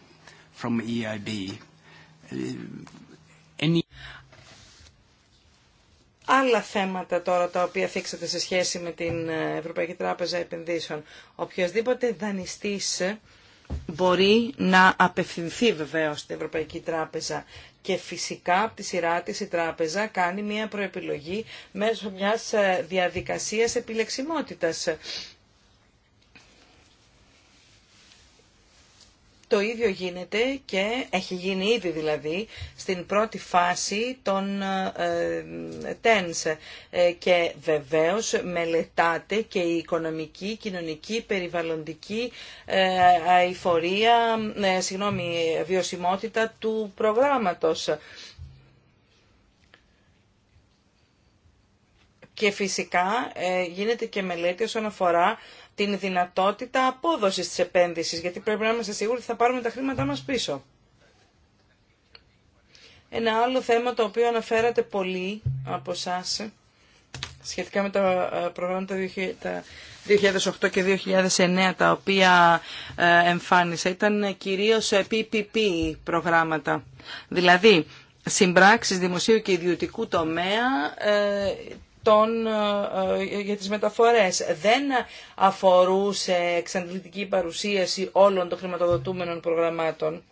C: from EIB.
A: Άλλα θέματα τώρα τα οποία θίξατε σε σχέση με την Ευρωπαϊκή Τράπεζα Επενδύσεων. Οποιοδήποτε δανειστής μπορεί να απευθυνθεί βεβαίως στην Ευρωπαϊκή Τράπεζα και φυσικά από τη σειρά της η τράπεζα κάνει μια προεπιλογή μέσω μιας ε, διαδικασίας επιλεξιμότητας Το ίδιο γίνεται και έχει γίνει ήδη δηλαδή στην πρώτη φάση των TENS ε, ε, και βεβαίως μελετάται και η οικονομική, κοινωνική, περιβαλλοντική ε, αηφορία, συγγνώμη, βιωσιμότητα του προγράμματος. Και φυσικά γίνεται και μελέτη όσον αφορά την δυνατότητα απόδοσης τη επένδυση, γιατί πρέπει να είμαστε σίγουροι ότι θα πάρουμε τα χρήματά μας πίσω. Ένα άλλο θέμα το οποίο αναφέρατε πολύ από εσά σχετικά με τα ε, προγράμματα 2008 και 2009 τα οποία ε, εμφάνισα ήταν κυρίως PPP ε, προγράμματα. Δηλαδή, συμπράξεις δημοσίου και ιδιωτικού τομέα των, ε, ε, για τις μεταφορές. Δεν αφορούσε εξαντλητική παρουσίαση όλων των χρηματοδοτούμενων προγραμμάτων.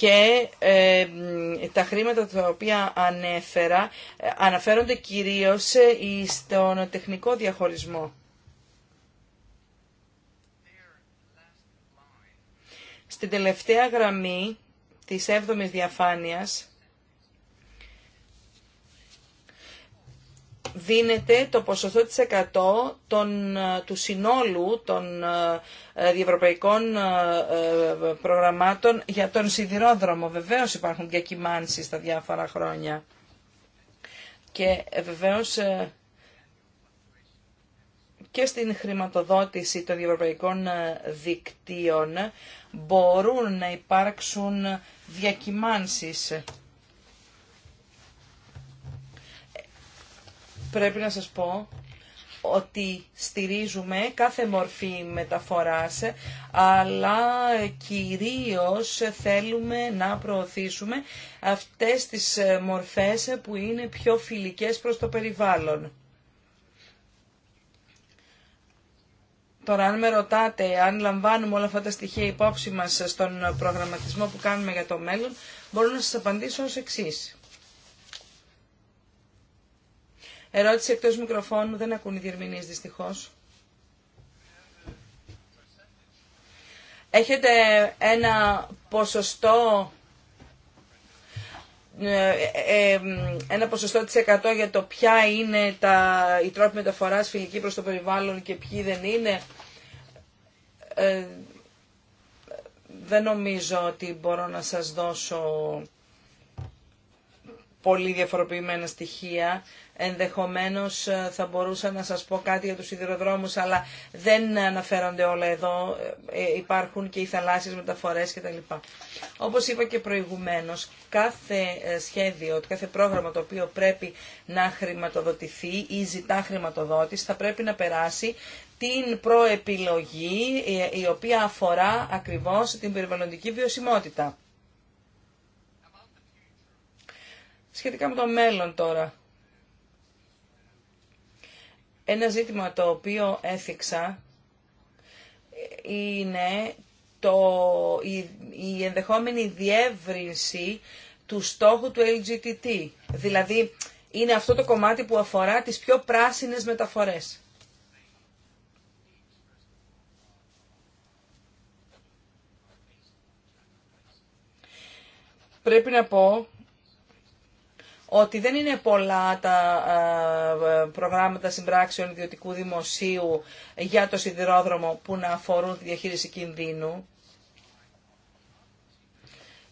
A: και ε, τα χρήματα τα οποία ανέφερα αναφέρονται κυρίως στον τεχνικό διαχωρισμό. Στην τελευταία γραμμή της 7ης διαφάνειας δίνεται το ποσοστό της 100 των, ε, του συνόλου των ε, ε, διευρωπαϊκών προγραμμάτων για τον σιδηρόδρομο. Βεβαίως υπάρχουν διακυμάνσεις τα διάφορα χρόνια. Και βεβαίως και στην χρηματοδότηση των διευρωπαϊκών δικτύων μπορούν να υπάρξουν διακυμάνσεις πρέπει να σας πω ότι στηρίζουμε κάθε μορφή μεταφοράς, αλλά κυρίως θέλουμε να προωθήσουμε αυτές τις μορφές που είναι πιο φιλικές προς το περιβάλλον. Τώρα, αν με ρωτάτε αν λαμβάνουμε όλα αυτά τα στοιχεία υπόψη μας στον προγραμματισμό που κάνουμε για το μέλλον, μπορώ να σας απαντήσω ως εξής. Ερώτηση εκτός μικροφώνου, δεν ακούν οι διερμηνείς δυστυχώς. Έχετε ένα ποσοστό ε, ε, ε, ένα ποσοστό της 100 για το ποια είναι τα, οι τρόποι μεταφοράς φιλική προς το περιβάλλον και ποιοι δεν είναι. δεν νομίζω ότι μπορώ να σας δώσω πολύ διαφοροποιημένα στοιχεία. Ενδεχομένως ε, θα μπορούσα να σας πω κάτι για τους σιδηροδρόμους, αλλά δεν αναφέρονται όλα εδώ. Ε, ε, υπάρχουν και οι θαλάσσιες μεταφορές κτλ. Όπως είπα και προηγουμένως, κάθε σχέδιο, κάθε πρόγραμμα το οποίο πρέπει να χρηματοδοτηθεί ή ζητά χρηματοδότηση, θα πρέπει να περάσει την προεπιλογή η οποία αφορά ακριβώς την περιβαλλοντική βιωσιμότητα. Σχετικά με το μέλλον τώρα. Ένα ζήτημα το οποίο έθιξα είναι το, η, ενδεχόμενη διεύρυνση του στόχου του LGTT. Δηλαδή, είναι αυτό το κομμάτι που αφορά τις πιο πράσινες μεταφορές. Πρέπει να πω ότι δεν είναι πολλά τα προγράμματα συμπράξεων ιδιωτικού δημοσίου για το σιδηρόδρομο που να αφορούν τη διαχείριση κινδύνου.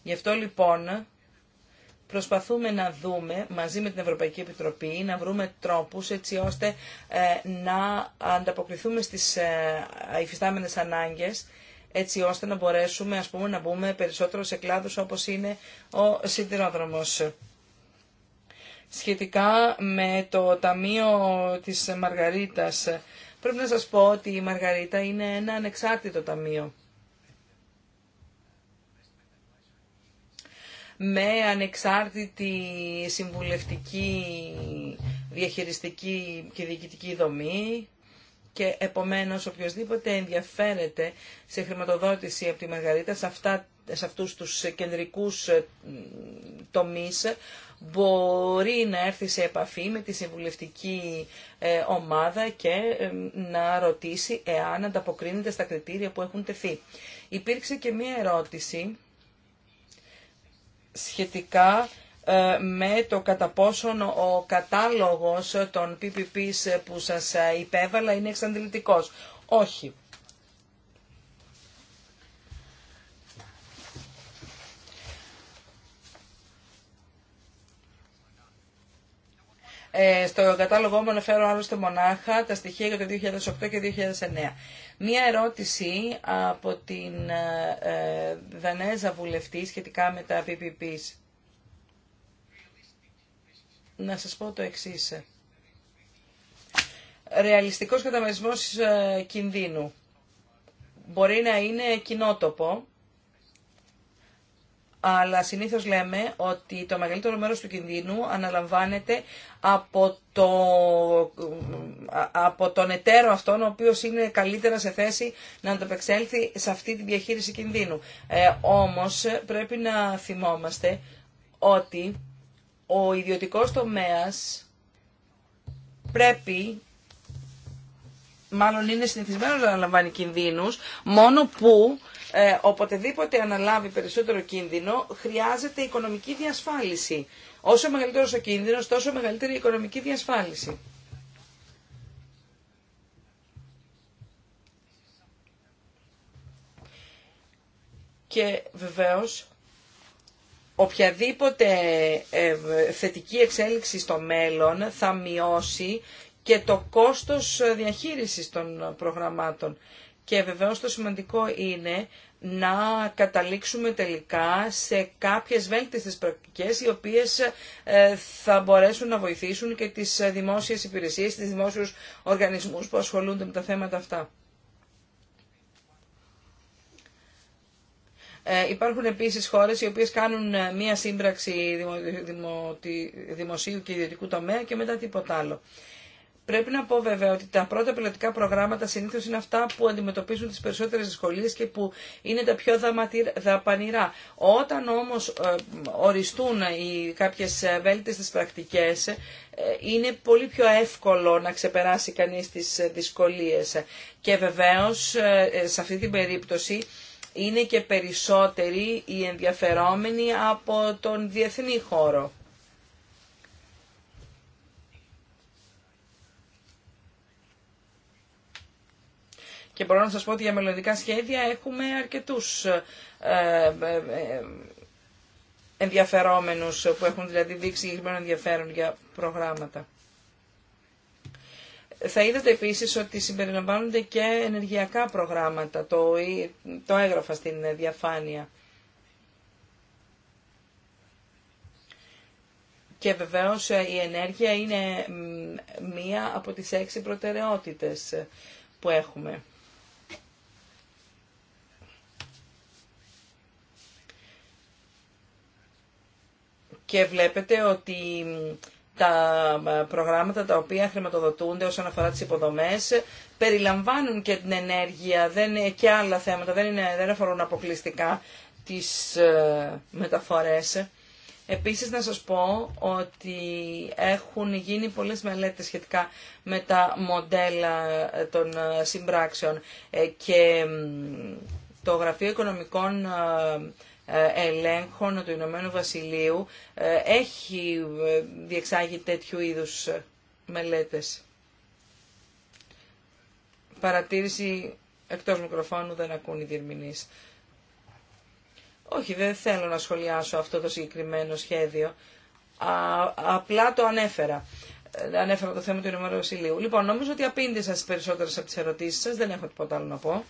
A: Γι' αυτό λοιπόν προσπαθούμε να δούμε μαζί με την Ευρωπαϊκή Επιτροπή να βρούμε τρόπους έτσι ώστε ε, να ανταποκριθούμε στις ε, υφιστάμενες ανάγκες έτσι ώστε να μπορέσουμε ας πούμε, να μπούμε περισσότερο σε κλάδους όπως είναι ο σιδηρόδρομος σχετικά με το Ταμείο της Μαργαρίτας. Πρέπει να σας πω ότι η Μαργαρίτα είναι ένα ανεξάρτητο ταμείο. με ανεξάρτητη συμβουλευτική, διαχειριστική και διοικητική δομή και επομένως οποιοδήποτε ενδιαφέρεται σε χρηματοδότηση από τη Μαργαρίτα σε, αυτά, σε αυτούς τους κεντρικούς ε, τομείς μπορεί να έρθει σε επαφή με τη συμβουλευτική ε, ομάδα και να ρωτήσει εάν ανταποκρίνεται στα κριτήρια που έχουν τεθεί. Υπήρξε και μία ερώτηση σχετικά ε, με το κατά πόσον ο κατάλογος των PPPs που σας ε, υπέβαλα είναι εξαντλητικός. Όχι. Ε, στο κατάλογό μου αναφέρω άλλωστε μονάχα τα στοιχεία για το 2008 και 2009. Μία ερώτηση από την ε, ε, Δανέζα βουλευτή σχετικά με τα PPPs. Να σας πω το εξής. Ρεαλιστικός καταμερισμός κινδύνου. Μπορεί να είναι κοινότοπο, αλλά συνήθως λέμε ότι το μεγαλύτερο μέρος του κινδύνου αναλαμβάνεται από, το, από τον εταίρο αυτόν ο οποίος είναι καλύτερα σε θέση να ανταπεξέλθει σε αυτή τη διαχείριση κινδύνου. Ε, όμως πρέπει να θυμόμαστε ότι ο ιδιωτικός τομέας πρέπει μάλλον είναι συνηθισμένος να αναλαμβάνει κινδύνους, μόνο που ε, οποτεδήποτε αναλάβει περισσότερο κίνδυνο, χρειάζεται οικονομική διασφάλιση. Όσο μεγαλύτερος ο κίνδυνος, τόσο μεγαλύτερη η οικονομική διασφάλιση. Και βεβαίως, οποιαδήποτε ε, θετική εξέλιξη στο μέλλον θα μειώσει και το κόστος ε, διαχείρισης των προγραμμάτων. Και βεβαίως το σημαντικό είναι να καταλήξουμε τελικά σε κάποιες βέλτιστες πρακτικές οι οποίες ε, θα μπορέσουν να βοηθήσουν και τις δημόσιες υπηρεσίες, τις δημόσιους οργανισμούς που ασχολούνται με τα θέματα αυτά. Ε, υπάρχουν επίσης χώρες οι οποίες κάνουν ε, μία σύμπραξη δημοσίου και ιδιωτικού τομέα και μετά τίποτα άλλο. Πρέπει να πω βέβαια ότι τα πρώτα πιλωτικά προγράμματα συνήθως είναι αυτά που αντιμετωπίζουν τις περισσότερες δυσκολίες και που είναι τα πιο δαπανηρά. Όταν όμως ε, οριστούν οι κάποιες ε, βέλτιστες πρακτικές, ε, είναι πολύ πιο εύκολο να ξεπεράσει κανείς τις δυσκολίες. Και βεβαίως σε αυτή την περίπτωση είναι και περισσότεροι οι ενδιαφερόμενοι από τον διεθνή χώρο. Και μπορώ να σας πω ότι για μελλοντικά σχέδια έχουμε αρκετούς ε, ε, ε, ενδιαφερόμενους που έχουν δηλαδή δείξει συγκεκριμένο ενδιαφέρον για προγράμματα. Θα είδατε επίσης ότι συμπεριλαμβάνονται και ενεργειακά προγράμματα, το, το έγραφα στην διαφάνεια. Και βεβαίως η ενέργεια είναι μία από τις έξι προτεραιότητες που έχουμε. και βλέπετε ότι τα προγράμματα τα οποία χρηματοδοτούνται όσον αφορά τις υποδομές περιλαμβάνουν και την ενέργεια δεν, και άλλα θέματα, δεν, είναι, δεν αφορούν αποκλειστικά τις ε, μεταφορές. Επίσης να σας πω ότι έχουν γίνει πολλές μελέτες σχετικά με τα μοντέλα ε, των ε, συμπράξεων ε, και το Γραφείο Οικονομικών ε, ελέγχων του Ηνωμένου Βασιλείου ε, έχει ε, διεξάγει τέτοιου είδους μελέτες. Παρατήρηση εκτός μικροφώνου δεν ακούν οι διερμηνείς. Όχι, δεν θέλω να σχολιάσω αυτό το συγκεκριμένο σχέδιο. απλά το ανέφερα. Ανέφερα το θέμα του Ηνωμένου Βασιλείου. Λοιπόν, νομίζω ότι απήντησα στι περισσότερε από τις ερωτήσει σα. Δεν έχω τίποτα άλλο να πω.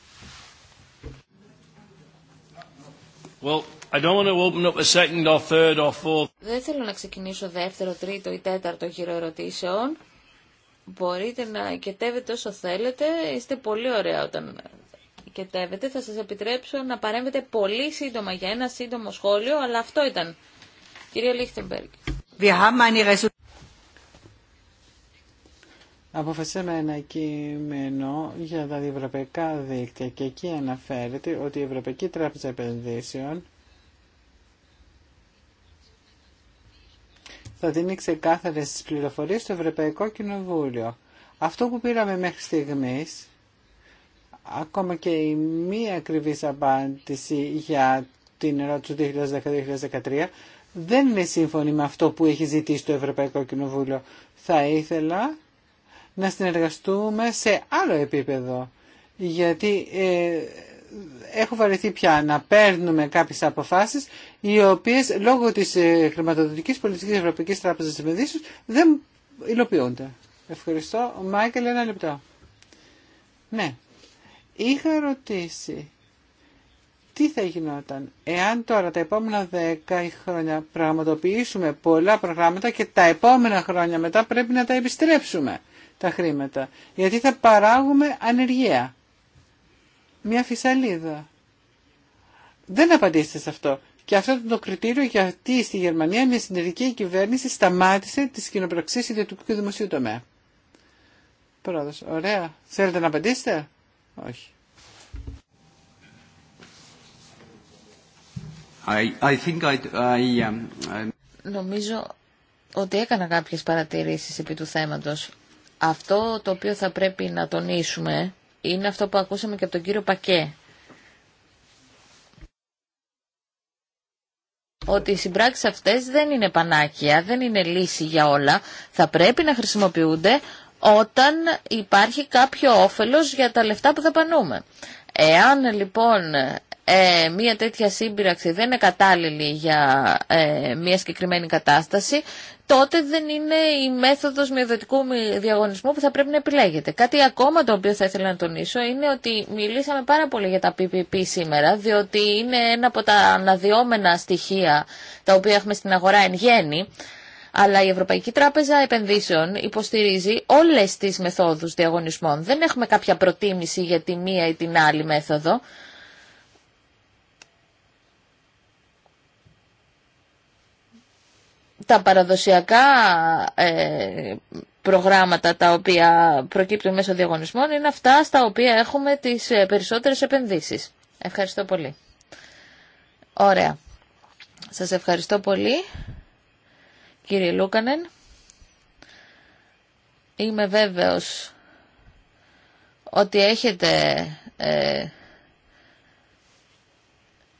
A: Well, I don't want to open up a second or third or fourth.
B: Δεν θέλω να ξεκινήσω δεύτερο, τρίτο ή τέταρτο γύρο ερωτήσεων. Μπορείτε να κετέβετε όσο θέλετε. Είστε πολύ ωραία όταν κετέβετε. Θα σας επιτρέψω να παρέμβετε πολύ σύντομα για ένα σύντομο σχόλιο, αλλά αυτό ήταν. Κυρία Λίχτεμπεργκ.
C: Αποφασίσαμε ένα κείμενο για τα ευρωπαϊκά δίκτυα και εκεί αναφέρεται ότι η Ευρωπαϊκή Τράπεζα Επενδύσεων θα δίνει ξεκάθαρε τι πληροφορίε στο Ευρωπαϊκό Κοινοβούλιο. Αυτό που πήραμε μέχρι στιγμή, ακόμα και η μία ακριβή απάντηση για την ερώτηση του 2010-2013, δεν είναι σύμφωνη με αυτό που έχει ζητήσει το Ευρωπαϊκό Κοινοβούλιο. Θα ήθελα να συνεργαστούμε σε άλλο επίπεδο. Γιατί ε, έχω βαρεθεί πια να παίρνουμε κάποιες αποφάσεις οι οποίες λόγω της ε, χρηματοδοτικής πολιτικής Ευρωπαϊκής Τράπεζας Επενδύσεως δεν υλοποιούνται. Ευχαριστώ. Ο Μάικελ ένα λεπτό. Ναι. Είχα ρωτήσει τι θα γινόταν εάν τώρα τα επόμενα δέκα χρόνια πραγματοποιήσουμε πολλά προγράμματα και τα επόμενα χρόνια μετά πρέπει να τα επιστρέψουμε τα χρήματα. Γιατί θα παράγουμε ανεργία. Μια φυσαλίδα. Δεν απαντήσετε σε αυτό. Και αυτό το κριτήριο γιατί στη Γερμανία μια συνεργική κυβέρνηση σταμάτησε τις κοινοπραξίες ιδιωτικού και δημοσίου τομέα. Πρόεδρος, ωραία. Θέλετε να απαντήσετε? Όχι.
D: I, I think
C: I, I, um,
B: Νομίζω ότι έκανα κάποιες παρατηρήσεις επί του θέματος. Αυτό το οποίο θα πρέπει να τονίσουμε είναι αυτό που ακούσαμε και από τον κύριο Πακέ. ότι οι συμπράξεις αυτές δεν είναι πανάκια, δεν είναι λύση για όλα. Θα πρέπει να χρησιμοποιούνται όταν υπάρχει κάποιο όφελος για τα λεφτά που θα πανούμε. Εάν λοιπόν ε, μια τέτοια σύμπυραξη δεν είναι κατάλληλη για ε, μια συγκεκριμένη κατάσταση, τότε δεν είναι η μέθοδος μειοδοτικού διαγωνισμού που θα πρέπει να επιλέγετε. Κάτι ακόμα το οποίο θα ήθελα να τονίσω είναι ότι μιλήσαμε πάρα πολύ για τα PPP σήμερα, διότι είναι ένα από τα αναδυόμενα στοιχεία τα οποία έχουμε στην αγορά εν γέννη, αλλά η Ευρωπαϊκή Τράπεζα Επενδύσεων υποστηρίζει όλες τις μεθόδους διαγωνισμών. Δεν έχουμε κάποια προτίμηση για τη μία ή την άλλη μέθοδο. τα παραδοσιακά ε, προγράμματα τα οποία προκύπτουν μέσω διαγωνισμών είναι αυτά στα οποία έχουμε τις ε, περισσότερες επενδύσεις. Ευχαριστώ πολύ. Ωραία. Σας ευχαριστώ πολύ, κύριε Λούκανεν. Είμαι βέβαιος ότι έχετε ε,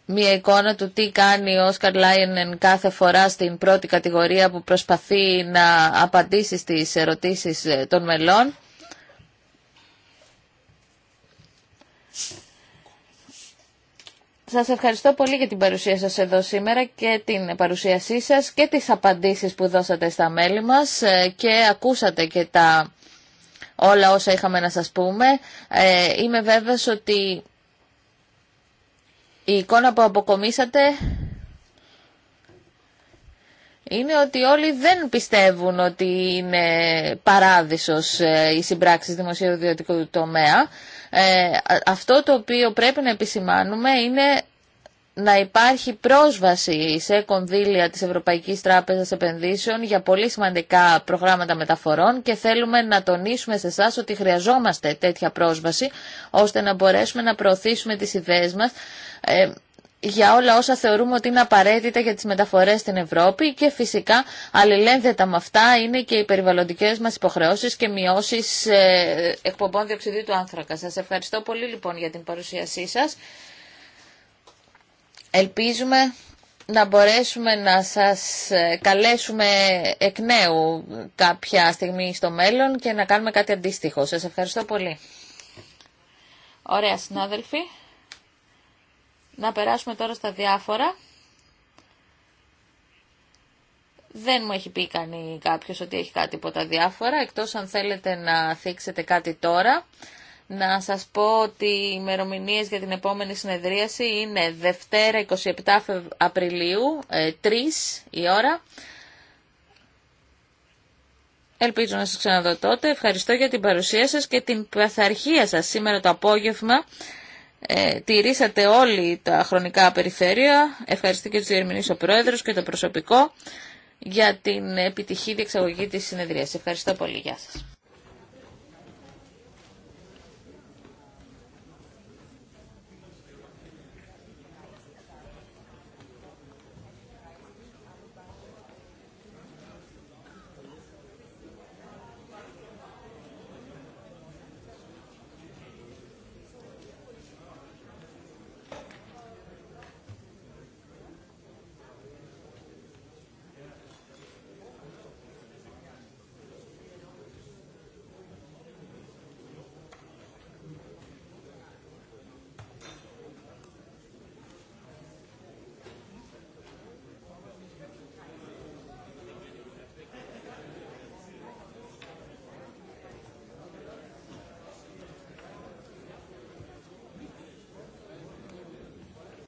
B: μία εικόνα του τι κάνει ο Όσκαρ Λάινεν κάθε φορά στην πρώτη κατηγορία που προσπαθεί να απαντήσει στις ερωτήσεις ε, των μελών. Σας ευχαριστώ πολύ για την παρουσία σας εδώ σήμερα και την παρουσίασή σας και τις απαντήσεις που δώσατε στα μέλη μας ε, και ακούσατε και τα όλα όσα είχαμε να σας πούμε. Ε, είμαι βέβαιος ότι η εικόνα που αποκομίσατε είναι ότι όλοι δεν πιστεύουν ότι είναι παράδεισος ε, οι συμπράξεις δημοσίου ιδιωτικού τομέα. Ε, αυτό το οποίο πρέπει να επισημάνουμε είναι να υπάρχει πρόσβαση σε κονδύλια της Ευρωπαϊκής Τράπεζας Επενδύσεων για πολύ σημαντικά προγράμματα μεταφορών και θέλουμε να τονίσουμε σε εσά ότι χρειαζόμαστε τέτοια πρόσβαση ώστε να μπορέσουμε να προωθήσουμε τις ιδέες μας ε, για όλα όσα θεωρούμε ότι είναι απαραίτητα για τις μεταφορές στην Ευρώπη και φυσικά αλληλένδετα με αυτά είναι και οι περιβαλλοντικές μας υποχρεώσεις και μειώσεις ε, εκπομπών διοξιδίου του άνθρακα. Σας ευχαριστώ πολύ λοιπόν για την παρουσίασή σας. Ελπίζουμε να μπορέσουμε να σας ε, καλέσουμε εκ νέου κάποια στιγμή στο μέλλον και να κάνουμε κάτι αντίστοιχο. Σας ευχαριστώ πολύ. Ωραία συνάδελφοι. Να περάσουμε τώρα στα διάφορα. Δεν μου έχει πει κανεί κάποιος ότι έχει κάτι από τα διάφορα, εκτός αν θέλετε να θίξετε κάτι τώρα να σας πω ότι οι ημερομηνίε για την επόμενη συνεδρίαση είναι Δευτέρα 27 Απριλίου, 3 ε, η ώρα. Ελπίζω να σας ξαναδώ τότε. Ευχαριστώ για την παρουσία σας και την παθαρχία σας σήμερα το απόγευμα. Ε, τηρήσατε όλοι τα χρονικά περιφέρεια. Ευχαριστώ και τους διερμηνείς ο Πρόεδρος και το προσωπικό για την επιτυχή διεξαγωγή της συνεδρίας. Ευχαριστώ πολύ. Γεια σας.